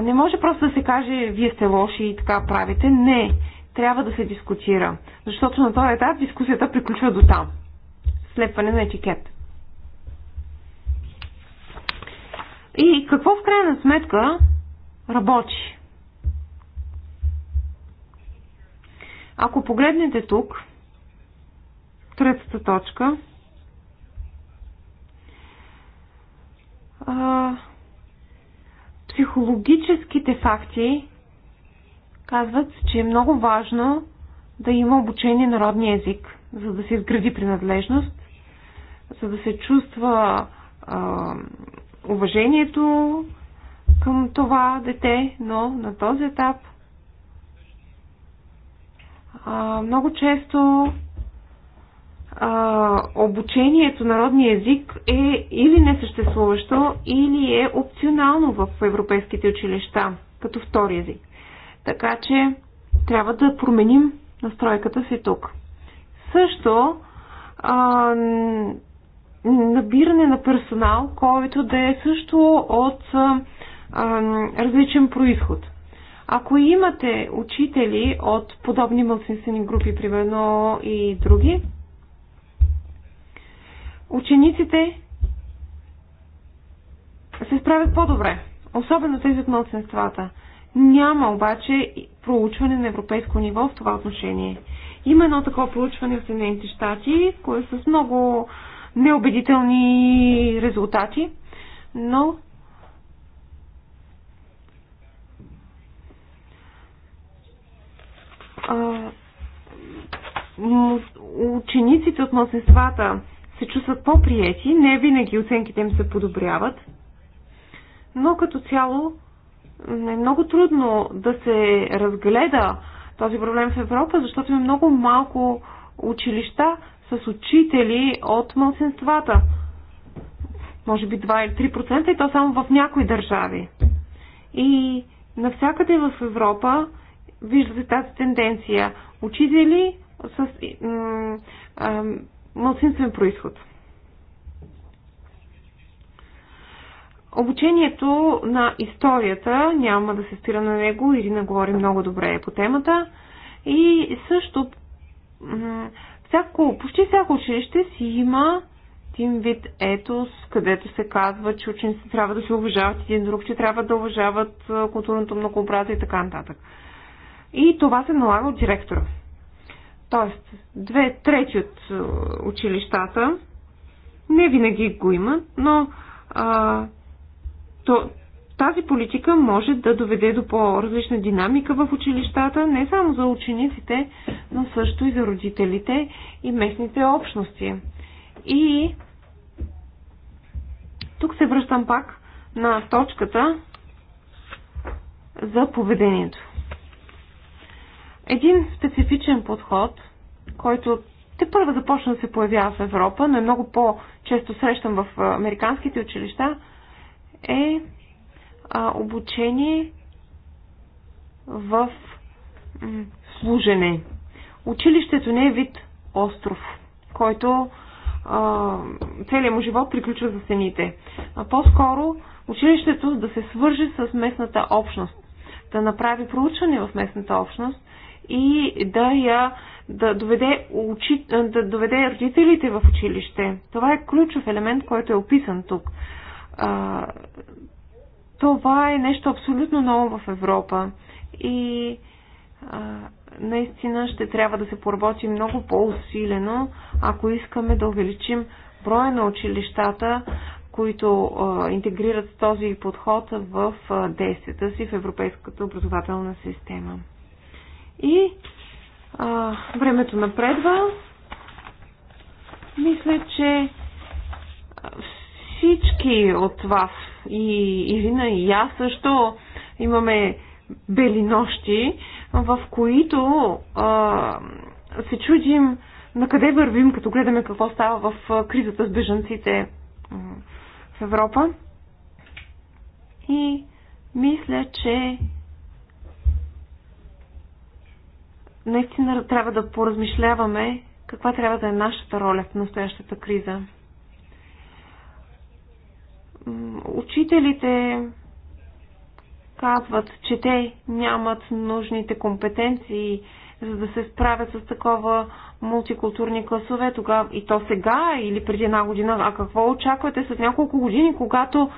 Не може просто да се каже, вие сте лоши и така правите. Не, трябва да се дискутира. Защото на този етап дискусията приключва до там. Слепване на етикет. И какво в крайна сметка работи? Ако погледнете тук, третата точка, психологическите факти казват, че е много важно да има обучение на родния език, за да се изгради принадлежност, за да се чувства а, уважението към това дете, но на този етап – а, много често а, обучението на родния език е или несъществуващо, или е опционално в европейските училища, като втори език. Така че трябва да променим настройката си тук. Също а, набиране на персонал, който да е също от а, различен происход – ако имате учители от подобни мълцинствени групи, примерно и други, учениците се справят по-добре, особено тези от мълцинствата. Няма обаче проучване на европейско ниво в това отношение. Има едно такова проучване в Съединените щати, което е с много неубедителни резултати, но учениците от младсенствата се чувстват по-приети, не винаги оценките им се подобряват, но като цяло е много трудно да се разгледа този проблем в Европа, защото има много малко училища с учители от мълсенствата. Може би 2 или 3% и то само в някои държави. И навсякъде в Европа виждате тази тенденция? Учители с мълцинствен происход. Обучението на историята, няма да се спира на него, Ирина говори много добре по темата. И също всяко, почти всяко училище си има тим вид етос, където се казва, че учениците трябва да се уважават един друг, че трябва да уважават културното многообразие и така нататък и това се налага от директора. Тоест, две трети от е, училищата не винаги го имат, но а, то, тази политика може да доведе до по-различна динамика в училищата, не само за учениците, но също и за родителите и местните общности. И тук се връщам пак на точката за поведението един специфичен подход, който те първо започна да се появява в Европа, но е много по-често срещан в американските училища, е а, обучение в служене. Училището не е вид остров, който а, целият му живот приключва за стените. А по-скоро училището да се свържи с местната общност, да направи проучване в местната общност и да я да доведе, учи, да доведе родителите в училище. Това е ключов елемент, който е описан тук. А, това е нещо абсолютно ново в Европа и а, наистина ще трябва да се поработи много по-усилено, ако искаме да увеличим броя на училищата, които а, интегрират този подход в действията си в европейската образователна система. И а, времето напредва. Мисля, че всички от вас и Ирина и аз също имаме бели нощи, в които а, се чудим на къде вървим, като гледаме какво става в кризата с бежанците в Европа. И мисля, че наистина трябва да поразмишляваме каква трябва да е нашата роля в настоящата криза. Учителите казват, че те нямат нужните компетенции, за да се справят с такова мултикултурни класове тогава и то сега или преди една година. А какво очаквате след няколко години, когато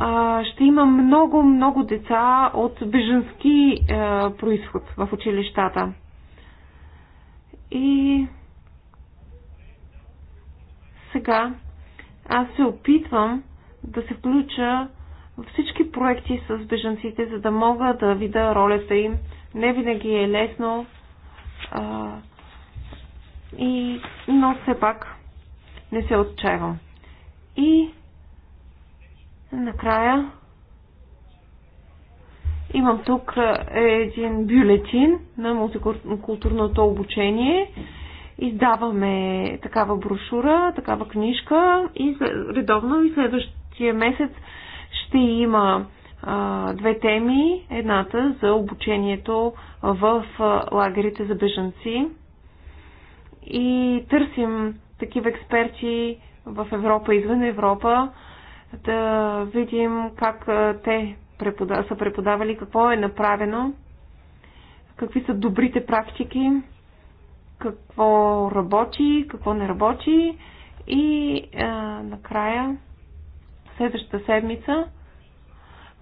а, ще има много, много деца от беженски а, происход в училищата? И сега аз се опитвам да се включа във всички проекти с бежанците, за да мога да видя ролята им. Не винаги е лесно, а, и, но все пак не се отчаявам. И накрая Имам тук е, един бюлетин на мултикултурното обучение. Издаваме такава брошура, такава книжка и редовно и следващия месец ще има две теми. Едната за обучението в лагерите за бежанци и търсим такива експерти в Европа, извън Европа, да видим как те са преподавали, какво е направено, какви са добрите практики, какво работи, какво не работи и а, накрая следващата седмица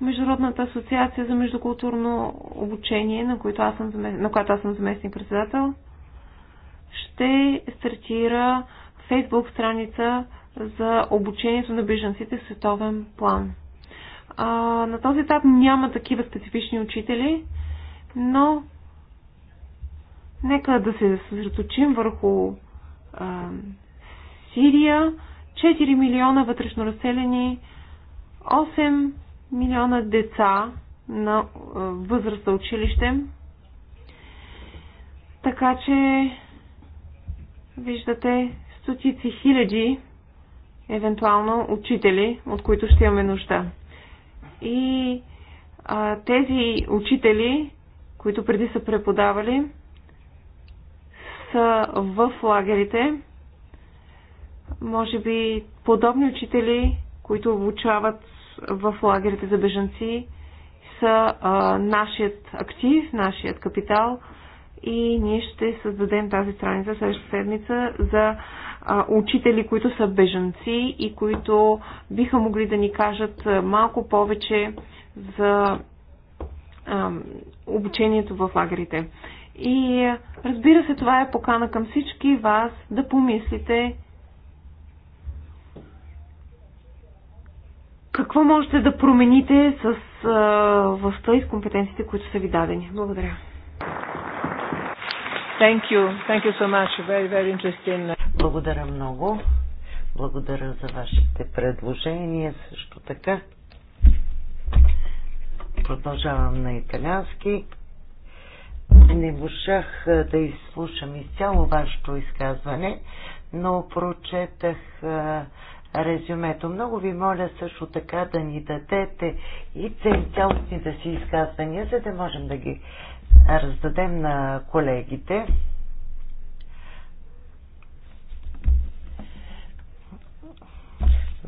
Международната асоциация за междукултурно обучение, на, които аз съм, на която аз съм заместник председател, ще стартира фейсбук страница за обучението на бежанците в световен план. А, на този етап няма такива специфични учители, но нека да се съсредоточим върху а, Сирия. 4 милиона вътрешно разселени, 8 милиона деца на а, възраст училище. Така че виждате стотици хиляди евентуално учители, от които ще имаме нужда. И а, тези учители, които преди са преподавали, са в лагерите. Може би подобни учители, които обучават в лагерите за бежанци, са а, нашият актив, нашият капитал и ние ще създадем тази страница следващата седмица за а, учители, които са бежанци и които биха могли да ни кажат малко повече за а, обучението в лагерите. И разбира се, това е покана към всички вас да помислите какво можете да промените с а, властта и с компетенциите, които са ви дадени. Благодаря. Thank you. Thank you so much. Very, very interesting. Благодаря много. Благодаря за вашите предложения също така. Продължавам на италянски. Не можах да изслушам изцяло вашето изказване, но прочетах резюмето. Много ви моля също така да ни дадете и цялостните си изказвания, за да можем да ги раздадем на колегите.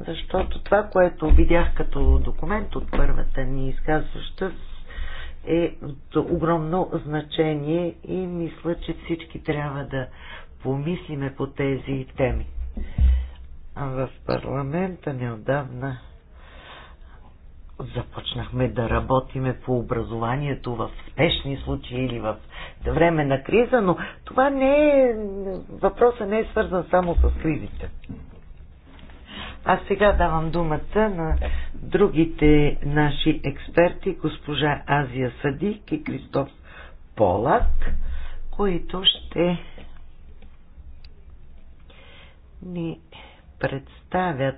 Защото това, което видях като документ от първата ни изказваща, е от огромно значение и мисля, че всички трябва да помислиме по тези теми. А в парламента неодавна започнахме да работиме по образованието в спешни случаи или в време на криза, но това не е, въпросът не е свързан само с кризите. А сега давам думата на другите наши експерти, госпожа Азия Садик и Кристоф Полак, които ще ни представят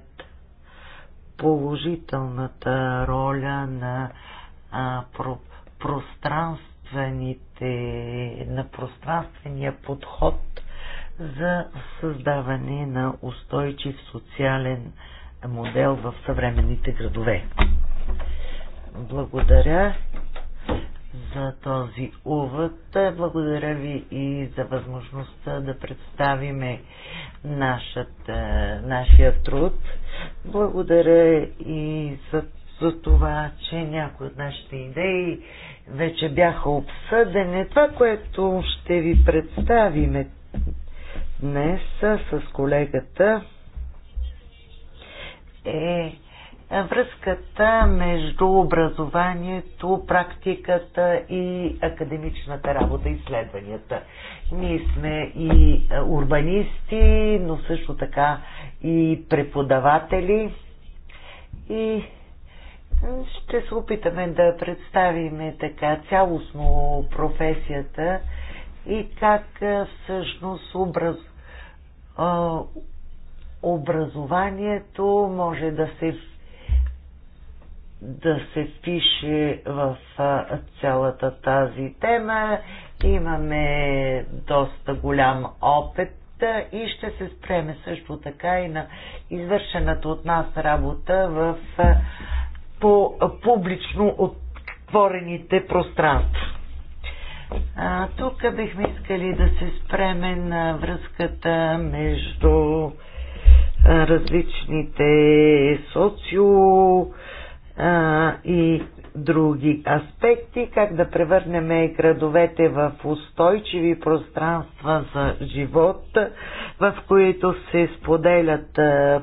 положителната роля на а, про, пространствените, на пространствения подход за създаване на устойчив социален модел в съвременните градове. Благодаря за този увод. Благодаря ви и за възможността да представиме нашът, нашия труд. Благодаря и за, за това, че някои от нашите идеи вече бяха обсъдени. Това, което ще ви представиме днес с колегата е връзката между образованието, практиката и академичната работа, изследванията. Ние сме и е, урбанисти, но също така и преподаватели. И ще се опитаме да представим така цялостно професията и как е, всъщност образ, е, образованието може да се да се впише в цялата тази тема. Имаме доста голям опит и ще се спреме също така и на извършената от нас работа в по публично отворените пространства. тук бихме искали да се спреме на връзката между различните социо а, и други аспекти, как да превърнем и градовете в устойчиви пространства за живот, в които се споделят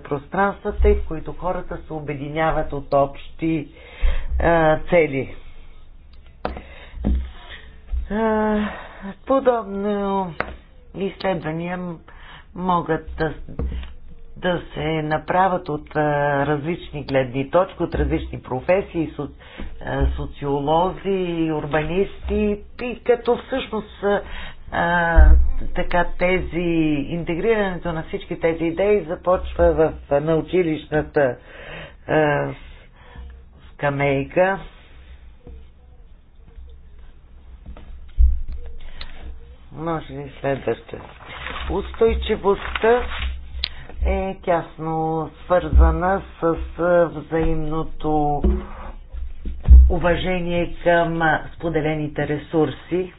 пространствата и в които хората се обединяват от общи а, цели. А, подобно изследвания могат да да се направят от различни гледни точки, от различни професии, социолози, урбанисти, и като всъщност а, така тези, интегрирането на всички тези идеи започва в, на училищната а, скамейка. Може ли следваща? Устойчивостта е тясно свързана с е, взаимното уважение към споделените ресурси.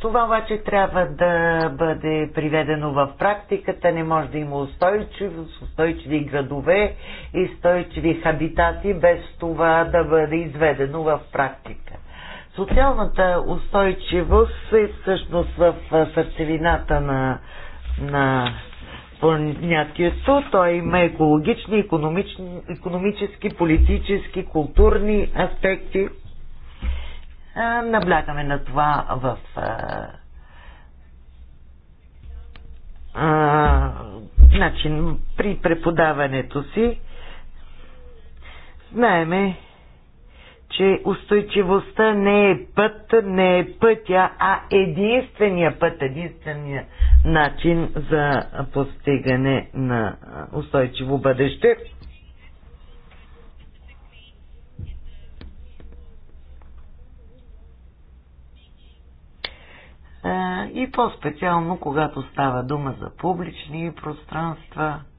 Това обаче трябва да бъде приведено в практиката. Не може да има устойчивост, устойчиви градове и устойчиви хабитати без това да бъде изведено в практика. Социалната устойчивост е всъщност в сърцевината на, на понятието. Той има екологични, економически, политически, културни аспекти. Наблягаме на това в а, начин при преподаването си. Знаеме, че устойчивостта не е път, не е пътя, а единствения път, единствения начин за постигане на устойчиво бъдеще. И по-специално, когато става дума за публични пространства –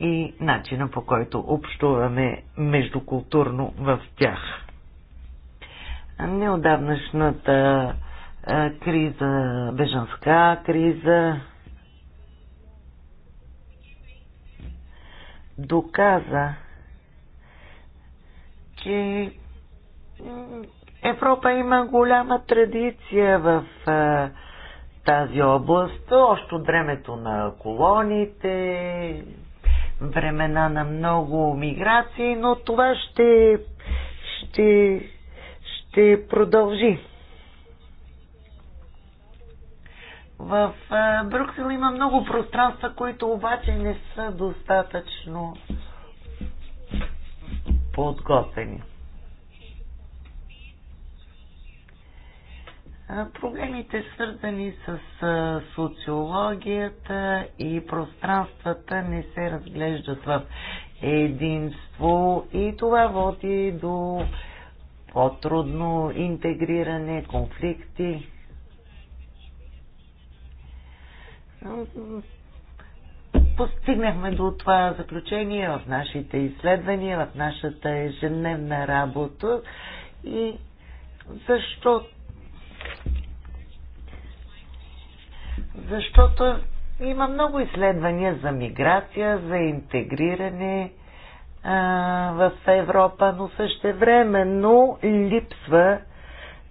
и начина по който общуваме междукултурно в тях. Неодавнашната криза, бежанска криза, доказа, че Европа има голяма традиция в тази област, още от времето на колоните, времена на много миграции, но това ще, ще, ще продължи. В Брюксел има много пространства, които обаче не са достатъчно подготвени. Проблемите свързани с социологията и пространствата не се разглеждат в единство и това води до по-трудно интегриране, конфликти. Постигнахме до това заключение в нашите изследвания, в нашата ежедневна работа и защото защото има много изследвания за миграция, за интегриране а, в Европа, но но липсва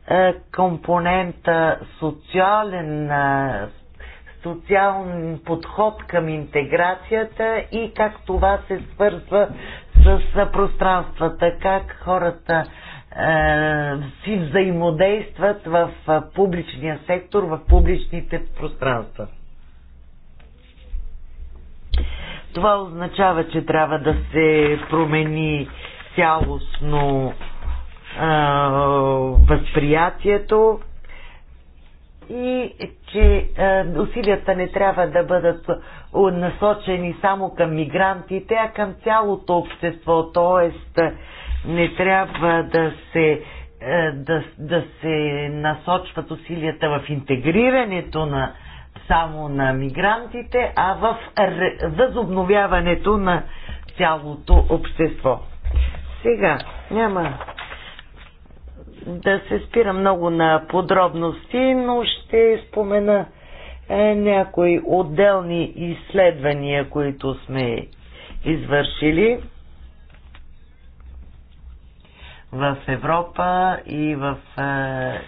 а, компонента социален, а, социален подход към интеграцията и как това се свързва с пространствата, как хората е, си взаимодействат в публичния сектор, в публичните пространства. Това означава, че трябва да се промени цялостно възприятието и че усилията не трябва да бъдат насочени само към мигрантите, а към цялото общество, т.е не трябва да се, е, да, да се насочват усилията в интегрирането на само на мигрантите, а в възобновяването на цялото общество. Сега няма да се спира много на подробности, но ще спомена е, някои отделни изследвания, които сме извършили в Европа и в е,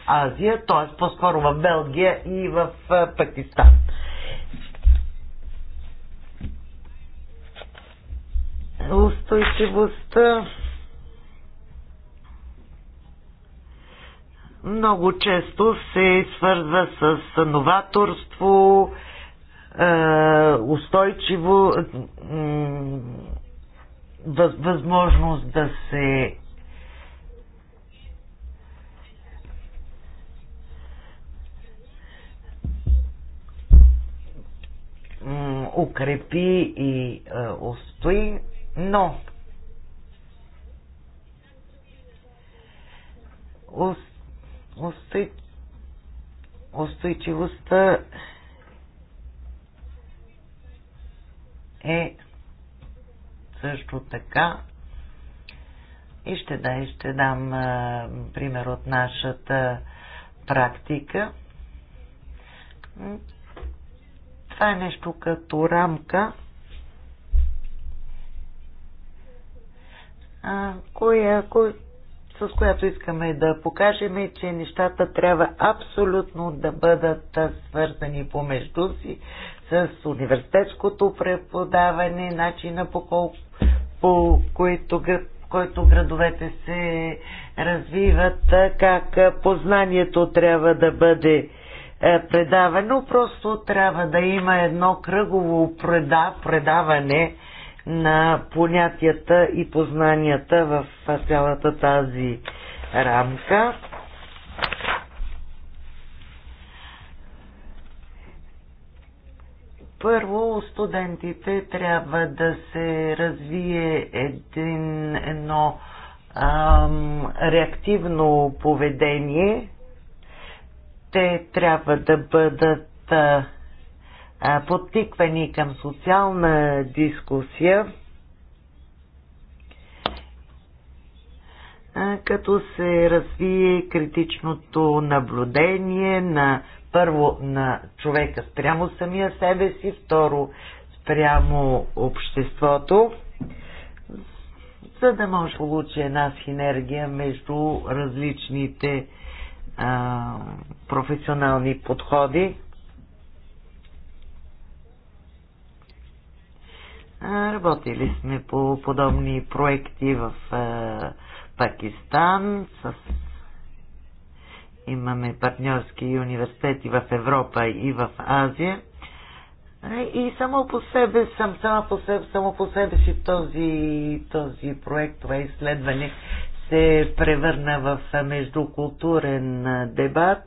Азия, т.е. по-скоро в Белгия и в е, Пакистан. Устойчивостта много често се свързва с новаторство, е, устойчиво, възможност да се укрепи и е, устои, но устой, устойчивостта е също така и ще, да, и ще дам е, пример от нашата практика това е нещо като рамка, коя, коя, с която искаме да покажем, че нещата трябва абсолютно да бъдат свързани помежду си с университетското преподаване, начина по, кол, по който, който градовете се развиват, как познанието трябва да бъде е, предаване, просто трябва да има едно кръгово преда, предаване на понятията и познанията в цялата тази рамка. Първо, студентите трябва да се развие един, едно ам, реактивно поведение, те трябва да бъдат подтиквани към социална дискусия, като се развие критичното наблюдение на първо на човека спрямо самия себе си, второ спрямо обществото, за да може да получи една синергия между различните а, професионални подходи. Работили сме по подобни проекти в Пакистан. С... Имаме партньорски университети в Европа и в Азия. И само по себе, сам, само по себе, само по себе си този, този проект, това изследване се превърна в междукултурен дебат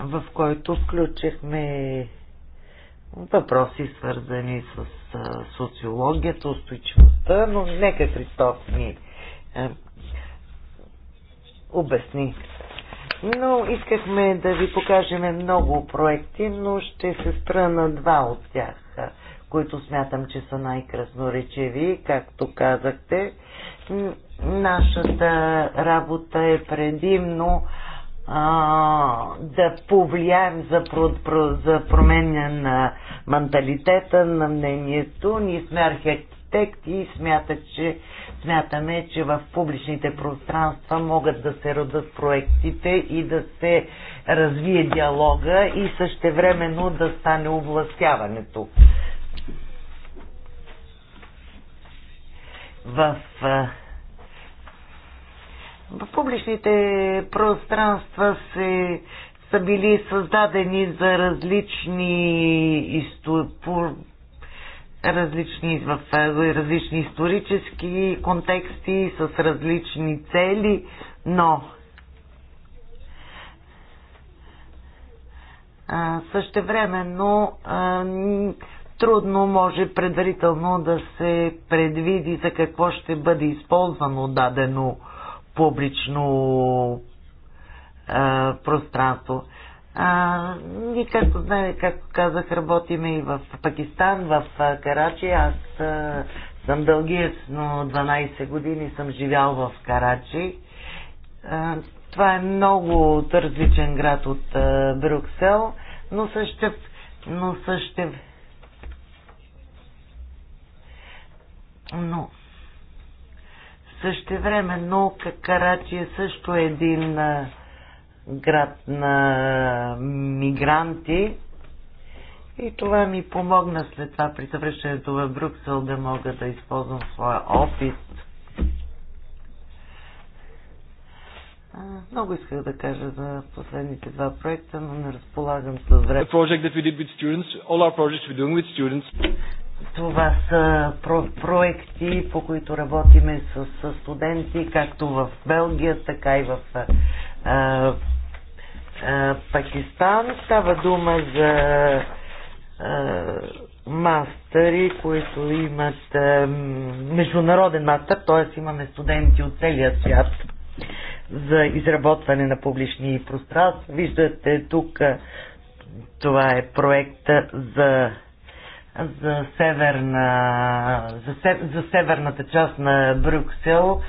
в който включихме въпроси, свързани с социологията, устойчивостта, но нека Христос ни а, обясни. Но искахме да ви покажем много проекти, но ще се спра на два от тях, които смятам, че са най-красноречиви, както казахте. Нашата работа е предимно да повлияем за, про, про, за променя на менталитета, на мнението. Ние сме архитекти и смятат, че, смятаме, че в публичните пространства могат да се родат проектите и да се развие диалога и същевременно да стане областяването. В а, в публичните пространства се, са били създадени за различни истори, различни, в различни исторически контексти, с различни цели, но същевременно трудно може предварително да се предвиди за какво ще бъде използвано дадено публично а, пространство. А, и както знае, както казах, работиме и в Пакистан, в Карачи. Аз а, съм дългиец, но 12 години съм живял в Карачи. А, това е много различен град от а, Брюксел, но също, но също, но също време, но Карачи е също един град на мигранти и това ми помогна след това при съвръщането в Брюксел да мога да използвам своя опит. Много исках да кажа за последните два проекта, но не разполагам с време. Това са про- проекти, по които работиме с, с студенти, както в Белгия, така и в а, а, Пакистан. Става дума за а, мастери, които имат а, международен мастер, т.е. имаме студенти от целия свят за изработване на публични пространства. Виждате тук, това е проекта за за, северна, за, се, за северната част на Брюксел.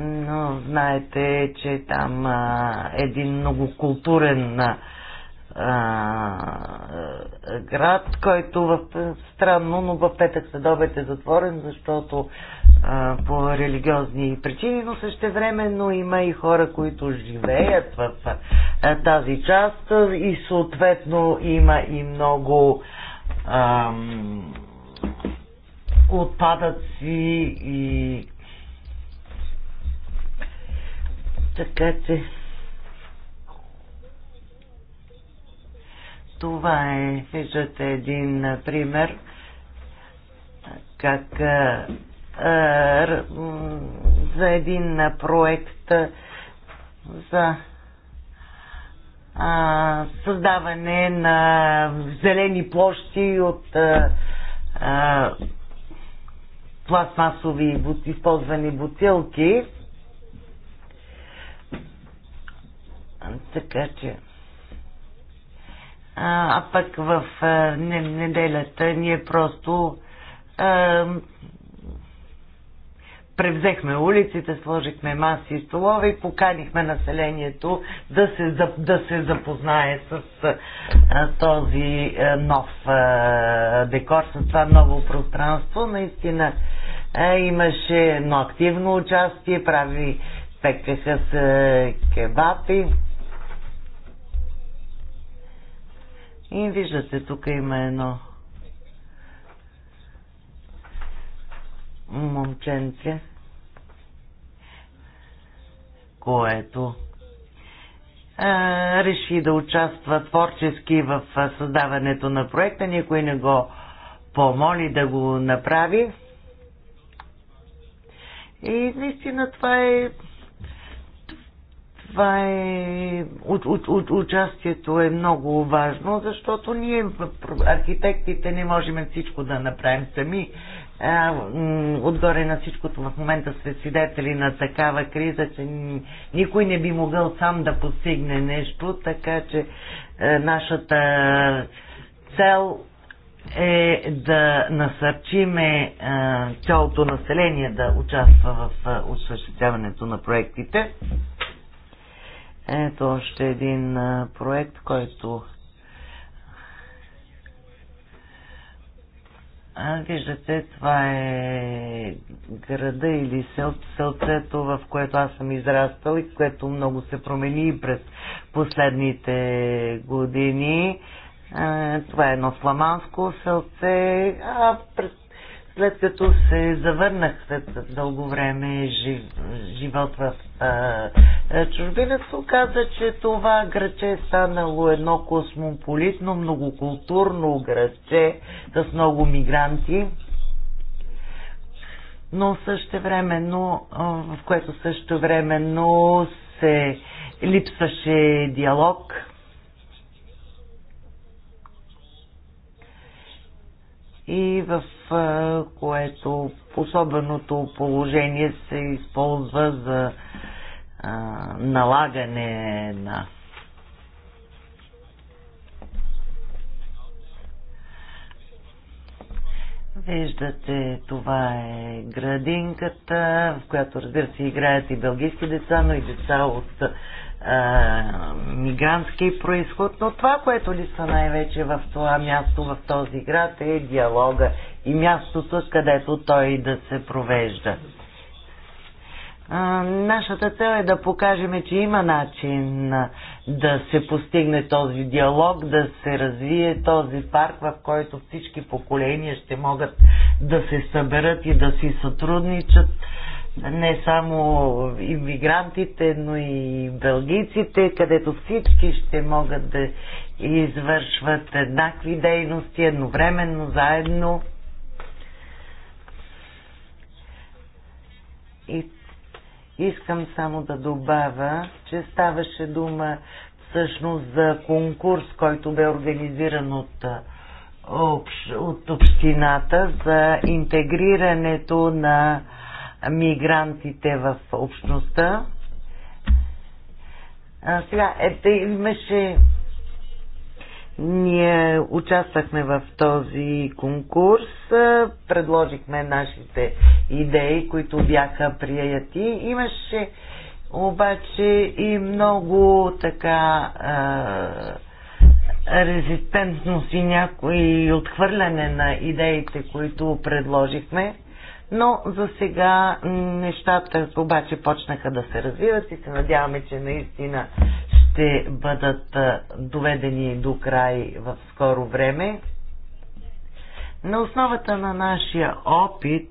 Но знаете, че там а, един многокултурен а, град, който в, странно, но в петък след е затворен, защото по религиозни причини, но също но има и хора, които живеят в тази част и съответно има и много ам, отпадъци и така че това е, виждате един пример как е, за един проект за създаване на зелени площи от пластмасови използвани бутилки. Така че. А, а пък в а, неделята ние просто а, превзехме улиците, сложихме маси и столове и поканихме населението да се, да, да се запознае с а, този а, нов а, декор, с това ново пространство. Наистина а, имаше едно активно участие, прави пекаха а, кебапи. И виждате, тук има едно момченце което а, реши да участва творчески в създаването на проекта. Никой не го помоли да го направи. И наистина това е това е... От, от, от, участието е много важно, защото ние, архитектите, не можем всичко да направим сами отгоре на всичкото в момента сме свидетели на такава криза, че никой не би могъл сам да постигне нещо, така че е, нашата цел е да насърчиме е, цялото население да участва в е, осъществяването на проектите. Ето още един проект, който Виждате, това е града или сел, селцето, в което аз съм израстал и което много се промени през последните години. Това е едно фламандско селце, а през след като се завърнах след дълго време жив, живот в а, чужбина, се оказа, че това граче е станало едно космополитно, многокултурно граче с много мигранти, но също а, в което също времено се липсваше диалог – и в което в особеното положение се използва за а, налагане на Виждате, това е градинката, в която разбира се играят и белгийски деца, но и деца от а, мигрантски происход. Но това, което липсва най-вече в това място, в този град е диалога и мястото, където той да се провежда. А, нашата цел е да покажем, че има начин да се постигне този диалог, да се развие този парк, в който всички поколения ще могат да се съберат и да си сътрудничат не само иммигрантите, но и бългиците, където всички ще могат да извършват еднакви дейности, едновременно, заедно. И искам само да добавя, че ставаше дума всъщност за конкурс, който бе организиран от, от общината за интегрирането на мигрантите в общността. А, сега, ето, имаше ние участвахме в този конкурс, предложихме нашите идеи, които бяха прияти. Имаше обаче и много така е, резистентност и някои отхвърляне на идеите, които предложихме. Но за сега нещата обаче почнаха да се развиват и се надяваме, че наистина ще бъдат доведени до край в скоро време. На основата на нашия опит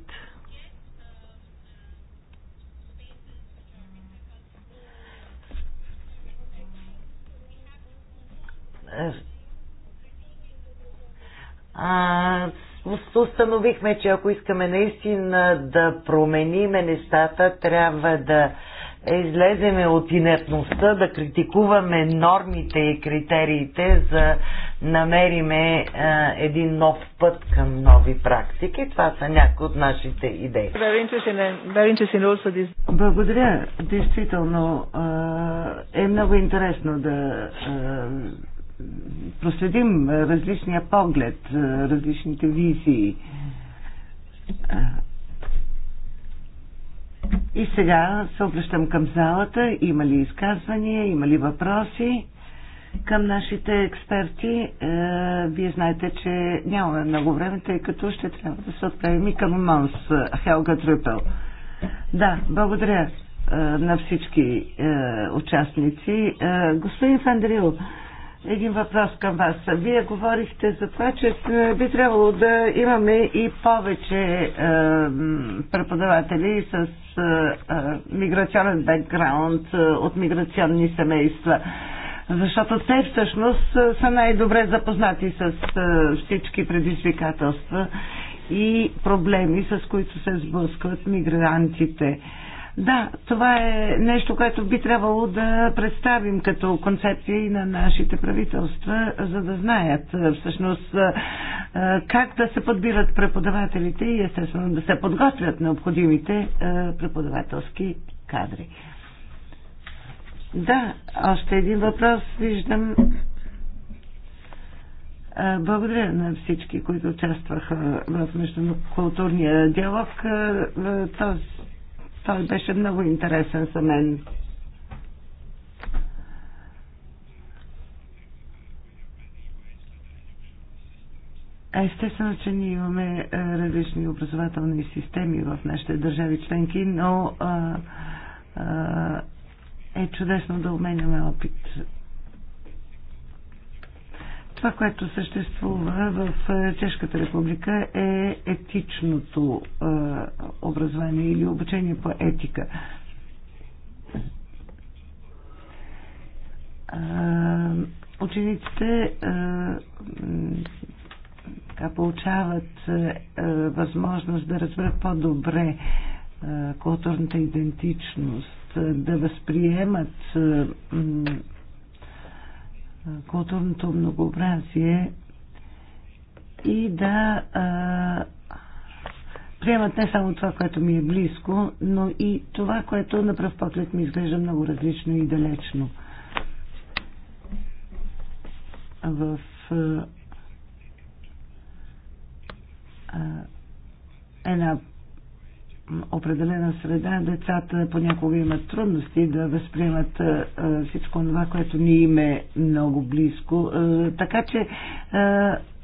установихме, че ако искаме наистина да промениме нещата, трябва да излеземе от инертността, да критикуваме нормите и критериите за намериме а, е, един нов път към нови практики. Това са някои от нашите идеи. Благодаря. Действително е, е много интересно да е, проследим различния поглед, различните визии. И сега се обръщам към залата. Има ли изказвания, има ли въпроси към нашите експерти? Е, вие знаете, че нямаме много време, тъй като ще трябва да се отправим и към Монс Хелга Трюпел. Да, благодаря е, на всички е, участници. господин Фандрил, един въпрос към вас. Вие говорихте за това, че е, би трябвало да имаме и повече е, преподаватели с е, е, миграционен бекграунд е, от миграционни семейства. Защото те всъщност е, са най-добре запознати с е, всички предизвикателства и проблеми, с които се сблъскват мигрантите. Е, да, това е нещо, което би трябвало да представим като концепция и на нашите правителства, за да знаят всъщност как да се подбират преподавателите и естествено да се подготвят необходимите преподавателски кадри. Да, още един въпрос виждам. Благодаря на всички, които участваха в междукултурния диалог. Този той беше много интересен за мен. Естествено, че ние имаме е, различни образователни системи в нашите държави членки, но а, е, а, е, е чудесно да обменяме опит това, което съществува в е, Чешката република е етичното е, образование или обучение по етика. Учениците е, получават възможност да разберат по-добре културната идентичност, да възприемат културното многообразие и да а, приемат не само това, което ми е близко, но и това, което на пръв поглед ми изглежда много различно и далечно. В а, една определена среда децата понякога имат трудности да възприемат всичко това, което ни им е много близко. Така че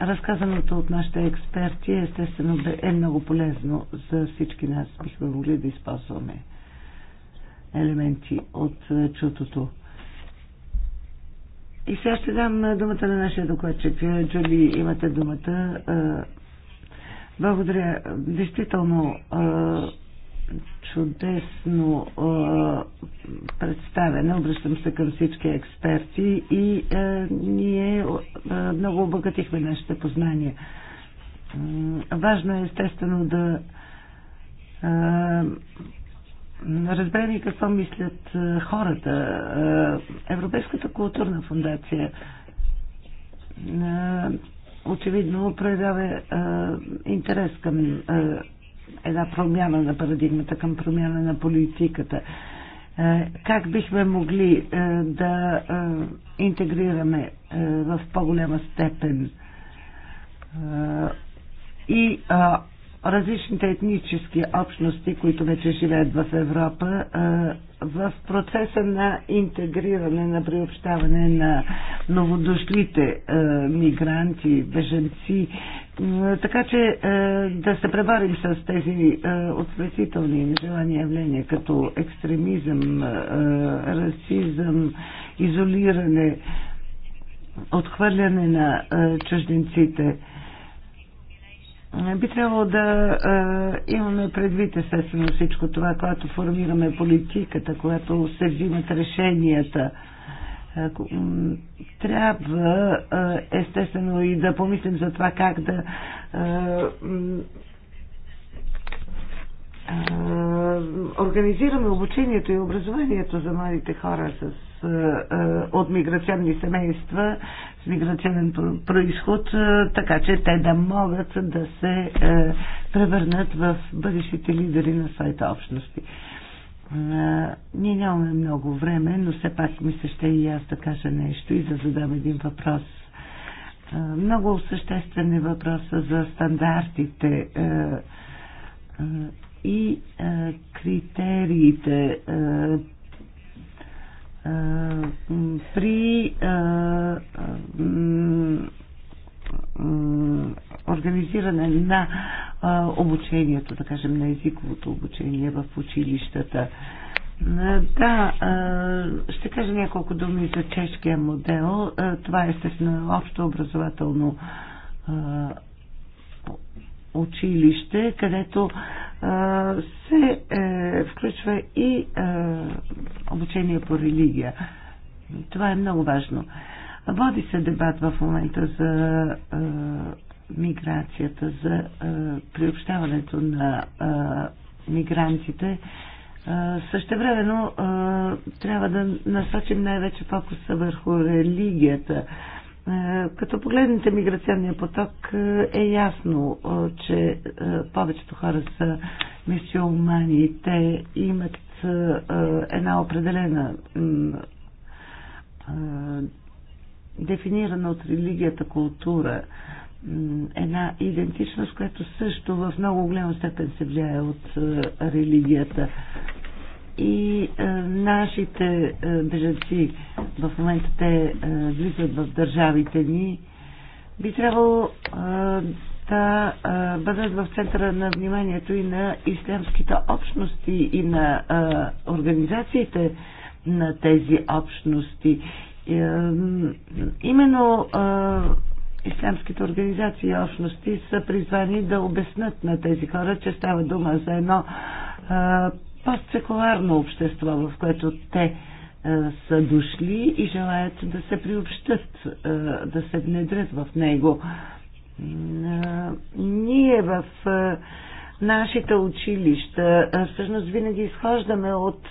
разказаното от нашите експерти естествено е много полезно за всички нас. Бихме могли да използваме елементи от чутото. И сега ще дам думата на нашия докладчик. Джули, имате думата благодаря. Действително чудесно представяне. Обръщам се към всички експерти и ние много обогатихме нашите познания. Важно е естествено да разберем и какво мислят хората. Европейската културна фундация очевидно проявява интерес към една промяна на парадигмата, към промяна на политиката. Как бихме могли да интегрираме в по-голяма степен и различните етнически общности, които вече живеят в Европа, в процеса на интегриране, на приобщаване на новодошлите мигранти, беженци. Така че да се преварим с тези отвратителни нежелани явления, като екстремизъм, расизъм, изолиране, отхвърляне на чужденците – би трябвало да имаме предвид естествено всичко това, когато формираме политиката, когато се взимат решенията трябва естествено и да помислим за това как да организираме обучението и образованието за младите хора с, от миграционни семейства с миграционен происход, така че те да могат да се превърнат в бъдещите лидери на своите общности. Ние нямаме много време, но все пак ми се ще и аз да кажа нещо и да задам един въпрос. Много съществен е въпроса за стандартите и а, е, критериите а, е, а, е, при а, а, организиране на а, обучението, да кажем, на езиковото обучение в училищата. Да, ще кажа няколко думи за чешкия модел. Това е естествено общо образователно училище, където а, се е, включва и е, обучение по религия. Това е много важно. Води се дебат в момента за е, миграцията, за е, приобщаването на е, мигрантите. Същевременно трябва да насочим най-вече фокуса върху религията. Е, като погледнете миграционния поток е, е ясно, е, че повечето хора са мисиомани. Те имат една определена дефинирана от религията култура, една идентичност, която също в много голяма степен се влияе от религията. И нашите бежанци в момента те е, влизат в държавите ни. Би трябвало е, да е, бъдат в центъра на вниманието и на ислямските общности и на организациите на тези общности. Именно ислямските организации и общности са призвани да обяснат на тези хора, че става дума за едно постсекуларно общество, в което те е, са дошли и желаят да се приобщат, е, да се внедрят в него. Е, ние в нашите училища всъщност винаги изхождаме от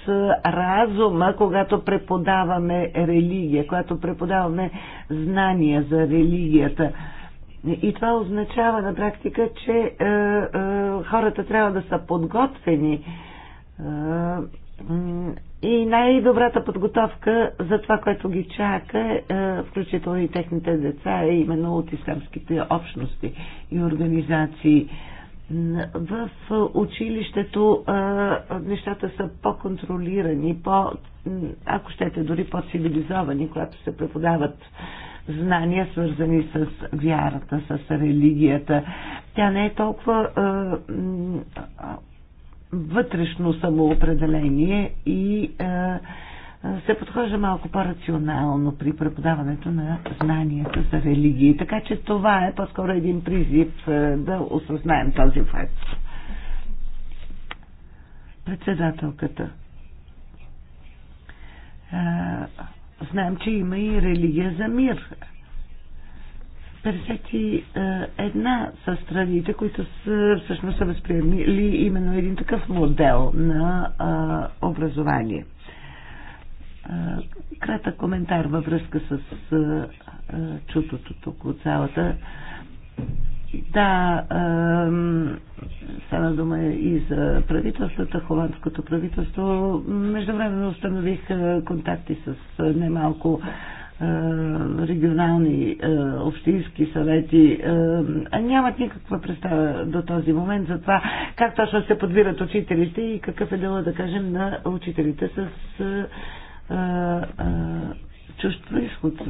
разума, когато преподаваме религия, когато преподаваме знания за религията. И това означава на практика, че хората трябва да са подготвени и най-добрата подготовка за това, което ги чака, е, включително и техните деца, е именно от исламските общности и организации. В училището нещата са по-контролирани, по, ако щете, дори по-цивилизовани, когато се преподават знания, свързани с вярата, с религията. Тя не е толкова вътрешно самоопределение и се подхожда малко по-рационално при преподаването на знанията за религии. Така че това е по-скоро един призив да осъзнаем този факт. Председателката. Знаем, че има и религия за мир. 51 са страните, които са, всъщност са възприемили именно един такъв модел на а, образование. А, кратък коментар във връзка с а, чутото тук от цялата. Да, стана дума и за правителството, холандското правителство. Междувременно установих контакти с немалко малко регионални общински съвети нямат никаква представа до този момент за това как точно се подбират учителите и какъв е дело, да кажем, на учителите с чужд происход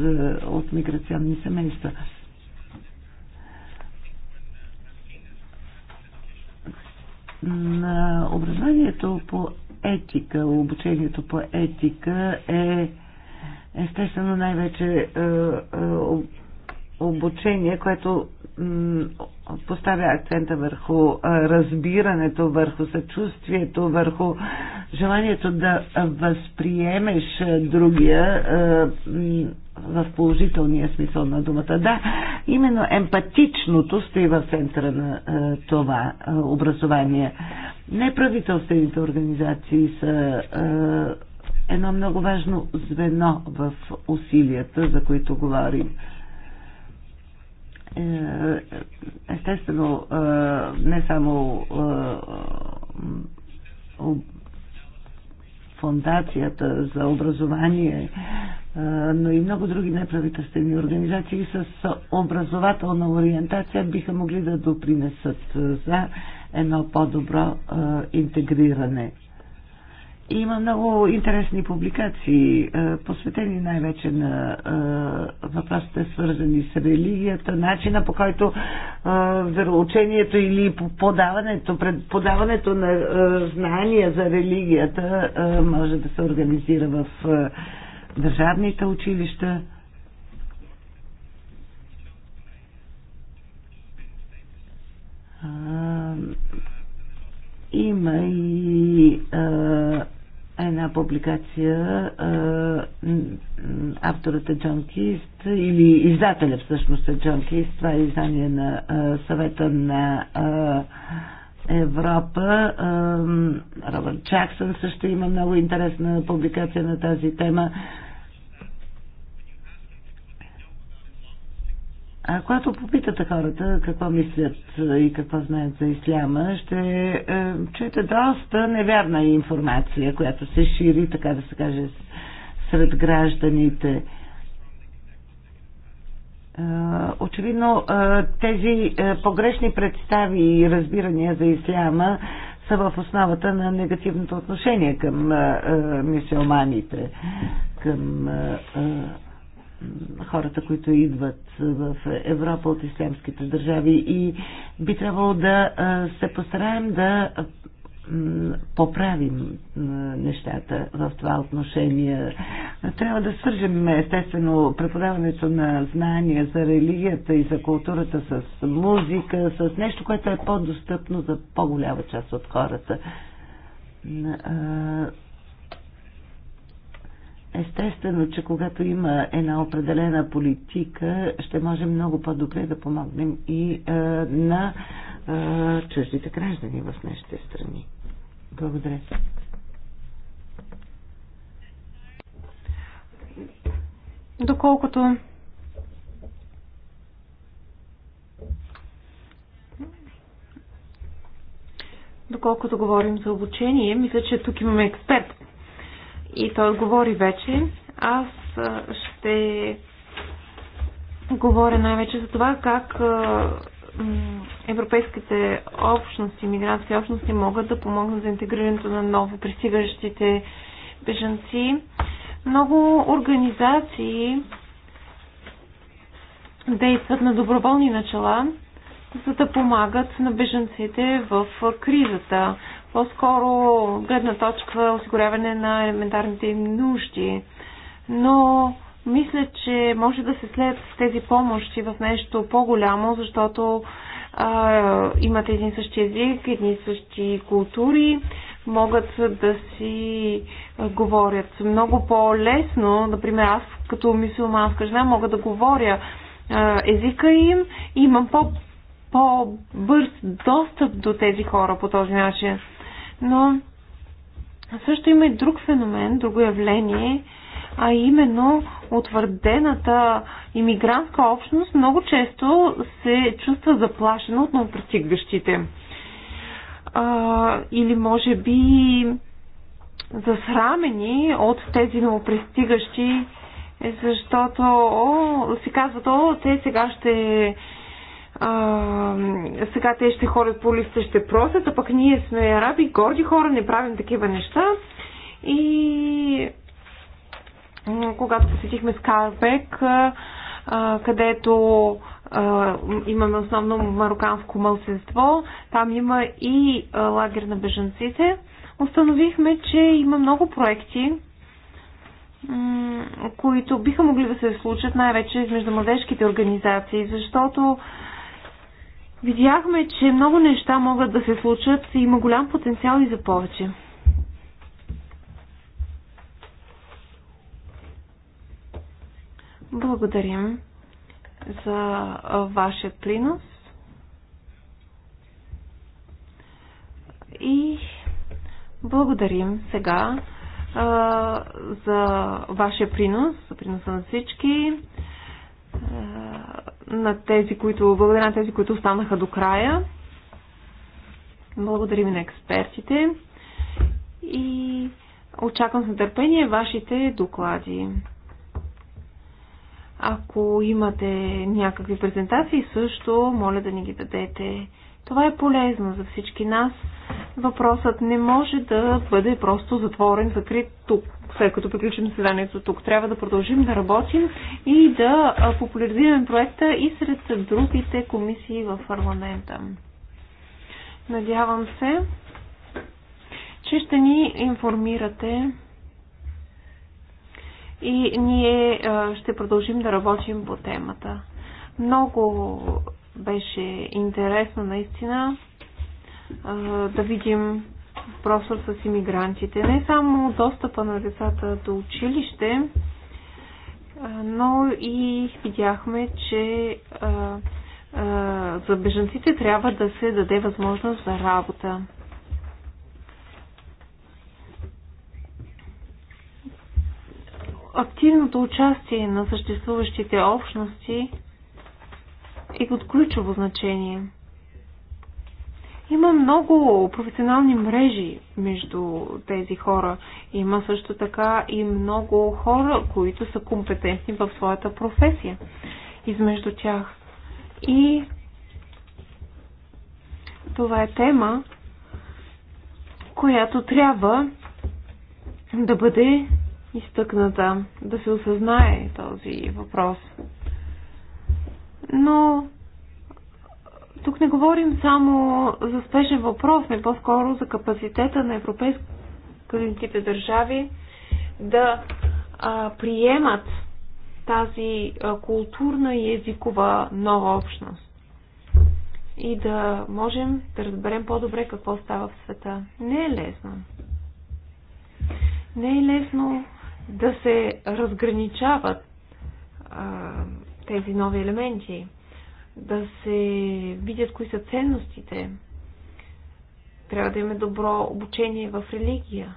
от миграционни семейства. На образованието по етика, обучението по етика е Естествено, най-вече е, е, обучение, което поставя акцента върху е, разбирането, върху съчувствието, върху желанието да възприемеш другия в положителния смисъл на думата. Да, именно емпатичното стои в центъра на това образование. Неправителствените организации са едно много важно звено в усилията, за които говорим. Е, естествено, е, не само е, фундацията за образование, но и много други неправителствени организации с образователна ориентация биха могли да допринесат за едно по-добро интегриране. Има много интересни публикации, е, посветени най-вече на е, въпросите, свързани с религията, начина по който е, вероучението или подаването, подаването на знания за религията може да се организира в държавните училища. Има и а, една публикация, авторът е Джон Кист, или издателя всъщност е Джон Кист, това е издание на съвета на Европа. Робърт Джаксън също има много интересна публикация на тази тема. А когато попитате хората какво мислят и какво знаят за исляма, ще е, чуете доста невярна информация, която се шири, така да се каже, сред гражданите. Е, очевидно е, тези е, погрешни представи и разбирания за исляма са в основата на негативното отношение към мисиоманите, към хората, които идват в Европа от ислямските държави и би трябвало да се постараем да поправим нещата в това отношение. Трябва да свържем естествено преподаването на знания за религията и за културата с музика, с нещо, което е по-достъпно за по-голяма част от хората Естествено, че когато има една определена политика, ще може много по-добре да помогнем и е, на е, чуждите граждани в нашите страни. Благодаря. Доколкото Доколкото говорим за обучение, мисля, че тук имаме експерт и той говори вече. Аз ще говоря най-вече за това как европейските общности, мигрантски общности могат да помогнат за интегрирането на ново пристигащите бежанци. Много организации действат на доброволни начала, за да помагат на бежанците в кризата по-скоро гледна точка осигуряване на елементарните им нужди. Но мисля, че може да се след тези помощи в нещо по-голямо, защото а, имат един същи език, едни същи култури, могат да си говорят много по-лесно. Например, аз като мисулманска жена мога да говоря а, езика им и имам по- по-бърз достъп до тези хора по този начин. Но също има и друг феномен, друго явление, а именно утвърдената иммигрантска общност много често се чувства заплашена от новопристигащите. или може би засрамени от тези новопристигащи, защото о, си казват, о, те сега ще а, сега те ще ходят по листа, ще просят, а пък ние сме араби, горди хора, не правим такива неща. И когато посетихме Скарбек, където а, имаме основно мароканско мълсенство, там има и а, лагер на бежанците, установихме, че има много проекти, които биха могли да се случат най-вече между младежките организации, защото видяхме, че много неща могат да се случат и има голям потенциал и за повече. Благодарим за вашия принос. И благодарим сега а, за вашия принос, за приноса на всички. Е, на тези, които, благодаря на тези, които останаха до края. Благодарим на експертите и очаквам с нетърпение вашите доклади. Ако имате някакви презентации, също моля да ни ги дадете. Това е полезно за всички нас, въпросът не може да бъде просто затворен, закрит тук, след като приключим заседанието тук. Трябва да продължим да работим и да популяризираме проекта и сред другите комисии в парламента. Надявам се, че ще ни информирате и ние ще продължим да работим по темата. Много беше интересно наистина да видим въпроса с иммигрантите. Не само достъпа на децата до училище, но и видяхме, че за бежанците трябва да се даде възможност за работа. Активното участие на съществуващите общности е от ключово значение – има много професионални мрежи между тези хора. Има също така и много хора, които са компетентни в своята професия измежду тях. И това е тема, която трябва да бъде изтъкната, да се осъзнае този въпрос. Но тук не говорим само за спешен въпрос, не по-скоро за капацитета на европейските държави да а, приемат тази а, културна и езикова нова общност и да можем да разберем по-добре какво става в света. Не е лесно. Не е лесно да се разграничават а, тези нови елементи да се видят кои са ценностите. Трябва да имаме добро обучение в религия.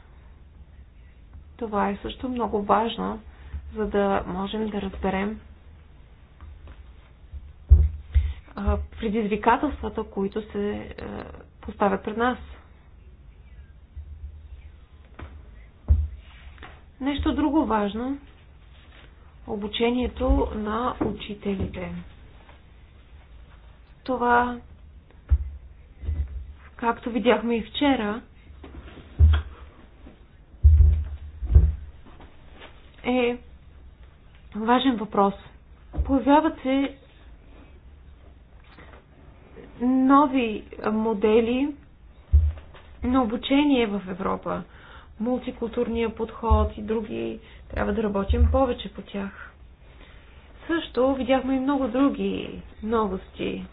Това е също много важно, за да можем да разберем предизвикателствата, които се е, поставят пред нас. Нещо друго важно обучението на учителите. Това, както видяхме и вчера, е важен въпрос. Появяват се нови модели на обучение в Европа. Мултикултурния подход и други. Трябва да работим повече по тях. Също видяхме и много други новости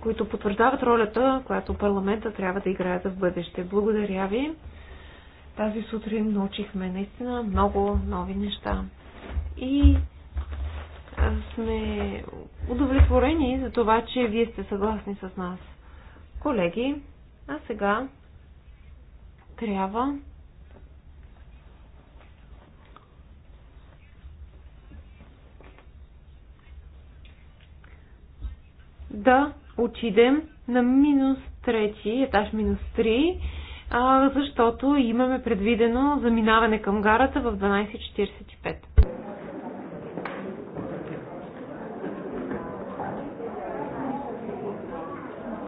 които потвърждават ролята, която парламента трябва да играе за в бъдеще. Благодаря ви. Тази сутрин научихме наистина много нови неща. И сме удовлетворени за това, че вие сте съгласни с нас. Колеги, а сега трябва да отидем на минус 3, етаж минус 3, а, защото имаме предвидено заминаване към гарата в 12.45.